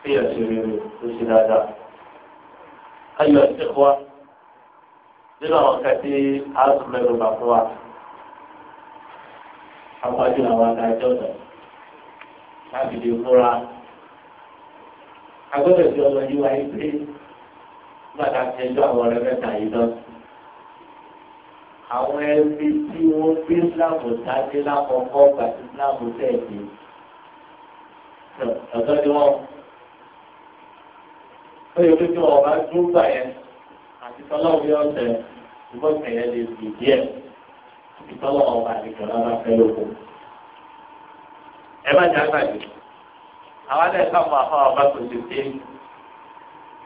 fi ẹ̀sìn rere ló ṣe dáadáa. ayọ̀ ẹ̀sìn wa nínú àwọn kan tí bàbá wa àpájú àwọn adájọ́ náà láti lè múra agbọ́dọ̀ fi ọmọ yìí wáyé pé gbàdá ti ẹjọ́ àwọn ọ̀rẹ́ mẹ́ta yìí lọ. àwọn ẹbí tí wọ́n gbé ìsìláàmù sáájú lákọ̀ọ́kọ́ gbà sí ìsìláàmù tẹ̀lé ọ̀dọ́ ni wọ́n ó yẹ kí wọ́n bá dún gbà yẹn àti tọ́lọ́wọ́ bí ọ̀sẹ̀ ìbọ̀sẹ̀ yẹn lè fi díẹ̀ àti tọ́lọ́wọ́ bá ti kọ̀ lábàfẹ́ lóko ẹ má jà gbàgbé àwọn alẹ́ káfọ́ àfọ́ àbá tó ti pé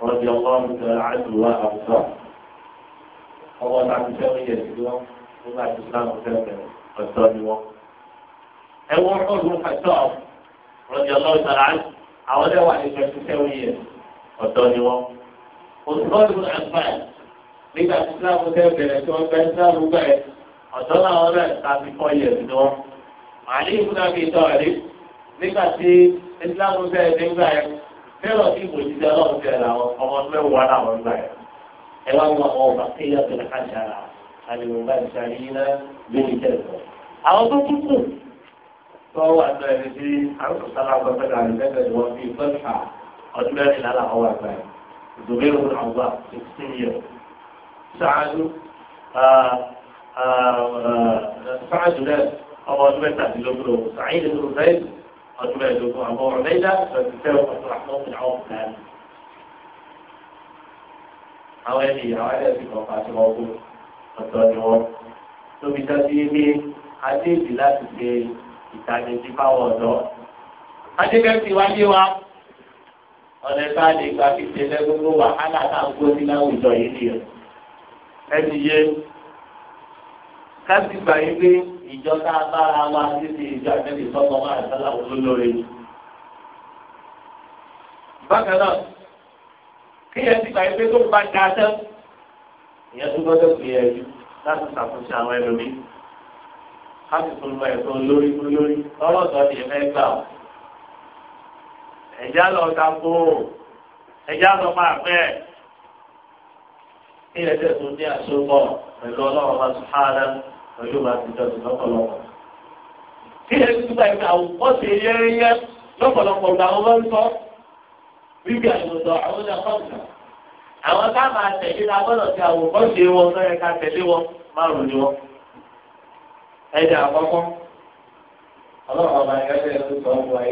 ọ̀rọ̀ di ọkọ̀ ọ̀mùtò àdùwà àwùjọ ọwọ́ láti fẹ́ wọ́n yẹ sí wọn wọ́n bá ti sáà fẹ́ fẹ́ ọ̀tọ́ ni wọn. ẹ wọ́n ọdún kàtọ́ ọ̀rọ̀ di ọkọ̀ ọ̀tọ̀ àwọn alẹ́ wà ní twenty seven years ọ̀tọ́ ni wọn. òṣùwọ́n àgbà nígbà tí sáà fẹ́ bẹ̀rẹ̀ tí wọ́n fẹ́ sáà rúgbà ẹ̀ ọ̀tọ́ làwọn náà nígbà tí ìsìláàmù bẹ̀rẹ̀ nígbà yẹn fẹ́rọ̀ tí ìbò jíjẹ ọlọ́run bẹ̀rẹ̀ làwọn ọmọ mẹ́wàá làwọn gbà yẹn. ẹ wá wọn ọmọ bá kéye ọ̀gbìn àṣàrà àlùmọ̀bá ìṣàrí iná lórí ìjẹ́sọ̀. àwọn tó kú kù tó wà lọ ẹni tí àwọn sọ̀tàlá gbọ́dọ̀ àlùfẹ́fẹ́ ni wọ́n fi fẹ́fà ọdún mẹ́rin lálẹ́ àwọn àgbà yẹn. zubairu awwa sixteen years. sáájú ah, ah, ah, sáájú náà ọmọ ọdún mẹ́tàdínlógún ọdún mẹ́ẹ̀ẹ́dógún àbọ̀ ọ̀rẹ́dá twenty seven ọdún àkọ́kùn àwọn ọ̀gbìn àwọn ẹni àwọn ẹni ẹ̀sìn kan pàṣẹ ọgbọ́n ọ̀tọ̀ ni wọ́n tóbi tán sí ilé adéèdì láti ṣe ìtàgéjì fáwọn ọ̀dọ́. adékẹ́sì wá yé wa ọ̀nà ẹ̀ka lè gba fífi lẹ́gbẹ́gbẹ́ wàhálà tá à ń gbóni láwùjọ yìí nìyẹn. ẹ ti yé ká sì gbà yín pé ìjọ tá a bára wa títí ìjọ àtẹ́bí sọ́kọ́ máa ń sálà olólórí. bákan náà kíyẹn ti gbà pé tó bá ga tán ìyẹn tó gbọ́dọ̀ gbìyànjú láti ṣàtúnṣe àwọn ẹlòmíì ká sì tún lọ ẹ̀tọ́ lórí lórí ọlọ́dọ̀ ni ẹ̀fẹ́ gbà ó. ẹ̀já lọ ta kó ẹ̀já lọ máa pẹ́ kíyẹn tẹ̀sùn ní àṣọ pọ̀ pẹ̀lú ọlọ́run wa sùn pẹ̀lú màá ti jọ lọ́pọ̀lọpọ̀. Kí ẹ ti gba ìgbà wọ́n ṣe yẹ́rẹ́yẹ́ lọ́pọ̀lọpọ̀ làwọn máa ma sọ wípé àìmọ̀tọ̀ àwọn ọjà kọ̀ọ̀tà. Àwọn ká máa tẹ̀lé la gbọ́dọ̀ ti ṣe wọn tẹ̀lé wọn wọn. Ẹ̀dà àkọ́kọ́ ọlọ́run ọba sọ fún wa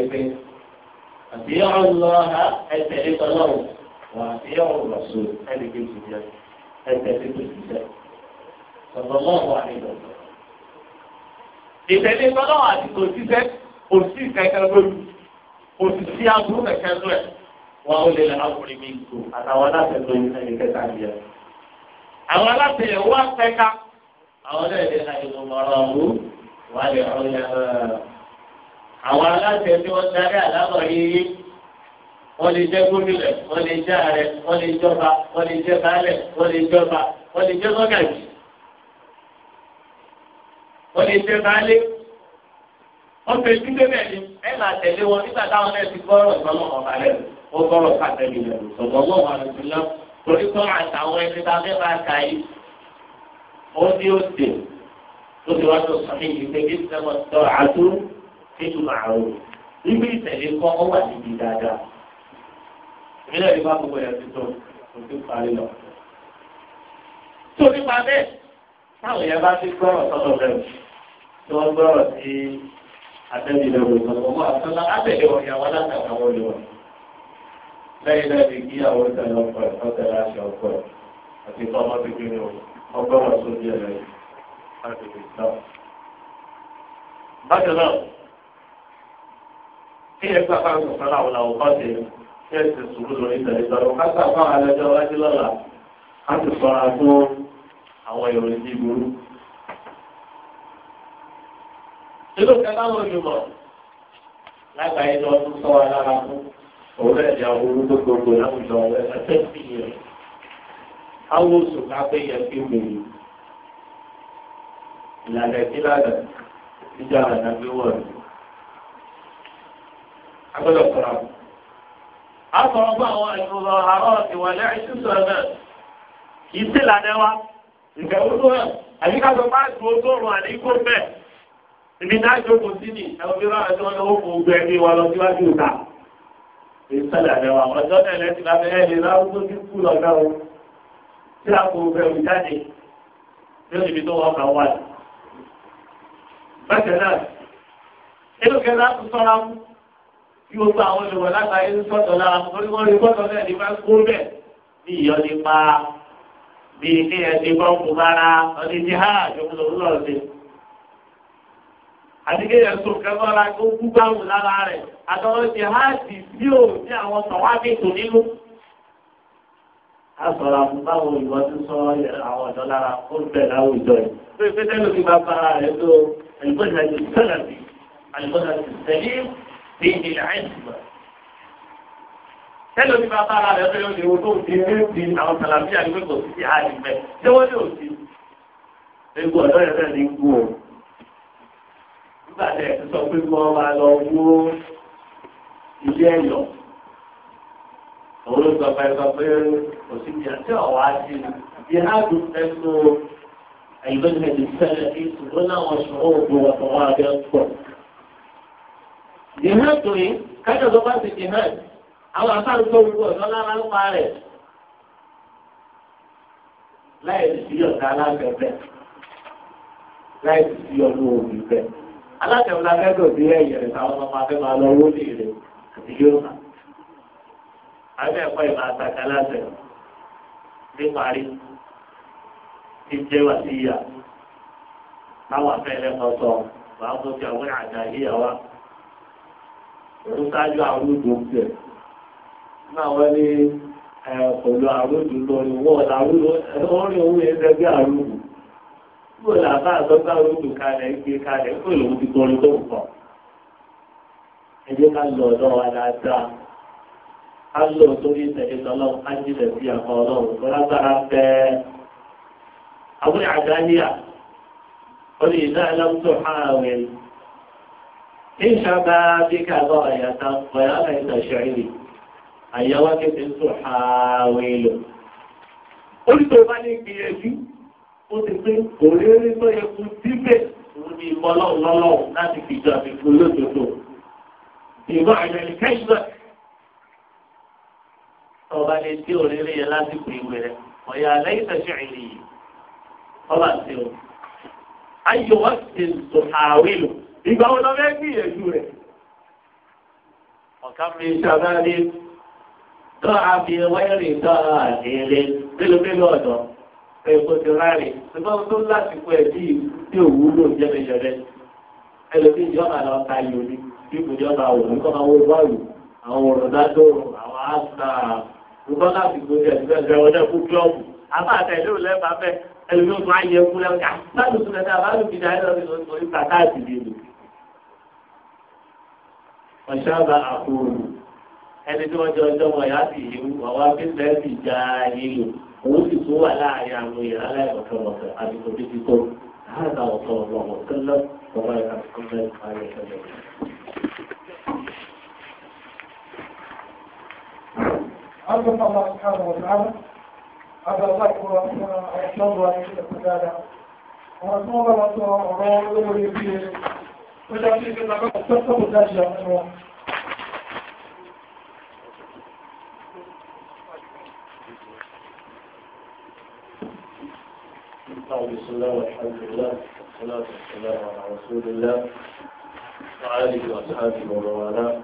pé tọ́lọ́run wà ìtẹ̀lé tọ́lọ́wọ́ àti òṣìṣẹ́ òṣì kẹ̀kẹ́ lórí òṣìṣẹ́ aburú kẹ̀kẹ́ lórí wọn ò lè lọ àwòrán mi kò àtàwọn aláṣẹ tó ń sẹ́yìn kẹta ń yẹ. àwọn aláṣẹ yẹn wá pẹ́ka àwọn náà lè ka ìlú mọ̀rọ̀ ọ̀hún wà lè ọ̀hún yẹn lọ́rọ̀. àwọn aláṣẹ tí wọ́n darí àlámọ̀ yíyí wọ́n lè jẹ́ gómìnà wọ́n lè jẹ́ ààrẹ wọ́n lè jọba wọ́n lè jẹ́ wọ́n lè ṣe baálé wọ́n fẹ́ dúdé bẹ́ẹ̀ ni ẹ máa tẹ̀lé wọn nígbà táwọn náà ti gbọ́rọ̀ ìgbọ́nà ọ̀bà lẹ́nu ó gbọ́rọ̀ pàtẹ́lì rẹ̀ lọ́gbọ́n wọn wà lóṣù lọ torí tó àtàwọn ẹni tá a fẹ́ máa kà yìí ó ní ó dè ó ti wá tó sọmí yìí pé kí sẹ́wọ́n tọ́ àtú nínú àrùn níbi ìtẹ̀lé kọ́ ó wà níbi dáadáa ìbílẹ̀ ìbá gbogbo ẹ̀ ti tó òtún parí bẹ́ẹ̀ táwọn èèyàn bá ti gbọ́rọ̀ sọ́dọ̀ rẹ̀ tí wọ́n gbọ́rọ̀ sí àtẹ́bílẹ̀ rẹ̀ sọ́dọ̀ àtọ́lá àbẹ̀lẹ̀ ọ̀yà wọn látàkà wọn lè wọ̀n. lẹ́yìn náà lè kí àwọn ìtàn ọkọ̀ ẹ̀ tọ́tẹ̀ láṣẹ ọkọ̀ ẹ̀ àti tọ́mọ́ ti gbé ní ọgbọ́rọ̀ sójú ẹ̀ rẹ̀ láti lè tọ́. bákan náà kí ẹ gbà fáwọn ìsọ̀kan láwọn làwọn kọ́ ṣe kí ẹ sì sùúrù lórí ìtẹ̀lẹ́tọ̀ àwọn ìròyìn tí burú. Ìlú kẹta wọn ju mọ̀ lágbàáyé lọ tún sọ wa lára fún òun ẹ̀dẹ̀ àwọn olùkó gbogbo láwùjọ ẹ̀fẹ́ sí yẹn. Àwọn oṣù kápẹ́ yẹn fi wù mí. Ìlànà ìdílànà ìjà àdá gbé wọ̀ ní. Agbọ́dọ̀ sọ̀rọ̀ A sọ̀rọ̀ bá àwọn ìṣòro àárọ̀ ìwọ̀lẹ́ ìṣúṣọ̀ náà. Kì wa ìbẹ̀wò tó hàn àyíká tó bá ju ọgọ́rùn-ún àdínkù mẹ́ ibi náà jókòó sí ni ẹ̀rọ bí wọ́n àti wọn lọ́wọ́ fún ogun ẹbí wa lọ síwájú ìta ìsàlẹ̀ àbẹ̀wò àwọn ọjọ́ náà lẹ́sìn lábẹ́ ẹ̀ lè láwùjọ sí kú lọ́gá o tí a kò bẹ̀rù jáde tí ó níbi tó wọ́n kà wà ní. bákan náà inú kẹta tó sọ́ra mú kí gbogbo àwọn olùwọ̀ látàrí sọ́tọ̀ lára torí bí ilé ẹni bọ́ǹkù bára ọdún ti há àjọpọ̀ lọ́wọ́ sí. àdìgé yẹn sùn kẹ́kọ̀ọ́ra kó kú báwù lára rẹ̀ àtọ́wọ́n ti há sí sí ò sí àwọn sọ̀wábì tó nínú. a sọ̀rọ̀ àwọn báwo ìwọ ti sọ àwọn ọ̀dọ́ lára ó bẹ̀ láwùjọ yìí. pé pété ló fi máa bára rẹ̀ tó ẹ̀gbọ́n ìdájọ́ sẹ́lẹ̀ bí àlùbọ́dà ti sẹ́lẹ̀ bí ìlà ẹ̀sìn tẹ́lẹ̀ mi bá sára rẹ̀ pé òní owó tó ti ní ti àwọn sàlàmì àgbẹ̀ kò sí ìhà níbẹ̀ ṣé wọ́n ní òsì. ewu ọ̀dọ́ yẹn fẹ́ẹ́ ní kú o. nígbà tí ẹ̀ sọ pé kí wọ́n máa lọ wó ilé ẹ̀yọ̀. àwọn olùsọ̀fẹ́ sọ pé òsì ti àti ọ̀wá ti di hádùn ẹnu àyùbẹ́ni ti sẹ́lẹ̀ ní ṣùgbọ́n láwọn ṣòro ògùn ọ̀tọ̀ wọn àbẹ́ ń pọ̀. jihad tó yìí kájọ̀ tó bá ti jihad àwọn afáàrù tó wù ọ̀dọ́ lára ń pa rẹ̀ láì sí ọ̀dà alágbẹ̀bẹ̀ láì sí ọdún òbí bẹ̀. alágbẹ̀bẹ̀ la fẹ́ dòbí ẹ̀yẹ̀ rẹ̀ táwọn ọmọ afẹ́ máa lọ wọlé rẹ̀ àti yóò hàn. abẹ́ ẹ̀kọ́ ìmọ̀ àtàkà láti ní parí ti jẹ́ wà sí ìyá táwọn afẹ́ ẹlẹ́kọ̀ọ́ sọ wàá mú ti àjà wa. òun àwọn olùdókòwò náà wọ́n ní pẹ̀lú àrùdù lórí wọ́n orí ohun ẹgbẹ́ bí àrùdù yóò làbá àtọ́gbà àrùdù kalẹ̀ gbé kalẹ̀ àyẹ̀wò akẹ́kẹ́ ń sùn ààwẹ̀ lọ. olùtò bá ní gbìyànjú ó ti pé òréré tó yẹ kú síbẹ̀ òun ni ìmọ̀lọ́ọ̀lọ́lọ́ọ̀ láti fi jọ àmì fún olóòtú. ìmọ̀ àyẹ̀lẹ̀ kẹ́yìnbẹ̀. ọba lè dé òréré yẹn lásìkò ìwé rẹ̀ ọ̀yà lẹ́yìn tẹ̀sí ìlì yìí ọba ti o. ayọ̀ wá ti sùn ààwẹ̀ lọ. ìgbà wo lọ fẹ́ gbìyànjú rẹ̀? ọ̀ká tó àbí wẹ́rì tó àdéhìlé pélopélo ọ̀dọ́ èkó ti rárẹ̀ ṣùgbọ́n tó lásìkò ẹ̀ bí tí òwúlò jẹ́mẹ̀jẹ̀rẹ̀ ẹlòmí ìjọba lọ ta yìí òní bíbu ìjọba wò ní kọ́ máa wọ bọ́ọ̀lù àwọn òrùndádóró àwọn àṣà ṣùgbọ́n lásìkò ẹ̀ ti bẹ́ẹ̀ bẹ́ẹ̀ ọjọ́ fún kílọ̀bù àbá àtẹ̀lé ò lẹ́ẹ̀bà bẹ́ẹ̀ ẹlòmí ó tún yẹ fún lẹ́wọ̀n ẹni tí wọ́n jọ ọjọ́ wọn yá sì yíwú ọwọ́ abíńdẹ́ sì já yíyù òun sì tún wà láàrin àwọn èèyàn aláìmọ̀kẹ́mọ̀kẹ́ àdìgbò títí tó هذا وصلى الله وسلم وبارك على محمد وعلى اله وصحبه الله سبحانه وتعالى هذا الله ورسول الله تعالى ورسول الله ورسول الله ورسول الله ورسول الله بسم الله والحمد لله والصلاة والسلام على رسول الله وعلى آله وأصحابه ومن والاه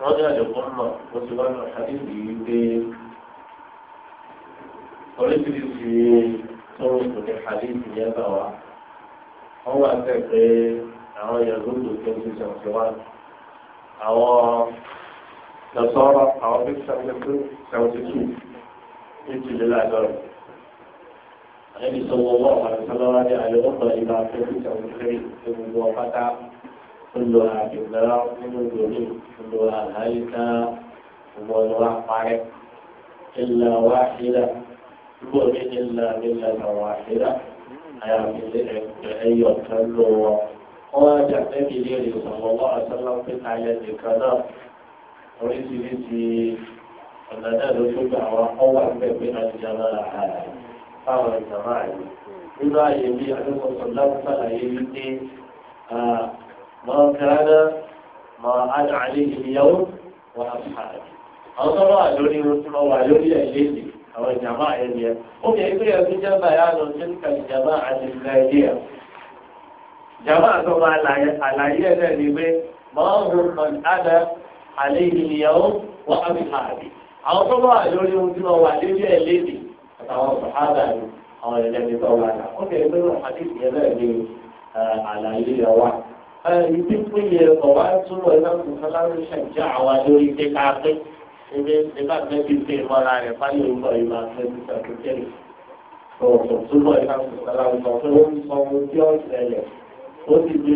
رجع للأمة وسبحان الحديث يقول قلت لي في طرق الحديث يا بوا هو أتقي أو يرد كنت سمسوان أو نصارى أو بكسر نفسه سمسوان ètò ìlera àdọ́rọ̀ àlẹ́bí sọ̀wọ́ wọ́n àwọn ìfọlọ́wọ́ ní àyọ̀wọ́pọ̀ ìgbà àfẹ́kùtà òṣèré gbogbo ọ̀pátá ńlò àbẹ̀gbẹ̀rẹ̀ nínú ìròyìn ńlò àlàyíká gbogbo ọ̀nà àparẹ́ ìlà wáhídà gbogbo ní ìlà ìlà wáhídà àyàfi ẹ̀yọ̀ kan lò wọ́n. wọ́n á jà lẹ́bi léèrè sọ̀wọ́ àtọ́lá pé ayẹ nìkan náà oríṣiríṣi ọ̀nà náà ló tó gbà wá ọwọ́ àgbẹ̀gbẹ̀ àti fáwọn ìjọba yìí nínú ààyè bí adékòtò lápútàlà yìí wípé mọ̀ọ́kẹ́rẹ́dá mọ̀ àdá àlẹ́ ìyàwó wà á sàrẹ̀. àwọn tó wà lórí irun tí wọ́n wà lórí ẹ̀ léde àwọn ìjàmbá ẹ̀ ni ẹ̀. ó kẹ́ ẹgbẹ́ ẹ̀ tó jẹ́ báyà lọ sí ní kàlí ìjàmbá àti nàìjíríà. ìjàmbá tó máa àlàyé ẹ̀ náà ni pé mọ̀ọ́kẹ́rẹ́dá àdá àlẹ́ ìyàwó wà á sàrẹ̀. àwọn tó wà lórí irun tí wọ́n wà lórí ẹ̀ léde àtàwọn sàhábà àwọn ẹlẹ́ni tó wà náà ó kéré pé àdéhùn yẹn náà ni àlàyé rẹ̀ wà. ibi péye ọ̀wá túnbọ̀ ẹlẹ́kùn fọláńdé ṣàjà àwa lórí pé ká pé ebi nígbà mẹ́bí pé ìmọ̀ra rẹ̀ fáyọ̀ ń bọ̀ ìmọ̀ àtẹ́bí sàkókèrè. ó ń sọ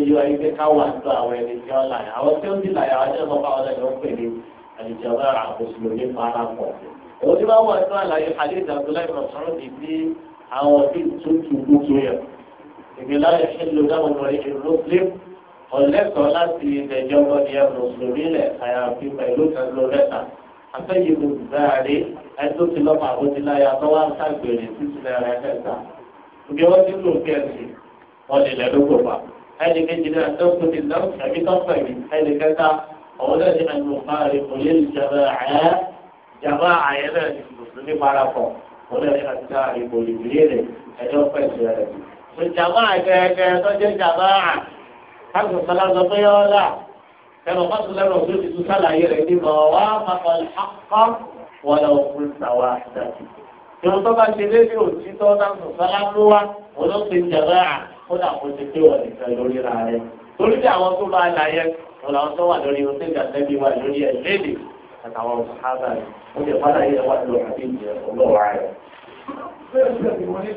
yọ ẹgbẹ́ ká wà àwọn ẹni tí ó láyà àwọn tí ó ń láyà wájú ọ̀pọ̀ àwọn ẹni ó pè ní àlìjọba àkóso nípa arákùnrin òun ti bá wà nínú àlàyé àdéhùn abdullahi masoro di bí àwọn bí tuntun gbogbo yẹn ìgbìlá ẹ̀ṣẹ̀ ló dáwọn ọmọ ìṣe muslim ọ̀lẹ́kọ̀ọ́ láti ìdẹ̀jọ́ ọmọdé ẹ̀ mùsùlùmí lẹ̀ àyàfi pẹ̀lú kẹlò lẹ́tà afẹ́yìí mo gbáàrí ẹtọ́ ti lọ́mọ àbójúláyà tó wá ń sàgbèrè títí lẹ́rẹ̀ ẹ̀ẹ́dẹ́gbà ibi wọ́n ti lò kẹ́ẹ̀sì wọ́n lè lẹ́dọ́gbọ̀ pa ẹni kejì náà tó kó ti lọ́mọ ẹ̀mí tó pẹ̀lú ẹni kẹta ọ̀wọ́dẹ́ni jàmbá àyẹ̀lẹ̀ mùsùlùmí parapọ̀ olè ní àtijọ́ ìbò ìbílẹ̀ ẹ̀jọ́ pẹ̀sì rẹ̀. sọ jàmbá àgẹ̀gẹ̀ tọ́jú jàmbá à káàkiri sọlá sọ pé yọ ọ́lá ẹ̀rọ mọ́tò lẹ́rọ tó ti tún sálàyé rẹ̀ ní bọ̀ wá pàpà àkọ́ wọn lọ fún sàwà àdàtì. tó bá ṣe lé ní òtítọ́ náà sọ sọlá ló wá olóṣèlú jàmbá à ó dà kó ti pé wọn nìkan lórí ra rẹ̀ torí bí àwọn tó bá láyẹ wọn làwọn tó wà lórí oṣù àtàwọn sábà ó lè padà yẹ wá lọ àbí ìjẹ ọlọ́wà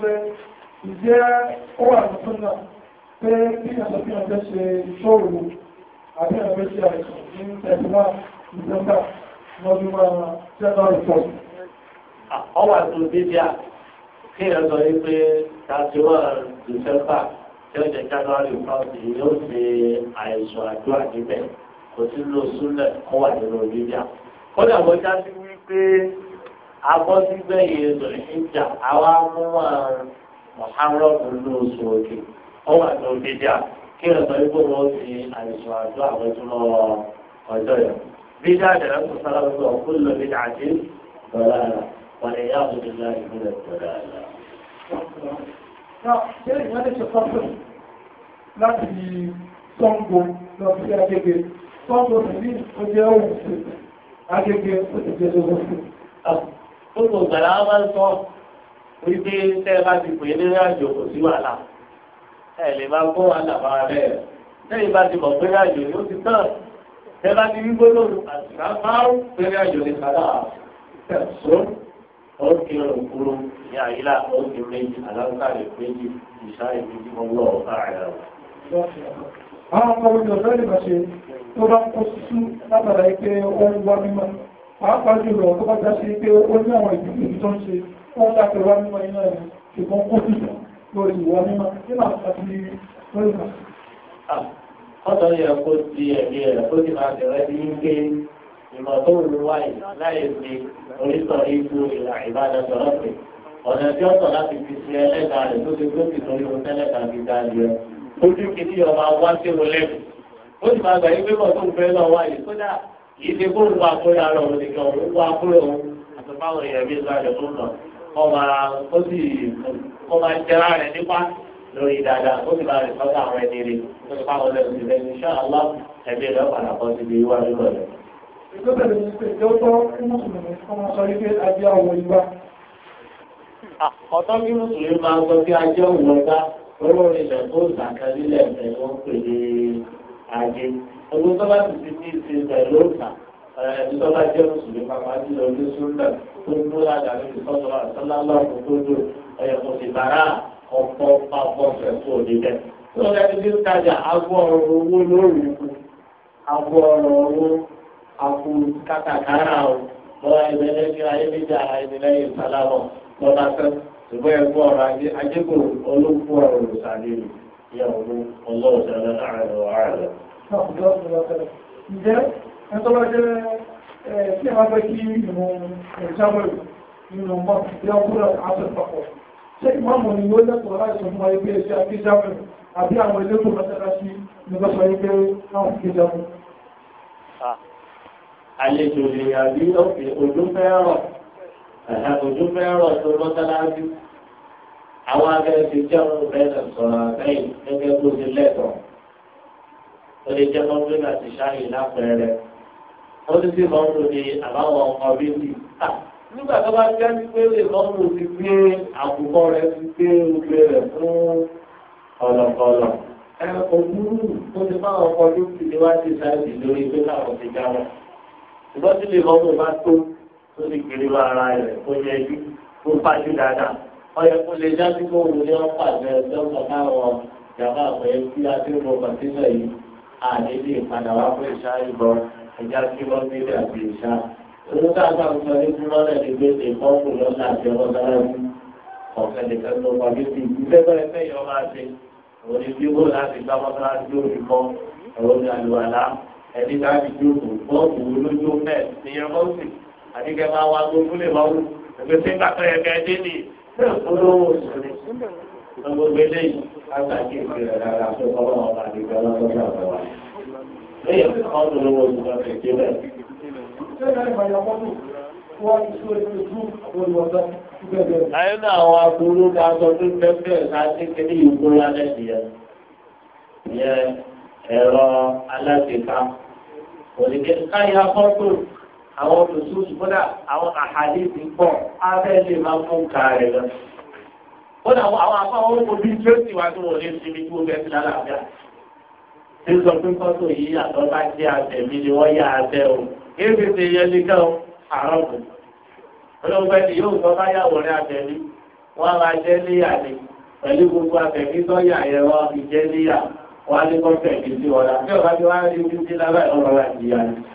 rẹ̀. ó wà tuntun náà kí ẹ̀sọ́ kí ní pé tàṣíwá dìsẹ́mbà tí ó jẹ́ january first yóò ṣe àìsàn àjọ àdìbẹ̀ kò sí lóṣù náà kó nínú dídí kódà wọ́n já sí wípé abọ́sígbẹ̀yìn ìjà àwa mú mọ̀hárọ́ọ̀dù lóṣù òkè ọwọ́ àti òkèjà kí ẹ̀sọ́ ikú wọn ti àìsàn àjọ àwọn ọjọ́ yẹn. bí dáadáa rẹ̀ kò sára wípé ọ̀kú lọ bí dàdí bọ̀lá rẹ̀ wọ́n lè yá òkè náà ìpínlẹ̀ bọ̀lá rẹ̀. láti Ṣàngó lọ sí agbègbè Ṣàngó sì ní oúnjẹ òun akéèké ó tó kò gbàlá máa ń sọ wípé tẹ́ ẹ bá ti pè é nínú àjò kò sí wàhálà ẹ lè máa gbọ́ wàhálà bá wa bẹ́ẹ̀ lẹ́yìn bá ti mọ̀ pé àjò ni ó ti tán tẹ́ bá ti rí gbólóhùn àtìká márùn pé àjò ni kàdá tẹ̀sùn òkè òkúrú ní àyílá òkè méjì àlàkàlẹ̀ méjì ìṣáà ìbí tí àwọn ọmọ orí ọ̀dọ́ lè bàṣẹ tó bá kó sísú látara ipé ohun wá mímọ́ pàápàá jùlọ tó bá dá sí pé ó ní àwọn ìdíkì tó ń ṣe ó ń dákẹ̀ wá mímọ́ iná rẹ̀ ṣùgbọ́n kó sísú lórí ìwà mímọ́ nínú àti lórí bàṣẹ. ọ̀dọ́ yẹ kó ti ẹ̀mí rẹ̀ kó ti máa bẹ̀rẹ̀ sí pé ìmọ̀ tó ń wáyé láì fi orísọ̀ ikú ìlà ìbádọ́tọ̀ ojú kìíní ọba wá sí wọn lẹ́nu ó sì máa gbà yín pé bọ́ọ̀ tó ń fẹ́ lọ wá yìí kódà yìí ti kó ń wá kúrò àárọ̀ òun nìkan òun wá kúrò òun àtọ́fáwọn èèyàn bí ìgbà rẹ̀ tó ń lọ kọ́ máa ó sì kọ́ máa jẹrà rẹ̀ nípa lórí dáadáa ó sì máa rìn sọ́dọ̀ àwọn ẹni rẹ̀ tó ti fáwọn lẹ́nu sí lẹ́nu iṣẹ́ àlọ́ ẹ̀mí rẹ̀ padà bọ́ síbi ìwà lọ́dọ̀ rẹ̀. ìgbésẹ̀ lè ní pé ìjọ́tọ́ fún mùsùlùmí ọmọ sọ wípé olórin ilẹ̀ tó sàkárí lẹ́ẹ̀fẹ̀ ló ń pè ní ajé ọdún tó bá sì ti ní ti pẹ̀lú òkà ẹni tó bá jẹ́ mùsùlùmí pàpà sí lórí súnà tó ń múra dàbí ìsọ́nà àtọ́lá lọ́ọ̀kú tó dùn ẹ̀yẹ̀ kò sì bàrà ọ̀pọ̀ papọ̀ fẹ̀kú òní bẹ́ẹ̀. tó lọ ẹni tí ń tajà agbó ọrọ̀ owó lórí ikú agbó ọrọ̀ owó akú kátàkárà o lọ́wọ́ ẹgbẹ́ lẹ́gbẹ́ ayélujára ẹni lẹ́yìn sálámọ̀ lọ́ba ṣùgbọ́n ẹgbẹ́ ọ̀rọ̀ ajé ajégò olókùn ọ̀rọ̀ òṣàlẹ̀ ìyàwó ọlọ́ọ̀ṣẹ́lẹ̀ láàrin ọ̀rọ̀ ààrẹ. ǹjẹ́ ẹ̀tọ́ bá jẹ́ kí a máa fẹ́ kí ìmọ̀ ìjábọ̀ nínú mọ́ bí ọkùnrin aṣọ ìpapọ̀ ṣé ìmọ̀mù ni ó lẹ́tọ̀ọ́ láti fún ẹgbẹ́ iṣẹ́ akíjábọ̀ àtàkùnjú fẹ́ràn tó mọ́sálásí àwọn akẹ́rẹ́ ti jẹ́ ọ̀rọ̀ bẹ́ẹ̀ sọ̀rọ̀ àtẹ́yìn gẹ́gẹ́ bó ti lẹ́tọ̀ọ́ ó lè jẹ́ mọ́tún àti ṣáàyè lápẹ̀rẹ̀ ó ti sì mọ́tún ní àbáwọn ọmọ bíbí nígbà tó bá jẹ́ pé lè mọ́tún ti gbé àkùkọ rẹ̀ ti gbé ogbe rẹ̀ fún ọ̀lọ̀kọ̀lọ̀ òmùrù tó ti máa ọkọ̀ lókè níwájú sáyẹ̀dì lórí pé káwọn ti jáwọ́ ṣùgbọ́n tí lè mọ́tún bá tó tó sì kiri lọ ara rẹ̀ kó yẹ ju kó pàṣẹ dáadáa ọyẹ kó lè já sí kó wù ní ọ̀pá rẹ̀ lọ́kàn káwọn ìjàmbá àpẹẹ tí a ti ń bọ̀ pàṣẹ yìí àdébí ìpadà wá fún ìṣá ìbọn ẹja kí wọ́n ní ilé àti ìṣá. olùkọ́ àgbà ń sọ ní kúrọ́lẹ̀ ní gbèsè pọ́ǹpù lọ́sà àti ọlọ́sàrẹ́bù ọ̀fẹ́ nìkan tó wà ní ti ìgbésẹ̀ fẹ́ yọ máa ṣe òun bí wọ́n láti gbá àti kẹ máa wá gbogbo lè máa wù ẹgbẹ́ tí ń bá pẹ́ ẹgbẹ́ dé ní olówó òṣèlú gbogbo eléyìí látàkì ìpìlẹ̀ rárá tó kọ́lọ́ wọn bá di gbọ́dọ̀ tó ṣe àbẹ̀wò rẹ̀. lẹ́yìn tí wọ́n tún lówó oṣù kan fi dé bẹ́ẹ̀. Ayé náà àwọn aburú ká sọ pé pẹ́pẹ́ láti kéde ìgbó lálẹ́ nìyẹn. Ìyẹn ẹ̀rọ alágbèéká. Òní kí káyà fọ́tò àwọn lòsùsù kódà àwọn àhàdìsì pọ̀ abẹ́ lè máa fún ka rẹ̀ lọ. kódà àwọn afọ àwọn orúkọ bíi tírẹ́sì wa tó wọlé síbi tí wọ́n fẹ́ fi lálàáfíà. ṣé sọ pé kọ́tò yìí àtọ́ bá jẹ́ ni wọ́n yá abẹ́ o èsì ti yẹ nìkan o àárọ̀ kù. olóńgbò yóò sọ bá wọ́n máa jẹ́ níyà ni pẹ̀lú gbogbo níyà wọ́n á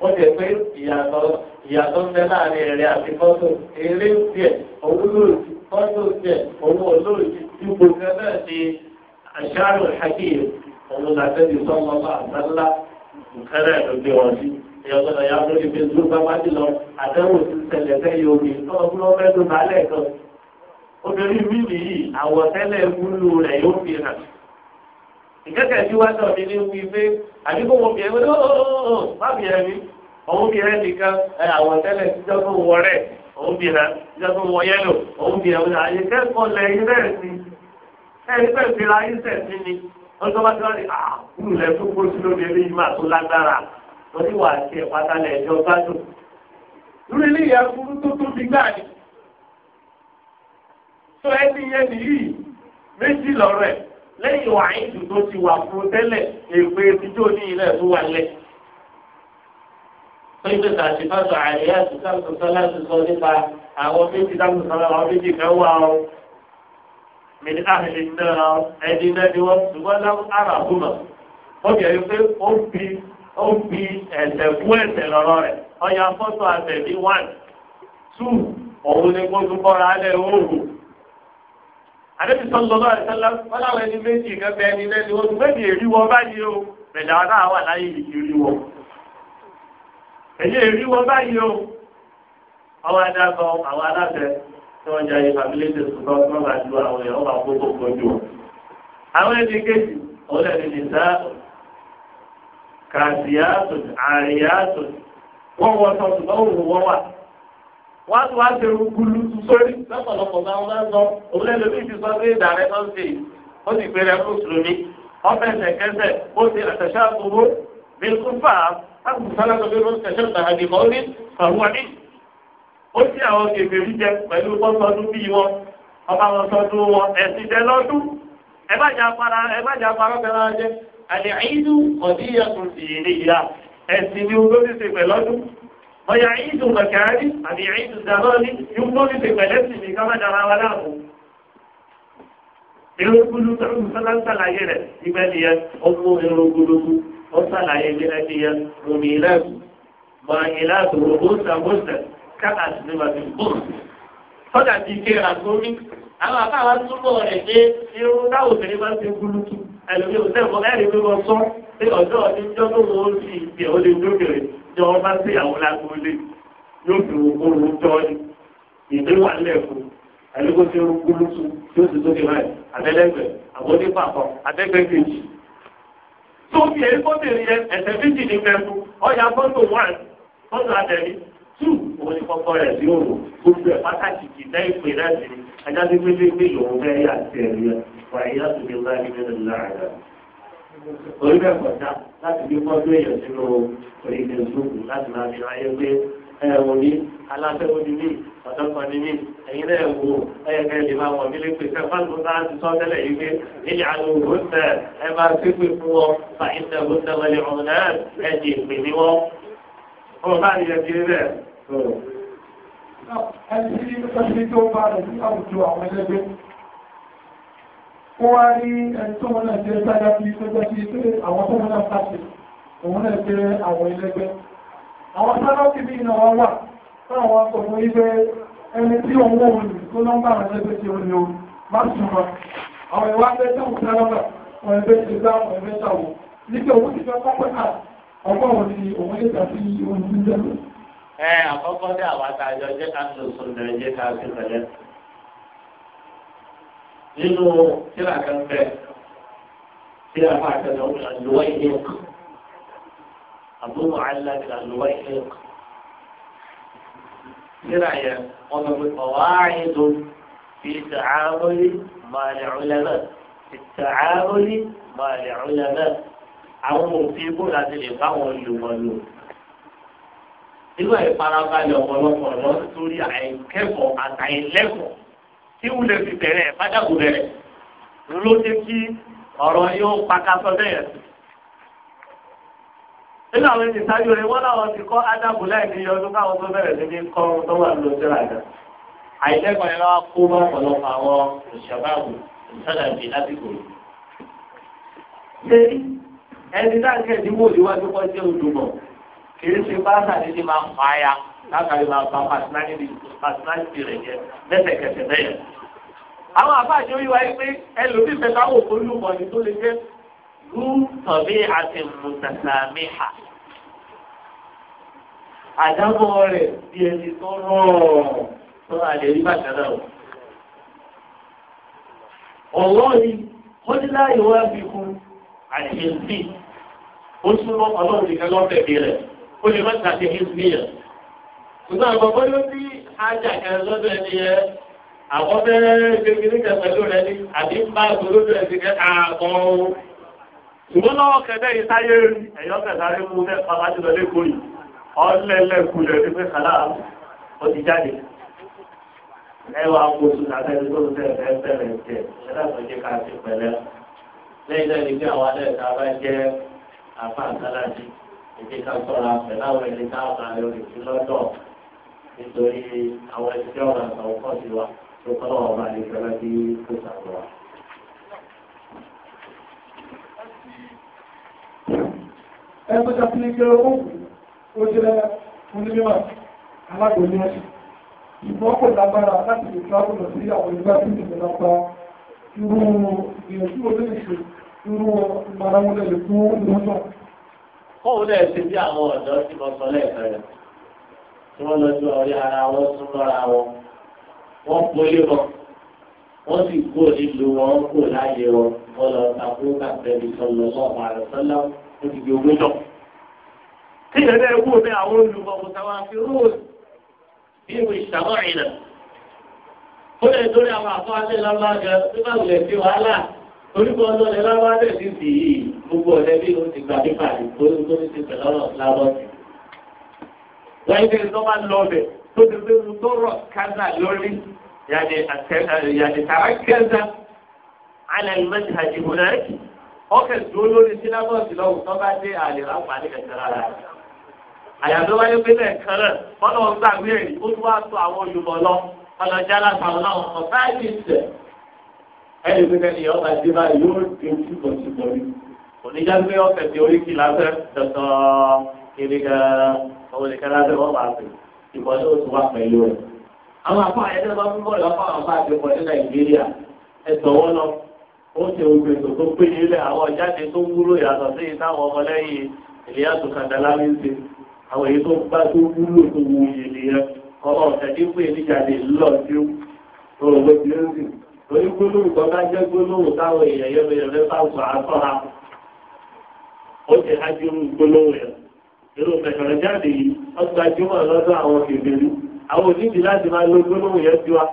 ó jẹ pé ìyàtọ̀ ìyàtọ̀ ń bẹ láàrin ẹ̀rẹ́ àti fọ́tò eré ń tiẹ̀ owó lòdì fọ́tò tiẹ̀ owó lòdì ipò kẹfẹ́ ni àṣàrò hakeem òun làtẹ́bí sọ́mọ́ bá àtàlá nkẹ́rẹ́ ló gbé wọn sí ìyọ̀gbọ́dọ̀ ya lórí facebook bá wá lọ àtẹ́wò ti ṣẹlẹ̀ fẹ́ yóò ọdún ọmọdún bá lẹ́ẹ̀kan obìnrin mímì yìí àwọ̀tẹ́lẹ̀ wúlò rẹ̀ yóò fi hàn ìkẹ́kẹ́ bí wá sọ mi ní wí pé àbí kò wọ́n bìrẹ́ wọ́n ó má bìrẹ́ mi òun bìrẹ́ nìkan ẹ àwọn tẹ́lẹ̀ tíjọ́ tó wọ rẹ̀ òun bìrẹ́ tíjọ́ tó wọ yẹ́lò òun bìrẹ́ wọ́n àyè kẹ́kọ̀ọ́ lẹ̀ yín bẹ́ẹ̀ ni wọ́n tó bá ti wá ní àkùn lẹ̀ tó kó sí lóde ní ìmọ̀ àtó lágbára wọ́n ti wà sí ẹ̀ pátálẹ̀ ẹ̀jọ́ gbádùn. lórí ilé ìyá lẹ́yìn wàá ìdù tó ti wà fún tẹ́lẹ̀ èpè ìdíjọ́ ní ilẹ̀ tó wà lẹ̀. pé pé kàṣí fásitì àríyá ti sáàtò sọlá ti sọ nípa àwọn méjì sáàtò sọlá àwọn méjì na wà ó. mìíràn àhìlì náà ẹni náà ni wọ́n ṣùgbọ́n láwọn ará àbúmọ̀. ó bẹ̀rẹ̀ pé ó ń fi ó ń fi ẹ̀sẹ̀ fún ẹ̀sẹ̀ rẹ̀ ọ̀yà fọ́tò àtẹ̀bí one two òun ni kó tún bọ́ra àdébí sọ́lọ́lọ́ àdìsọ́lá wọn láwọn ẹni méjì kan ẹni lẹ́nu oṣù méjì èrí báyìí o bẹ̀dẹ̀ àwọn náà láyé ìdí rí wọn. èyí báyìí o àwọn adágbọ́ àwọn aláṣẹ tí wọ́n jẹ́ ayé fàmílẹ́tì wọ́n bá wọ́n á tún wá ṣe gbulu sórí lọ́pọ̀lọpọ̀ bá wọn sọ òun lẹ́nu bí ti sọ pé ìdàrẹ́ tó ń ṣe ó sì pèrè mùsùlùmí ọbẹ̀ ẹ̀sẹ̀kẹsẹ̀ ó ti àtẹ̀ṣà owó bí kú fà á láti sọ́lá tó bí wọ́n tẹ̀ṣẹ̀ tàbí mọ́ orí pàwọ́ ní. ó sì àwọn kèfèrí jẹ pẹ̀lú bọ́sọdún bíi wọn ọba wọn sọdún wọn ẹ̀sìn jẹ lọ́dún ẹ bá jà para ẹ bá jà para bẹ́ẹ̀ rẹ jẹ àlẹ́ àyídú ọ̀dí ọ̀yà ìdù mẹ̀kàrí àbí ìdù dàmọ́rí yóò tó ní pẹ̀lẹ́ sí mi ká má dára wa láàmú. Erogulu tó ń sọ́lá ń sàlàyé rẹ̀ ibẹ̀ ni yẹn ọmọ erogulugu ó sàlàyé ibẹ̀ ni yẹn omi ìlẹ́kù mọ ìlẹ́kù rògbòsà bòsà káàkà sí ní wàbí bòsà. Sọ́jà ti ké àgbórí àwọn àbáwá túbọ̀ rẹ̀ dé irun táwọn obìnrin máa ń fi gulutu ẹlòmíì ò sẹ́kọ̀ọ́ ẹ̀rí pé wọ́n sọ pé ọ̀dọ́ ọdún jọ́ tó wọ́n fi ìgbẹ́ ó lè dókèrè jọ ọba sí lágbóolé yóò fi òkúrú jọ ni ìgbéwà lẹ́ẹ̀kọ́ ẹlẹ́gbẹ́ tí ó gbólóṣù yóò ti tó dìbà àtẹ́lẹ́gbẹ́ àbọ̀dépàpọ̀ àtẹ́gbẹ́ kejì. tó fi èyí kó méjì ní mẹ́fù ọ̀yà fọ́tò one fọ́tò àtẹ̀mí two òun ni kọ́kọ́ rẹ̀ sí òru gbogbo ẹ̀ pàtàkì kì í dá ìpè láti ẹjá tó gbé gbé gbé ìyòwò mẹ́rin àti ẹ̀rí ẹ̀ wà orí kọjá láti bí pọ́ńdé èèyàn sínú orí facebook láti máa fi ayé pé ẹ ní aláṣẹ́wó ni mí ọ̀dọ́kan ni mí ẹ̀yin náà wò ẹ̀yẹ lè máa wọ̀ mí pé fẹ́ fáwọn ọ̀gá ti sọ tẹ́lẹ̀ yìí pé ilé àwọn òwò ń ẹ máa ṣépè fún wọn fà ìṣẹ̀ òwò ń tẹ̀wọ̀lẹ̀ ọ̀hún náà ẹ̀ ìpè ní wọn. ọ̀rọ̀ bá yẹ kí ẹ bẹ́ẹ̀ ẹni tí ó bá rẹ̀ ó wá rí ẹni tó wọ́n náà jẹ́ sáyá fi pẹ́gbẹ́ sí pé àwọn tó wọ́n náà pàṣẹ òun náà jẹ́ àwọn ẹlẹ́gbẹ́ àwọn sáláàtì bí iná wọ́n wà táwọn wọn kọ̀ fún ibẹ̀ ẹni tí òun wọ́n wọ́n tó nọ́mbà rẹ̀ lẹ́gbẹ́ tí ó ní o má sùn lọ àwọn ìwà ẹgbẹ́ tó ń sálábà wọn ẹgbẹ́ ti gbá wọn ẹgbẹ́ ṣàwọ̀ nígbà òun ti fẹ́ pápẹ́ à ọgbọ́n òun ni òun lè gbà sí ohun tí ń jẹ́ lọ. ẹ àkọ́kọ́ dé àwọn àtàjọ jẹ́ ká lò sóńdẹ̀rẹ̀ jẹ́ ká sí pẹ̀lẹ́ nínú tíra kan fẹ́ tí a máa tẹ̀lé ọ̀hún àlùwá ilé ọkọ̀ àbúrò àlá ní àlùwá ilé ọkọ̀. Tíra yẹn wọ́n sọ pé ọ̀wá àyẹ̀dọ̀ fi tààmúlí máa lè ọ̀lẹ́ náà. Ìtààmúlí máa lè ọ̀lẹ́ náà. Àwọn òfin bó láti lè bá wọn lò wọn lò irú ẹ̀ farabalẹ̀ lọ sórí àìkẹ́kọ̀ọ́ àtàìlẹ́kọ̀ọ́ tí wù lè fi bẹ̀rẹ̀ fájáko bẹ̀rẹ̀ ló dé kí ọ̀rọ̀ yóò pakasọ bẹ́ẹ̀. nínú àwọn ènìyàn sáájú rẹ wọn láwọn ti kọ́ ádámù láì ní ọdún káwọn tó bẹ̀rẹ̀ sí ní kọ́ tó wà ló jẹ́ àjà. àìlẹ́kọ̀ọ́ yẹn wá kó bá ọ̀pọ̀lọpọ̀ àwọn ìṣàbáwò ìṣàdàbí lásìkò yìí. ṣé ẹni dáńkẹ́ ìdíwọ́ ìwádìí kọ́ jẹ́ olùmọ̀ kì í ṣe bá látàrí máa bá pàṣínálítì pàṣínálítì rẹ̀ jẹ lẹ́sẹ̀kẹsẹ̀ bẹ́ẹ̀. àwọn àbájọ yìí wáyé pé ẹlòmíì fẹ́ bá wò fólúmọ̀ ní tó lè jẹ́ rú tọ̀bí àti mùtàtàmíhà. àdámọ́ rẹ̀ bí ẹni tó rọ̀ tó àlè rí bàtà náà. ọlọ́ọ̀ni kọ́dílá ìwé àbíkú àti èsì ó súnmọ́ ọlọ́run nìkan lọ́bẹ̀ẹ́ rẹ̀ ó lè má ta ti hí Ìgbà àgbọ̀gbọ́ ló bí ajá kan lọ́dọ̀ ẹni yẹ. Àwọn bẹ́ẹ̀ gbẹgbẹ́ níta pẹ̀lú rẹ ni àbí ń bá gbòlódò ẹ̀sìn kẹ́ àgbọ̀n o. Ṣùgbọ́n lọ́wọ́ kẹ́dẹ́ yìí táyé rí ẹ̀yọ́ kẹsàrí mú fẹ́ pàpà jùlọ lẹ́kọ̀ọ́ yìí. Ọlẹ́lẹ́kùn rẹ̀ ti pé kàlá ó ti jáde. Ẹwà oṣù tàbí tó ń tẹ̀lé ẹ̀fẹ̀rẹ̀ jẹ ẹ̀dàpọ̀ jẹ́ ká ti pẹ̀lẹ́. Lẹ́yìn náà ni bí àwọn adẹ́ta bá jẹ́ àfáàkálá nítorí àwọn ẹ̀ṣẹ́ ọ̀rọ̀ àtàwọn kan ti wá tó kọ́ lọ́wọ́ bá lè fẹ́lá sí kó sàkó wa. Ẹgbẹ́ ta fi ní kí owó ó jẹ́ onímọ̀ alágbòní ẹ̀ṣẹ̀. Ìgbọ́n kò lágbára láti lè fi ápùlọ̀ sí àwọn ìgbà tí ìgbà pa irú ìyẹ̀jú olóòṣè irú ìmọ̀ràn wọlé lè fún ìrọ́nà. Kọ́wọ́n náà ṣe bí àwọn ọ̀dọ́ tí wọ́n lẹ́ẹ̀kan rẹ̀ tí wọ́n lọ sí ọ̀rẹ́ ara wọn sún mọ́ra wọn. Wọ́n polé wọn. Wọ́n sì kó nílùú wọn kó láàyè wọn. Wọ́n lọ takú kàtẹ́bí sọ̀lọ̀ sọ̀rọ̀ àlọ́sọ́lá ó ti di ogún náà. Kí ìrẹ́lẹ̀ ewu mi àwọn olùkọ́ kò sáwọn àfi róòlù bí ìwé ìṣàmọ́ ìlà. Ó lè torí àwọn àfọ́ alẹ́ lábájá tó bá wulẹ̀ sí wàhálà. Orúkọ ọlọ́lẹ̀ lábájá ti sì yìí gbogbo ọ̀lẹ́bí ló ti gbà nípa àdìgbò tó ní ti pẹ̀lú ọ̀rọ̀ láyé pé tó bá lọ bẹ̀ tó ti pé mo tó rọ̀ kánà lórí yàtì eh, tàràkẹ́ńdà alẹ́ mẹ́tì hajj hùnàkì ọkẹ́ dúró lórí sílábọ̀sì lọ́wọ́ tó bá dé àlè ráfà ní kẹsàn àyàtọ̀ wáyé pé lẹ́ẹ̀kan náà wọ́n lọ mí èyí ó tún wá tó àwọn olùmọ̀ lọ ọlọ́jà lásán láwọn ọ̀sán báyìí ìṣẹ̀ ẹni pé kẹ́ni ọba dé báyìí yóò di ojú kan sí àwọn nìkan lábẹ́ wọn bá pè ìbọn yóò tún wá pẹ̀lú rẹ̀. àwọn àpá àyẹ̀dẹ́ bá fún bọ́ọ̀lù apá àwọn bá ti pọ̀ ní nàìjíríà ẹ̀sọ̀ wọn lọ ó ṣe ogun ètò tó pé nílẹ̀ àwọn jáde tó wúlò yàtọ̀ sí ìtàwọn ọmọlẹ́yìn ìlíyàtò kàdálá ń ṣe àwọn èyí tó bá tó wúlò tó wu ìlíyàn ọmọ ọ̀sẹ̀dí pé irú kẹkẹrẹ jáde yìí ọgbà jùmọ̀ lọ́dọ̀ àwọn kèbèrú àwọn òdìdí láti máa lo gbólóhùn yẹn ju wa.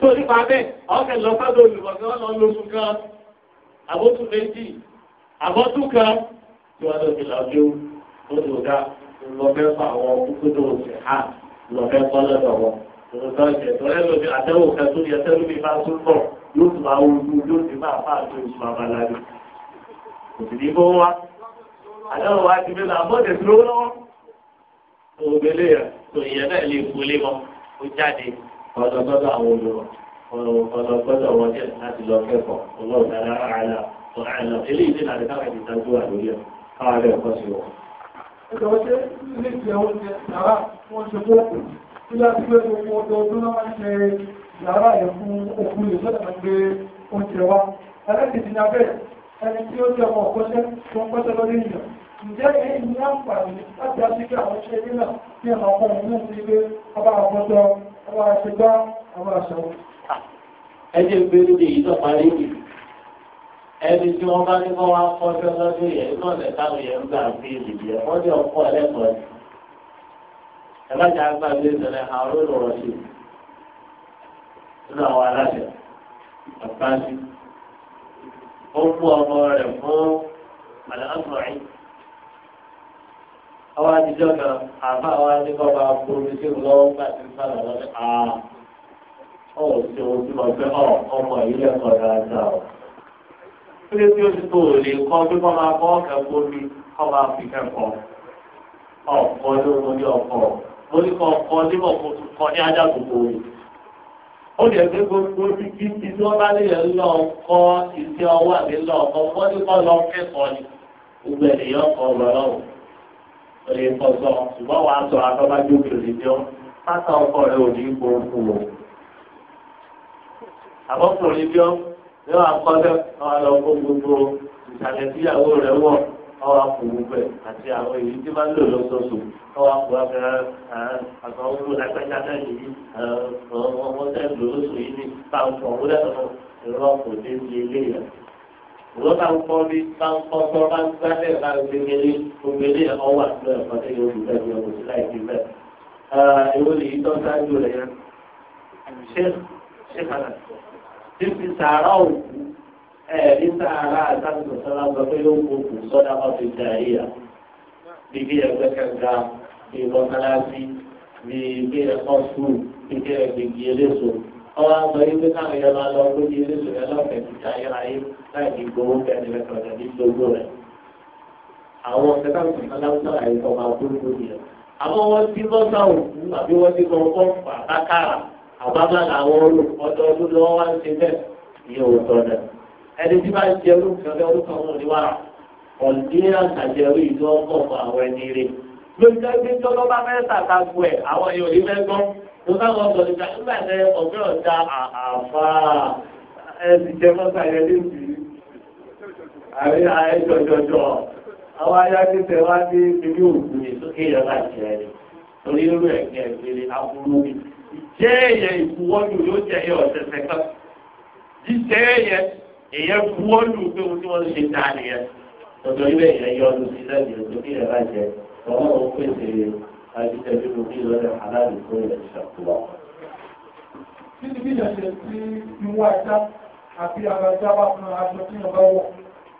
tó nípa bẹ́ẹ̀ ọ̀kẹ́ lọ sọ́dọ̀ olùkọ́sí wọn lọ lóṣù kan àbótú méjì àbọ́tú kan tí wọ́n lọ sí lọ́jọ́ ó lò dá lọ́fẹ́ fún àwọn kúkúdó òsì ha lọ́fẹ́ kọ́ lọ́dọ̀ wọn. Òṣìṣẹ́ ìṣẹ̀tọ́ ẹ lóbi àtẹ́wò kan tó yẹ tẹ́lú mi bá tún bọ̀ àdáwò wa ti mẹ́lá bọ́ọ̀dẹ̀ tó lówó lọ́wọ́. ògbélé rẹ̀ tó ìyẹn náà lè kúlé mọ́ ó jáde ọ̀dọ̀gbọ́dọ̀ àwọn olùrọ̀ ọ̀dọ̀gbọ́dọ̀ wọn jẹ́ láti lọ kẹ́kọ̀ọ́ ọlọ́ọ̀dà àlà ọ̀hánà eléyìí ní àdéká àti ìtajú àlórí ẹ̀ káàárẹ̀ ọ̀kọ́ sí wọn. Ẹ̀sọ̀ wọ́n ṣe ilé ìjẹ oúnjẹ yàrá wọ́n ṣe bọ́ọ̀kù ọmọ ọ̀kọ́ṣẹ́ tó ń kọ́ṣẹ́ lórí ìyàn ǹjẹ́ èyí ní àǹfààní láti àṣíkà àwọn iṣẹ́ ilé náà ní àwọn ọmọ ìlú ti gbé ọba àpọ́tọ́ ọba àṣẹgbá ọba àṣẹwò. ẹjẹ gbèrú di ìtọ́ parí ni ẹni tí wọ́n bá ní kọ́ wá fọ́jọ́ lọ́dún yẹn náà lẹ̀ táwọn yẹn ń gbà fi ìdìbò yẹn wọ́n jẹ́ ẹlẹ́kọ̀ọ́ ni. ẹ bá jẹ́ àgbà ilé ìṣẹ̀lẹ̀ àwọn àwọn aláṣẹ àpáṣí ọwọ́ àtijọ́ kan àbá àwọn àtijọ́ bá bomi lọ́wọ́ bá sára lọ́wọ́ à ọ̀ ṣe pé ọmọ ìlú ẹ̀kọ́ dáadáa o. tí o ti tó lè kọ́ pé kọ́ máa kọ́ ọ̀kẹ́ bomi kọ́ fi kẹ́kọ̀ọ́. Ọ̀pọ̀ ló mo ní Mo ní kọ́ ọkọ̀ ní lè kọ́ sọ ṣùgbọ́n wàá sọ àtọ́bájú kìrì ọ́ pátá ọkọ rẹ ò ní kó kú o. àbọ̀kùnrin bí ọ́ ní wàá kọ́ sẹ́ wàá lọ kó gbogbo ìsàlẹ̀ tíyàwó rẹ̀ wọ̀ ọwọ́ kò gbogbo ẹ̀ àti àwọn èyí tí máa lò lọ́sọ̀ọ̀sọ̀ ọwọ́ kò wá àgbà olú wọ́n bá ń kọ́ bí bá ń kọ́ tọ́ bá ń gbálẹ̀ bá ń gbẹ̀gẹ̀lẹ̀ ògbẹ̀lẹ̀ ọwọ́ àtúnbẹ̀ ọ̀pọ̀ tó yóò fi bẹ́ẹ̀ ọkọ̀ sí láì fi bẹ́ẹ̀. èwo lè yí tọ́ sáájú rẹ̀ yẹn ṣé ṣé tí fi sàárà òkú ní sàárà àtàkùn sọ́lá sọ pé yóò kó kù sọ́dá bá fi dà yìí à bí kí ẹgbẹ́ kẹta bí mọ́sálásí bí kí ẹkọ́ sùn bí kí ẹgbẹ́ ọwọ́ àgbà pé káwọn èèyàn máa lọ lórí ilé ìṣòro ẹlọ́fẹ̀ẹ́ ti ṣayé ayé láì ní gbowó kẹ́ni lẹ́kọ̀ọ́dẹ̀ ní gbogbo rẹ̀. àwọn ọ̀sẹ̀ táwọn ìṣẹ̀lẹ̀ láwùjọ àyè kọ́ máa kú lórí rẹ̀. àmọ́ wọ́n ti bọ́ sáwò fún àbí wọ́n ti kọ́ kọ́ pàtàkàrà àbámá làwọn olùkọ́jọ́ ọdún lọ́wọ́ wá ń ṣe bẹ́ẹ̀ ìyẹn ò tọ́jà. ẹni tí bá jẹ olùkọ́jọ́ ọdún kan wọn tó táwọn ọ̀dọ́ nígbà nígbà tẹ ọ̀gbẹ́ ọ̀dà àfà ẹ̀sìn jẹ mọ́ta yẹn lébi àrí àìjọjọjọ àwọn ayájẹ́tẹ̀ wá ní ìpínlẹ̀ òkú ní sókè yọ̀lá jẹ́ torí irú ẹ̀gbẹ́ ìpele aburú mi ìjẹ́ ẹ̀yẹ ìbuwọ́lù yóò jẹ́ ẹ̀yẹ ọ̀sẹ̀sẹ̀ kan jíjẹ́ ẹ̀yẹ ẹ̀yẹ buwọ́lù pé ohun tí wọ́n ṣe dáa nìyẹn ọ̀dọ̀ ilé ẹ̀yẹ yọ ọdún sí lẹ́yìn òkú yọ̀lá jẹ́ ọ̀rọ̀ òun pèsè àìsíkẹ́jú bí lọ́dẹ̀ aláàbò tó yẹ ìṣàkóbá. Títí bí ìyànṣẹ́ sí ìwọ ajá àti àbájá bá fún aṣọ tí wọ́n bá wọ̀.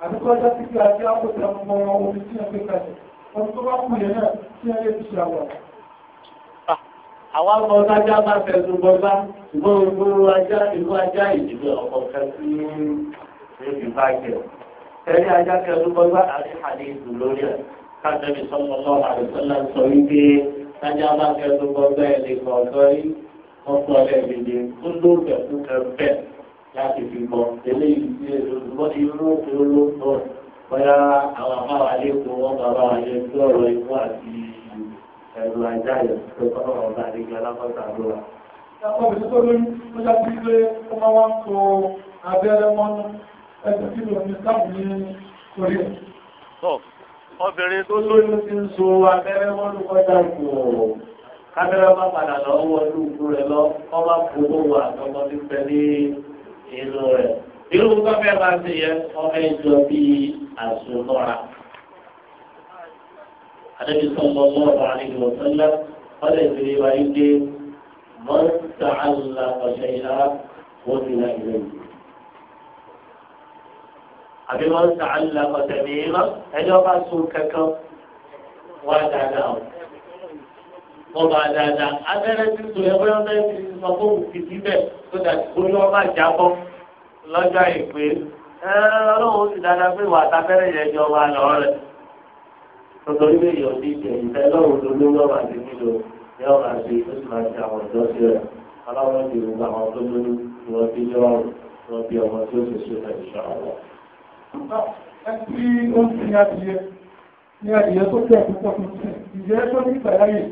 Àdúgbò ajá sí kí ajá kò tẹ ọmọ omi tí wọ́n gbé kalẹ̀. Ọdún tó bá kú yẹn náà tí wọ́n lè ah, ajá ìlú ajá ìdìbò ọ̀pọ̀ kan sí ní ìbájẹ̀. Ẹni ajá fẹ̀sùn bọ́lá àti àdéhùn lórí ẹ̀ kájọbi sọ́kọ̀tọ̀ àdìsọ́lá sọ wípé tájà bá fẹ́ tó gbọ́gbẹ́ ẹ̀lẹ́ kọ̀ọ̀tọ́ yìí wọ́n sọ lẹ́ẹ̀mejì tó lóògbẹ̀ fún láti fi mọ̀ eléyìí sí èdòdúmọ́ inú olóògbọ̀ bóyá àwọn àbáwá lẹ́kọ̀ọ́ wọn bàbá wa yẹ kí ọ̀rọ̀ ikú àti ẹ̀rù ajá yẹ tó tọ́lọ̀ ọ̀gá àdéjọ alákọ̀ọ́sà lóra. Ìyàpọ̀ ló ní sáà obìnrin tó lóyún ti ń so abẹ́rẹ́ wọ́n ló kọjá kù ọ̀ kábẹ́rẹ́ bá padà lọ wọ lóògùn rẹ̀ lọ kọ́ bá fowó wà àtọ́kọ́ ti fẹ́ ní inú rẹ̀. irú tọ́fẹ́ bá ti yẹ ọmọ ìjọ bíi àsomọ́ra. Adébí sọ́kọ̀ mọ́ọ̀rọ̀ àlejò ọ̀sánlá wọ́n lè fi wáyé dé mọ́tàlá ọ̀ṣẹ́ ìlà ó ti náà ìrẹ́lẹ̀ àbí wọ́n ń sàálà ọ̀tẹ̀ mìíràn ẹni ọba sun kankan wá dáadáa o. wọ́n bá dáadáa abẹ́rẹ́ ti sùn ẹ̀ bóyá bẹ́ẹ̀ ti sọ fún òkú ti bẹ́ẹ̀ tó dàtí oyún ọba jábọ́ lọ́jọ́ ìpè ọlọ́run ti dáadáa pé wà tábẹ́rẹ́ yẹn jọ wà lọ́ọ́ rẹ̀. nítorí pé èèyàn ti jẹ ìfẹ́ lọ́run tó ló lọ́wọ́ àti nílò yóò máa ṣe ó sì máa ṣe àwọn ìjọsìn rẹ̀ ọlọ́run ti rú àwọn tó lóyún ìwọ́n ti lọ́rùn ìwọ́n Ẹni ó ti ní adìyẹ, ní adìyẹ tó jẹ́ púpọ̀ tó ti ìjẹ́ tó ní ìgbàláyè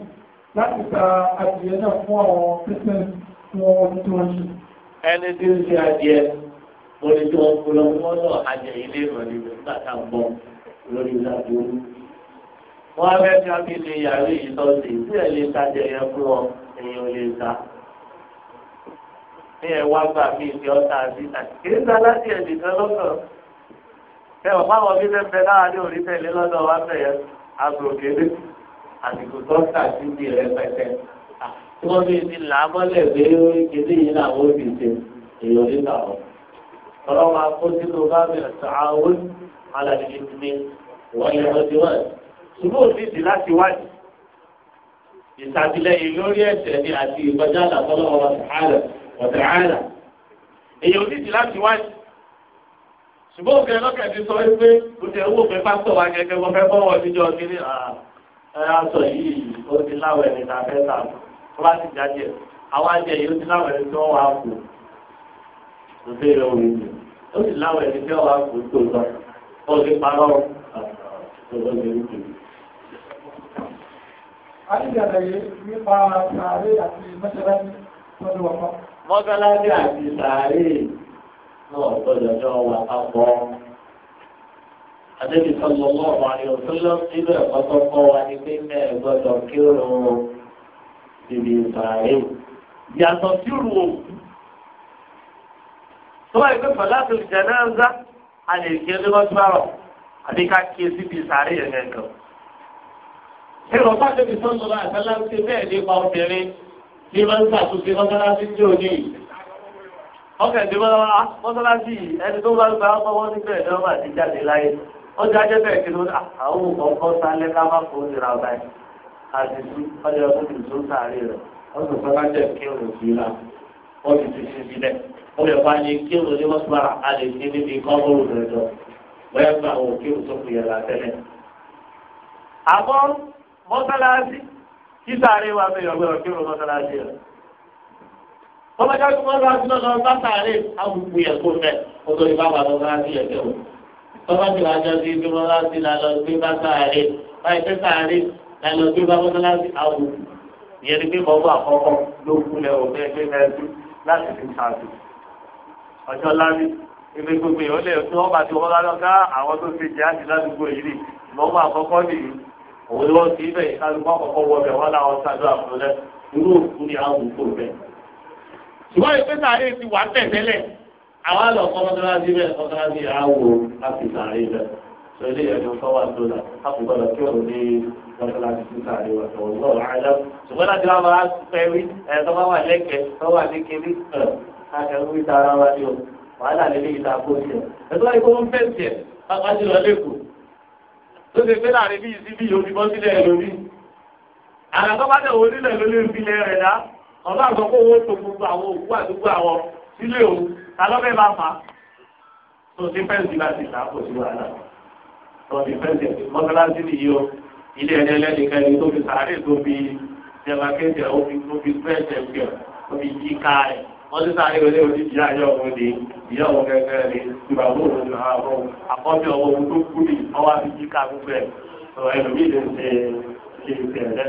láti ta adìyẹ náà fún àwọn Christian fún ọdún tí wọ́n ṣe. Ẹni tí ó ṣe adìyẹ, mo lè jọ ọpọlọ wọn lọ àjẹ ilé ìrọ̀lẹ́ nígbà tá a gbọ́ lórí ìlàjì olú. Wọ́n á fẹ́ kí wọ́n fi yàrá èyí lọ ẹ̀ lè ta adìyẹ fún ọ, èyí ò lè ta ní ẹ̀wá gbà mí ìdí ọ̀tá àti àkíyèsí ẹ ò pàmò bí fẹ́ fẹ́ láàárín orí tẹ̀lé lọ́dọ̀ wa bẹ̀yẹ agbòkèlé àsìkò tó ń kà sí ibi rẹ pẹtẹ tí wọ́n fi ti là á mọ́lẹ̀ pé kéde yìí làwọn ò fi ṣe èèyàn nígbà wọn. ọlọ́wọ́ akó sínú bábẹ̀ ṣàwọn alàdìdì mi wọ́n yẹ wọ́n ti wọ́n. ṣùgbọ́n òṣìṣì láti wáyé ìsàtìlẹ́yìn lórí ẹ̀ṣẹ̀ ni àti ìkọjá àlàfọ́lọ́wọ́ wa sàhálà wọ̀tẹ̀ àlà. èèyàn òṣìṣì láti wáyé ṣùgbọ́n òfin ẹlọ́kẹ̀ ti sọ wípé òfin ẹwọ́ òfin yìí ó ti láwọ̀ ẹni tá fẹ́ tà tó bá ti jáde àwọn ajẹ yìí ó ti láwọ̀ ẹni tí wọ́n wà kú kò sí ìrẹ̀ òun yìí ó ti láwọ̀ ẹni tí wọ́n wà kú tó lọ ó ti parọ́ tó lọ sí ìrìkì. Adéjàdàyé nípa sàárè àti mọ́sálásí tó lè wọ́pọ̀. Mọ́sálásí àti sàárè náà gbọ́dọ̀ jọ wà papọ̀. Adébí sọ́nù ọlọ́run àyọ̀tọ́lọ́ síbẹ̀ ọ̀tọ́ kọ́ wa ní pé mẹ́ẹ̀ gbọ́dọ̀ kírun bìbì ìsàlẹ̀. Yàtọ̀ sí rù ó. Tó bá yẹ pé fọláṣọ ìjànáza a lè kí ẹni wọ́n gbárọ̀ àbí ká kí e síbi ìsàlẹ̀ yẹn gẹ̀gẹ̀. Èrò bá débi sọ́nù ọlọ́run àtàlà ń ṣe bẹ́ẹ̀ nípa obìnrin ní máa ń ṣàtúnṣe lọ́sọ́lá ọkẹ ìdí mọ́sálásí ẹni tó bá gba ọkọ wọn níbẹ̀ ni bá ti jáde láyé ọjọ́ ajẹ́ bẹ́ẹ̀ kí ló dá ah, àwọn òkọ̀ọ̀kọ́ sálẹ̀ ká má fò nira báyìí àti sí ọjọ́ ọdún tó tó sáré rẹ̀ ọdún tó bá jẹ́ kí òun sí la wọ́n ti ti fi sílẹ̀ ó lè bá ní kí òun ní wọ́n sọ a lè ní níbi kọ́mọ́rù rẹ̀ jọ wọ́n gba òun kí òun tó fi yàrá tẹ́lẹ̀. àmọ́ mọ́sálásí kí sáré wa bẹ̀rẹ̀ ọgbẹ́ ọmọ ìjà tó máa ń rájú náà lọ bá sáré àwùjọ ẹ̀kọ́ mẹ́ ọ̀dọ̀ ìbá wà lọ bá sí ẹ̀kẹ́ o. tọ́ba ti wá jọ sí bí wọ́n bá sí la lọ gbé bá sáré báyìí fẹ́ sáré la lọ gbé bá mọ́sálásí àwùjọ ìyẹn ni pé bọ́ọ̀bù àkọ́kọ́ ló kúlẹ̀ òfin ẹgbẹ́ mẹ́rin láti fi ṣàtù. ọjọ́ lárí ibi gbogbo ìwọ́n lè tún ọba tí wọ́n bá lọ ká àwọn tó ti jẹ́ àti ládùúgbò yìí ni bọ́ọ̀bù àkọ́kọ́ nìyí òun ni wọ́n ti ibẹ̀ ìkálukọ́ àkọ́kọ́ irú òkú ni àwọn òkú bẹ́ẹ̀ ṣùgbọ́n ìpè sàárè ti wà tẹ̀tẹ́lẹ̀ àwọn àlọ́ kọ́mọ́tàlásí bẹ́ẹ̀ kọ́mọ́tàlásí àwò láti sàárè bẹ́ẹ̀ sọlé ẹ̀dùn sọ́wọ́ àdúrà àkùgbọ́dọ̀ kí òun ní mọ́tàlásí sí sàárè wà tọ̀wọ́ lọ́wọ́ àdá ṣùgbọ́n láti wá máa fẹ́ rí ẹ̀ tọ́wọ́ wà lẹ́kẹ̀ẹ́ tọ́wọ́ àdékẹ́rí ẹ̀ káàkiri wí tara wa ni o wàhálà lélẹ́ yìí tàbó sí ẹ̀ ẹ̀tọ́ láti kó ń fẹ́ sí ẹ̀ pápá jùlọ lẹ́kọ̀ọ́ tó ṣe pé láàrin bí ìsíbí yóò fi bọ́ sílẹ̀ ẹ̀ lórí àràkọ́ bá tẹ̀ wọlé lẹ̀ lólé ìfilẹ̀ rẹ̀ dá ọba àgbọ̀ kó owó tó gbogbo àwọn òkú àdúgbò àwọn sílé òun alọ́bẹ̀ máa fà á. tó ti fẹ́ǹsì láti ta kò sí wàhálà tó ti fẹ́ǹsì mọ́sálásí nìyí o ilé ẹni ẹlẹ́ni kẹ́ni tó fi sàárè tó fi jẹ̀mákẹ́tẹ̀ ó fi tó fi fẹ́ǹsì ẹ̀ ó fi yí ká ẹ̀ wọ́n ti sáré wọlé òní ìyá ìyá ọ̀hún ni ìyá ọ̀hún gẹ́gẹ́ ni ìgbà òun ni àwọn àkọ́bí ọwọ́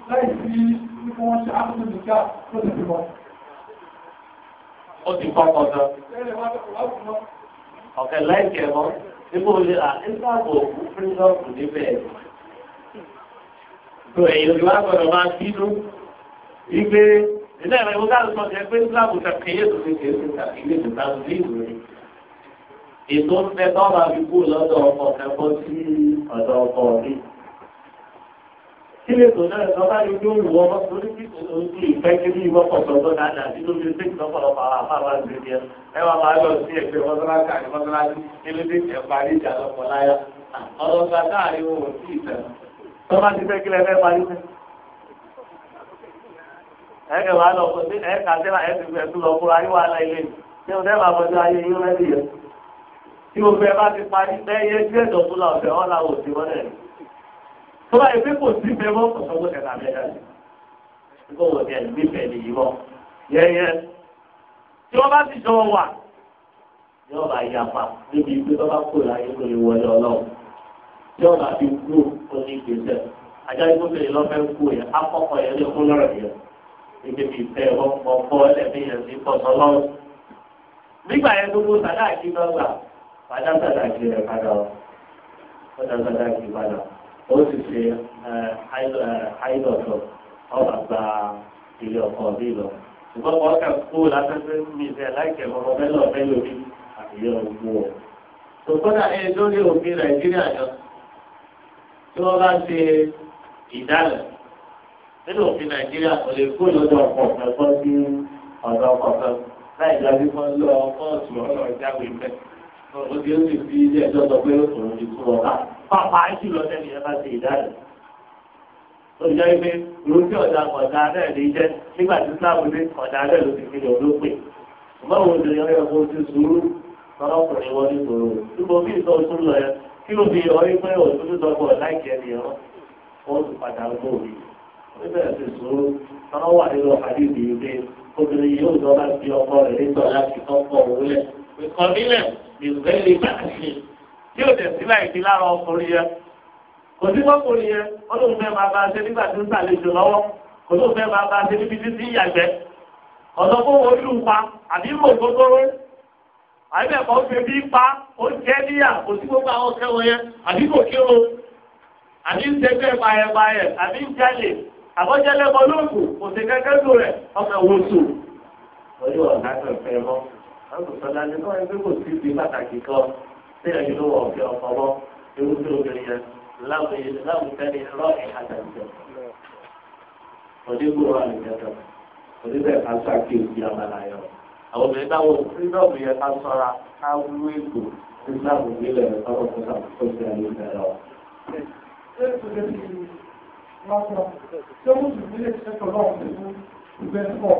láì sí nípa wọ́n ṣe ápùtù nìká láìkẹ̀ mọ́, níbo lè à nígbà bò ó pírísọ́ọ̀kù níbẹ̀. Tó èyí ló wá gbọ́dọ̀ máa bínú. Ìgbé ilé ẹ̀rọ ìwọ́n dáhùn sọ jẹ́ pé Islam ṣàkíyè tó ti kéde ṣàkíyè tó ta sí ìwé. Ètò fẹ́ tọ́ba fi lọ́dọ̀ ọkọ̀ kẹ́kọ̀ọ́ sí ọ̀dọ̀ ọkọ̀ mi sílé tó náà lọ bá rí yóò wọ ọmọ tó ní kí òun kí ìfẹ́ kí ní ìwọ́pọ̀ tọ́gbọ́ dáadáa sí ló fi ṣe kí lọ́pọ̀lọpọ̀ àwọn afáwà ṣe jẹ ẹ wà máa lọ sí ẹgbẹ́ mọ́sálásá ní mọ́sálásí ilé tí ẹ parí ìjà lọ́pọ̀ láyà ọlọ́gbà táàrin wo sí ìfẹ́ tó bá ti fẹ́ kí lẹ fẹ́ parí fẹ́. ẹ kẹ wàá lọ sí ẹ kà tó bá kò sí ìfẹ́ mọ́ ọ̀sọ́gbó ẹ̀ka mẹ́ta kó wọ́n ti ẹ̀mí fẹ́ lè yẹ́yẹ́ tí wọ́n bá ti jọ wà yóò bá yà níbi ìgbé tó kó láyé kó lè wọlé ọlọ́run yóò bá fi kú ó ní ìgbésẹ̀ ajá ikú fèrè lọ́fẹ́ kú yẹn akọ́kọ́ yẹn lè kún lọ́rọ̀ yẹn níbi tí ìfẹ́ ọ̀pọ̀ ọ̀pọ̀ ẹlẹ́mí yẹn ti pọ̀ sọ́lọ́run nígbà yẹn gbogbo ó sì ṣe àìdọ̀ ọba gba ilé ọkọ bí lọ. ṣùgbọ́n wọ́n kà kú lásánṣẹ́ mi ṣe láìkẹ́ ọmọ bẹ́ẹ̀ lọ bẹ́ẹ̀ lórí àtìyẹ ọgbọ́n tó kọ́dà ẹ lórí òfin nàìjíríà yọ tí wọ́n bá ṣe ìdálẹ̀ nínú òfin nàìjíríà kò lè kó lọ́dọ̀ ọkọ̀ ọ̀fẹ́ sí ọ̀dọ̀ ọkọ̀ ọ̀fẹ́ láì dájú kan lọ kóòtù ọ̀rọ̀ ìjáwé mẹ́. ó ti ó sì fi ilé ẹjọ́ sọ pé òun pàápàá jùlọ tẹ́lẹ̀ yẹn bá ṣe ìdájọ́. ó jẹ́ pé rúbí ọ̀dà ọ̀dà náà lè jẹ́ nígbà tí sáàbù ní ọ̀dà náà ló ti fi lè olópè. ṣùgbọ́n òun lè yọ ẹ̀kọ́ ojú sùúrù ọlọ́kùnrin wọn ní ìgboro. níbo bí ìtọ́ oṣù lọ yẹn kí ló fi ọrí pé òṣù tó sọ́kọ̀ láìkẹ́ ni ẹ̀rọ wọ́n ti padà gbòòrì. ó bẹ̀rẹ̀ sí sùúrù táwọn wà nínú àdìsí yìí obìnrin yóò lọ tí ò tẹ̀sí láì fi lára ọkùnrin yẹn kò sí fọkùnrin yẹn ó lóun fẹ́ máa bá a ṣe nígbà tí ó ń sàlejò lọ́wọ́ kò lóun fẹ́ máa bá a ṣe níbi títí ìyàgbẹ́ ọ̀dọ́ kó wọ́n lù pa àbí mò gbogbooro àbí ẹ̀kọ́ ó fi bí pa ó jẹ́ níyà kò sí gbogbo àwọn kẹwọn yẹn àbí kò kí o àbí ń tẹgbẹ́ payẹpayẹ àbí ń jalè àbọ̀jẹ́lẹ́bọ lóògùn kò sí kẹ́kẹ́ lù rẹ̀ ọmọ ẹ̀wọ̀n sùn. ọjọ́ ọ̀nà àgbẹ̀fẹ́ mọ́ àwọn sọ̀tọ̀ lálẹ́ náà ẹgbẹ́ kò sí ibi pàtàkì kan sí ẹ̀yin ló wọ ọ̀gbẹ́ ọ̀fọ̀wọ́ ewu tó obìnrin yẹn láwùjẹ́ ní rọ́ọ̀kì àtàlùjẹ́ onígbòrò àlùjẹ́tọ̀ oníbẹ̀ ká sáàkì òbí abalayọ. àwọn obìnrin táwọn fúrídọ̀mù yẹn ká sọ́ra ká wú ègbò tó sàkóso sí ayé ìbẹ̀rẹ̀ wa. ṣé mo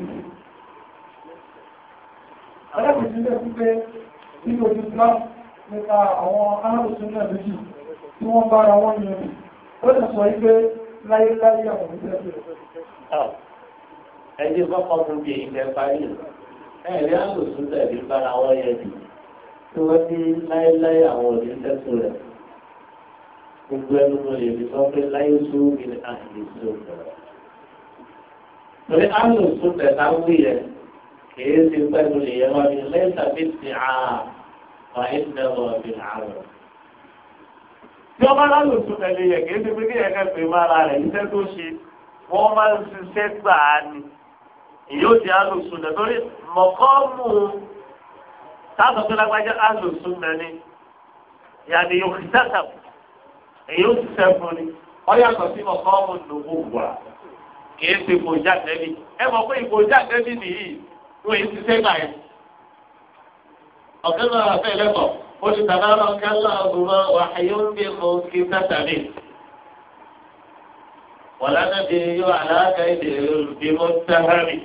sì alábòsílẹ̀ ẹjẹ́ kọ́kọ́ fún bí ìfẹ́ parí ẹ̀rí alábòsílẹ̀ bí bára wọ́n yẹn rí tí wọ́n ní láyé àwọn òṣìṣẹ́ rẹ̀ gbogbo ẹnu mo lè fi sọ pé láyé sóògì ni àìlè sóògì rẹ̀. torí alábòsílẹ̀ táwọn kìí ṣe pẹ̀lú lèyẹ wá ní lẹ́sà bí a a wà ní ìdẹ́wọ̀ bí àárọ̀. Tí ọba lálù tún tẹ̀lé yẹ kìí ṣe pé kí ẹ̀kẹ́ máa ra rẹ̀ iṣẹ́ tó ṣe wọ́n máa ń ṣiṣẹ́ gbà ni. Ìyóò di alùsùn nà lórí mọ̀kọ́mù táàbọ̀ tó lágbájá alùsùn nà ni. yóò fi ni. sí Ẹ pé nìyí. wọ́n yìí ti sẹ́gbà yẹn. ọ̀kẹ́ náà fẹ́ lẹ́kọ̀ọ́ ó ti tàbá lọ kẹ́lá ọ̀gbọ̀n wà ayé ń bí mo kí tàtà mi. wàlá náà di yọ àlàáfẹ́ ìdè bí mo tẹ́lá mi.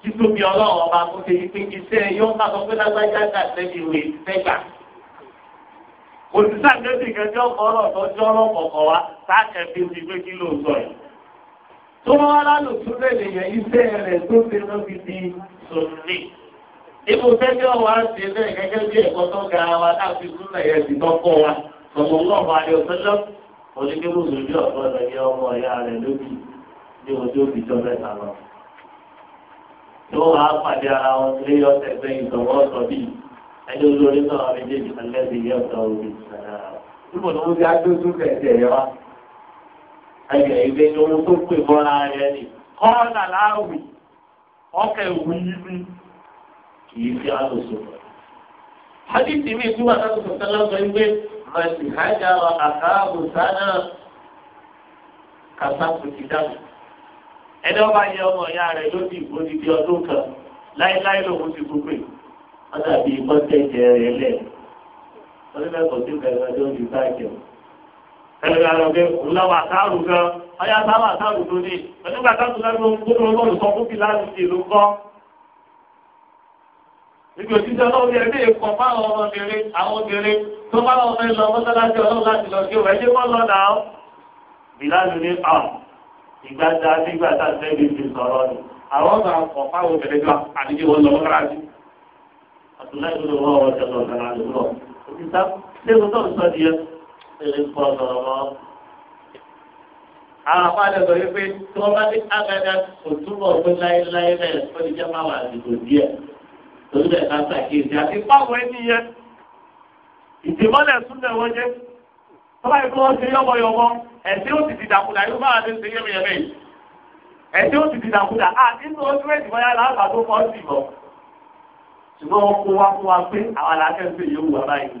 títóbi ọlọ́run ọba kó ṣe yí pé iṣẹ́ yóò bá sọ pé lágbájá gà sẹ́bi wò yìí sẹ́gbà. òṣìṣẹ́ àgbẹ̀dì kẹjọ́ kọ́ ọ̀rọ̀ tó jọ́ ọ̀rọ̀ tó wọ́n wá lálòtún lẹ́lẹ̀ yẹn iṣẹ́ rẹ̀ tó ṣe lọ́ fi di sọ̀rọ̀ Ibu tẹ́jọ́ wa ṣe bẹ́ẹ̀ gẹ́gẹ́ bí ẹ̀kọ́ tó ga wa láti tún ẹ̀yẹ sì tọ́kọ́ wa. Ọmọ ọlọ́ọ̀bà ayọ̀ sọ́jọ́, onígbébù lójú ọ̀gbọ́dọ̀ ní ọmọ ìyá rẹ̀ lójú ní ojú òbí tó mẹ́ta lọ. Tó wà á pàdé ara wọn lé ọ̀sẹ̀ pé ìtọ̀wọ́ sọ bí ẹni olórí náà méjèèjì kan lẹ́sìn yẹ́ ọ̀tọ̀ òbí. Níbo ni wọ́n ti á dójú kẹ̀kẹ́ yẹn wá? ayọ̀ ìgbẹ́ ni ohun tó pè bọ́ra rẹ̀ ni kọ́ọ̀lá láàwì ọkẹ̀ ìwú yìí kìí fi àlòsùn. Hadithi mi tí wọ́n sọ́kùn sọ́lá sọ wípé Màsí sáná ti dáhùn. Ẹni ọba yẹ ọmọ ìyá rẹ̀ lódì odidi ọdún kan láíláí lòun ti gbogbo ẹ̀. Wọ́n dàbí kọ́ńtẹ́ẹ̀tì rẹ̀ lẹ̀. Wọ́n ní mẹ́kọ̀ọ́ ẹlẹ́gbẹ́ àlọ́ pé òláwà sáàrù gan ọyá sáàrù sáàrù tó ní ọdúngbà sáàrù náà ló ń gbóná ọlọ́run sọ fún bílá ti ìlú kọ́. ibi òṣìṣẹ́ ọlọ́run yẹn lè kọ́ fáwọn ọmọbìnrin àwọn obìnrin tó bá wọn fẹ́ lọ mọ́sálásí ọlọ́run láti lọ sí òwe ẹjẹ́ kọ́ lọ nà ó. bílá ti ní ọ̀ ìgbà tá a nígbà tá a fẹ́ bí ti sọ̀rọ̀ ni àwọn ọ̀gá kọ̀ fáwọn obìnrin gan àdíjì wọn lọ mọ́sálásí. àtúnlẹ̀ ẹ̀rí pọ̀ lọ́wọ́. àwọn afọ àdàgbọ̀ yìí pé tí wọ́n bá ní agadá kò túbọ̀ pé láéláé bẹ́ẹ̀ ó lè jẹ́ máa wà àdìgbò díẹ̀ torí bẹ́ẹ̀ ká ṣàkíyèsí àti pàwọ́ ẹni yẹn ìdìmọ́lẹ̀ súnlẹ̀ wọ́n jẹ́ tọ́lá ìfún wọn ṣe yọ́mọyọ́mọ ẹ̀sìn ó ti di dàkúdà irú bá àti ṣe yẹ́mẹyẹ́mẹ́ yìí ẹ̀sìn ó ti di dàkúdà à nínú ojú ẹ̀sìn bọ́yá làálà tó kọ́ sí ìbọn ṣùgbọ́n wọn kó wá fún wa pé àwọn aláṣẹ ń ṣe yòówù wá báyìí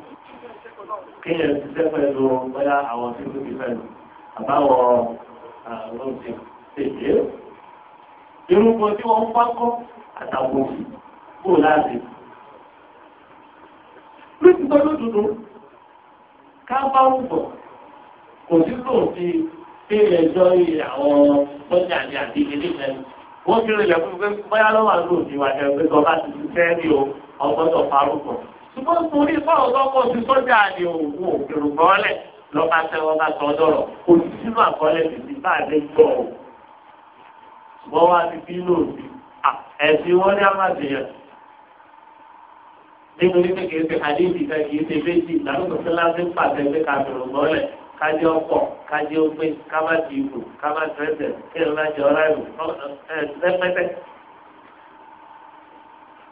kéèyàn ti tẹ́ pẹ̀lú bóyá àwọn tí ó ti pẹ̀lú àbáwọ̀ ọ̀rọ̀ǹtì tèjé. Irúgbó tí wọ́n ń pákọ́ àtàwọn òfin láti. Lójú tó lódodo, ká bá ń bọ̀, kò sí tó fi ẹjọ́ àwọn tọ́jà ní àdéhìí nílẹ̀. Wọ́n kéré lẹ́kùn pé bóyá lọ́wọ́ àlóòdì wa ẹ̀ pé kọ́ bá ti fẹ́ ní o, ọgbọ́dọ̀ parúkọ̀ ṣùgbọ́n mo rí fáwọn ọlọ́pọ̀ ju sọ́jà ni òun òkèrò bọ́ọ̀lẹ̀ lọ́ba tẹ́wọ́ bá tọ́ dọ̀rọ̀ kò sí sínú àkọọ́lẹ̀ títí bá a lè gbọ́ ọ. wọ́n wá ti bí lòdì ẹ̀sìn wọn ní àmàdìyàn. nínú wípé kìí ṣe àdéhìí kan kìí ṣe méjì làlùkò tí láti ń pàṣẹ pé ká fèrò bọ́ọ̀lẹ̀ kájé ọkọ̀ kájé ọgbẹ́ ká má ti ìbò ká má tẹ̀sẹ̀ kí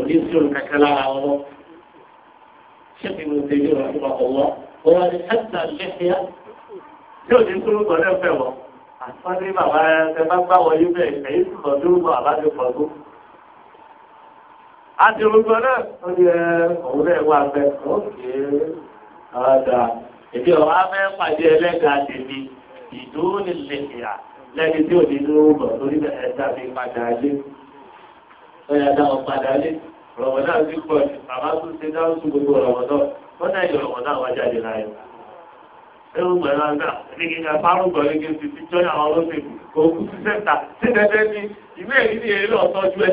onísùn kankan lára wọn ṣẹ́bi mo ti yóò rà fún ọwọ́ ọwọ́ ni ẹ̀sà lẹ́yà yóò ní kúrú gbọ́dọ̀ fẹ́ wọ. àtúndì bàbá ẹ bá gbà wọ yí bẹ́ẹ̀ ẹ̀yìn tó lọ dúró bọ̀ àbájọ pọ̀ tó. àdìrú gbọ́dọ̀ ó ní ẹ òun náà wà bẹ́ẹ̀ ó kì í ọ̀dà èmi ọ̀ wá pàdé ẹlẹ́gà tèmi ìdúró ní lẹ́yà lẹ́ni tí ò ọ̀yà dáhùn padà lé rọ̀mọ̀dá ti pọ̀ jù tún ṣe gbogbo rọ̀mọ̀dá wọ́n náà yọ rọ̀mọ̀dá wọn jáde ewu gbẹ̀rẹ̀ àgbà ní kíkà fárún ní kí ti jọ́ àwọn olóṣèlú òkú sí sẹ́ńtà sí tẹ́tẹ́ ní ìwé èyí ẹ ilé ẹ̀ tèmílẹ̀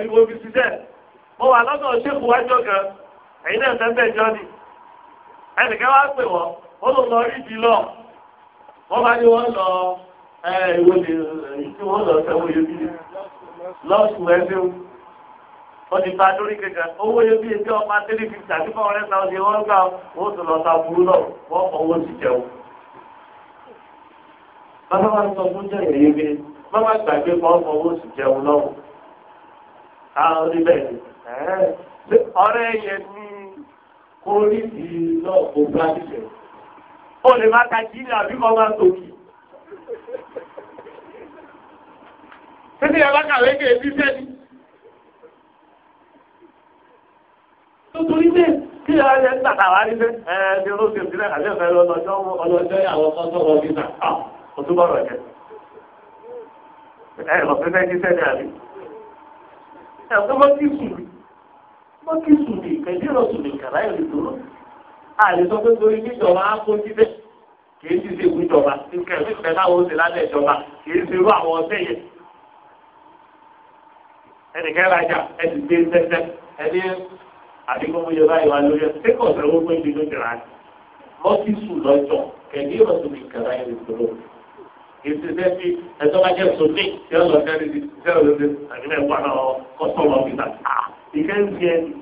lé mo fi mo wà kan náà jọ́ ni ẹnìkan wá pè wọ́n ó wọ́n bá ní wọ́n lọ ìwé tí wọ́n lọ sẹ́wọ́ yóbi lọ́sùn ẹgbẹ́ o ti bá lórí kẹ̀kẹ́ owó yóbi tí wọ́n máa tẹ́lẹ̀ fi tàbí fún ọ̀rẹ́ náà ni wọ́n gbà wọ́n tó lọ ta ó lè máa ka jí ní àbí kan máa tòkì. Títí ẹ bá kàwé kè é fífẹ́ ni. Nítorí pé kí ẹ ẹ tàtà wá níbẹ̀ ẹ ti ró ṣe sílẹ̀ àti ẹ̀fẹ́ lọ́jọ́ ọlọ́jọ́ ìyàwó kan tó rọ bíbà ó tún bọ̀rọ̀ jẹ. Ẹ lọ fífẹ́ ní sẹ́ni àbí. Ẹ kọ́ bọ́ kí sùn ní. Bọ́ kí sùn ní ìkẹ́jẹ́ lọ sùn ní ìkàrà ìrìn tó lọ àlè pé torí níjọba á kó síbẹ̀ kìí ti ṣe ìwújọba kẹ̀mí pẹ̀ láwọn oṣù lálẹ́ ìjọba kìí ṣe irú àwọn ọ̀sẹ̀ yẹn. ẹnìkan rajà ẹni gbé tẹ́tẹ́ ẹni àdínkùn yẹn báyìí wà lórí ẹ̀ kẹ́kọ̀ọ́ sọ wọ́n pé ìdílé ti rà á. lọ́jọ́ kẹ̀mí ọ̀sùn mi kẹ̀rọ ayé ìṣòro. kìí ṣe fẹ́ fi ẹ̀tọ́ bá jẹ́ sọ́dẹ̀ tí ó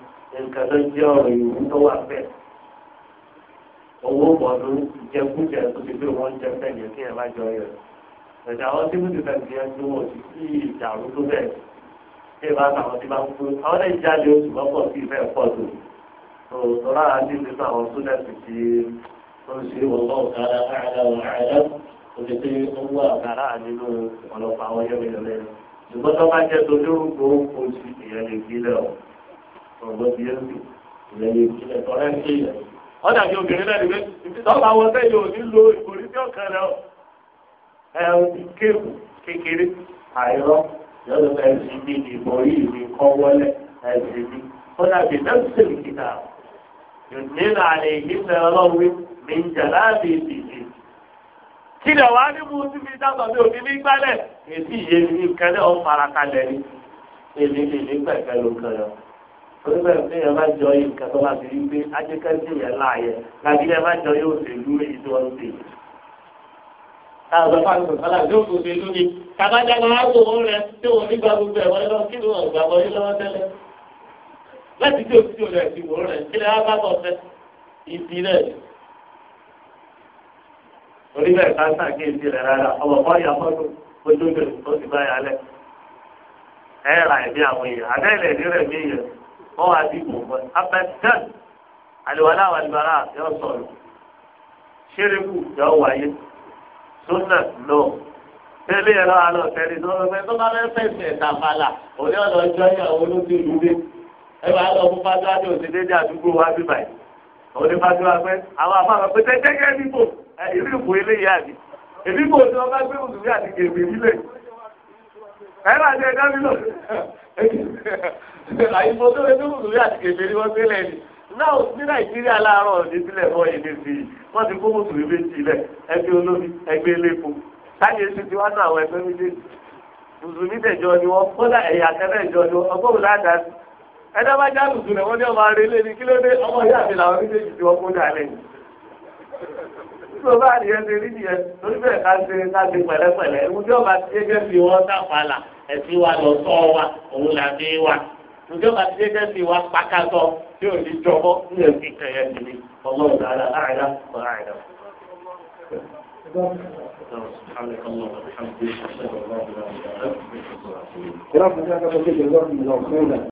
nǹkan tó jẹ́ ọ̀rọ̀ ìwú tó wà bẹ́ẹ̀. owó bọ̀dún jẹkújẹ tó ti pé wọ́n jẹ bẹ́ẹ̀ kí ẹ má jọ yẹ. ẹ̀dá àwọn tí wọ́n ti fẹ́ fi ẹjọ́ wọn ti sí ìdàrú tó bẹ́ẹ̀ tí ẹ bá sàwọn ti máa ń kú. àwọn lè jáde oṣù lọ́pọ̀ sí ìfẹ́ pọ̀ tó. tọ́lá àti ti sọ àwọn súnẹ́sì ti ó ń ṣe wọ́n lọ́wọ́ kára àdá wọn àdá ó ti pé ó wà kára nínú ọ̀lọ́pàá àwọn yẹ́mi ọ̀dà kí obìnrin náà nígbẹ́ tọ́ba wọn sẹ́yìn ò ní lo ìkòrí tí ọ̀kan rẹ̀ ẹ̀rù kéwù kékeré àìrọ́ yọ̀dọ̀ ẹ̀sìn mi ní ìbòrí mi kọ́ wọlé ẹ̀sìn mi ọ̀dà kí nẹ́ẹ̀sìn kìtà yòmínà àlè ìgbésẹ̀ ọlọ́run mi ń jà láàbì ìdíje kí lè wá ní mú síbi mi ò ní ní gbálẹ̀ èsì ìyẹn ní kẹlẹ́ ọ̀ fara kalẹ̀ ni èmi lè ní gbẹ̀kẹ́ ló kẹlẹ́ ọ̀ onígbà tí èèyàn bá jọ yìí nǹkan tó bá ti rí pé ajẹ́kẹ́sì yẹn láàyè láti ilé bá jọ yóò ṣe lú èyí tó ń ṣe. Àwọn ọ̀gá àgbà kan yóò kò ṣe lú ni. Kàbájá máa wò ó rẹ tí òun nígbà gbogbo ẹ̀ wọlé lọ kí ló ń gbàgbọ́ yín lọ́wọ́ tẹ́lẹ̀. Láti tí òkú rẹ̀ ti wò ó rẹ̀ kí lè wá bá bọ̀ fẹ́. Ìdí rẹ̀. Onígbà ìkásá kí ìdí rẹ̀ rárá ọmọ kan yà fọ́tò ojú ìgbèrè tó ti bá yà lẹ̀. Ẹ ra ẹ̀mí wọ́n wá bí kò wọ́n abẹ́tẹ́n àlùwàlá àlùbárà yọ sọ̀rọ̀ ṣẹ́rẹ́kù yọ wáyé súnà lọ tẹ́lẹ̀ ẹ̀rọ alọ tẹ́lẹ̀ tó lọ pé tó bá fẹ́ fẹ̀sẹ̀ tàfàlà òní ọ̀nà ọjọ́ ìyàwó ló ti lù dé ẹ bá lọ fún fásiwá ní òsì dédé àdúgbò wa bí báyìí òní fásiwá pé àwọn afáfà pé tẹ́tẹ́kẹ́ nípò ìlú ìbò eléyìí àbí ìbí bò ní ọba gbé òṣùwé àti gèmí nílé ẹ bá ti ẹ dá mi lọ. àyíkó tó lé dúkùú lórí àti kèfé ni wọ́n gbélé náà ní nàìjíríà láàárọ̀ òde sílẹ̀ fún ọyẹ sí wọ́n ti kó mùsùlùmí méjì egbe ẹgbẹ́ olómi ẹgbẹ́ eléko táyé sí ti àwọn ẹgbẹ́ tẹ̀jọ ni wọ́n kọ́lá ẹ̀yà kẹ́lẹ́ ìjọ ni wọ́n bá já rẹ̀ wọ́n ní ọmọ kí ló dé ọmọ ìyá mi làwọn méjèèjì tí ẹ̀sìn wa lọ sọ wa òun là dé wa ǹjẹ́ bá ti dé kẹ́sì wa pàkàtọ̀ tí ò ní jọmọ́ ní ẹ̀sìn kẹyẹ nìyí ọlọ́run dáadáa láàyè láàyè. سبحانك اللهم وبحمدك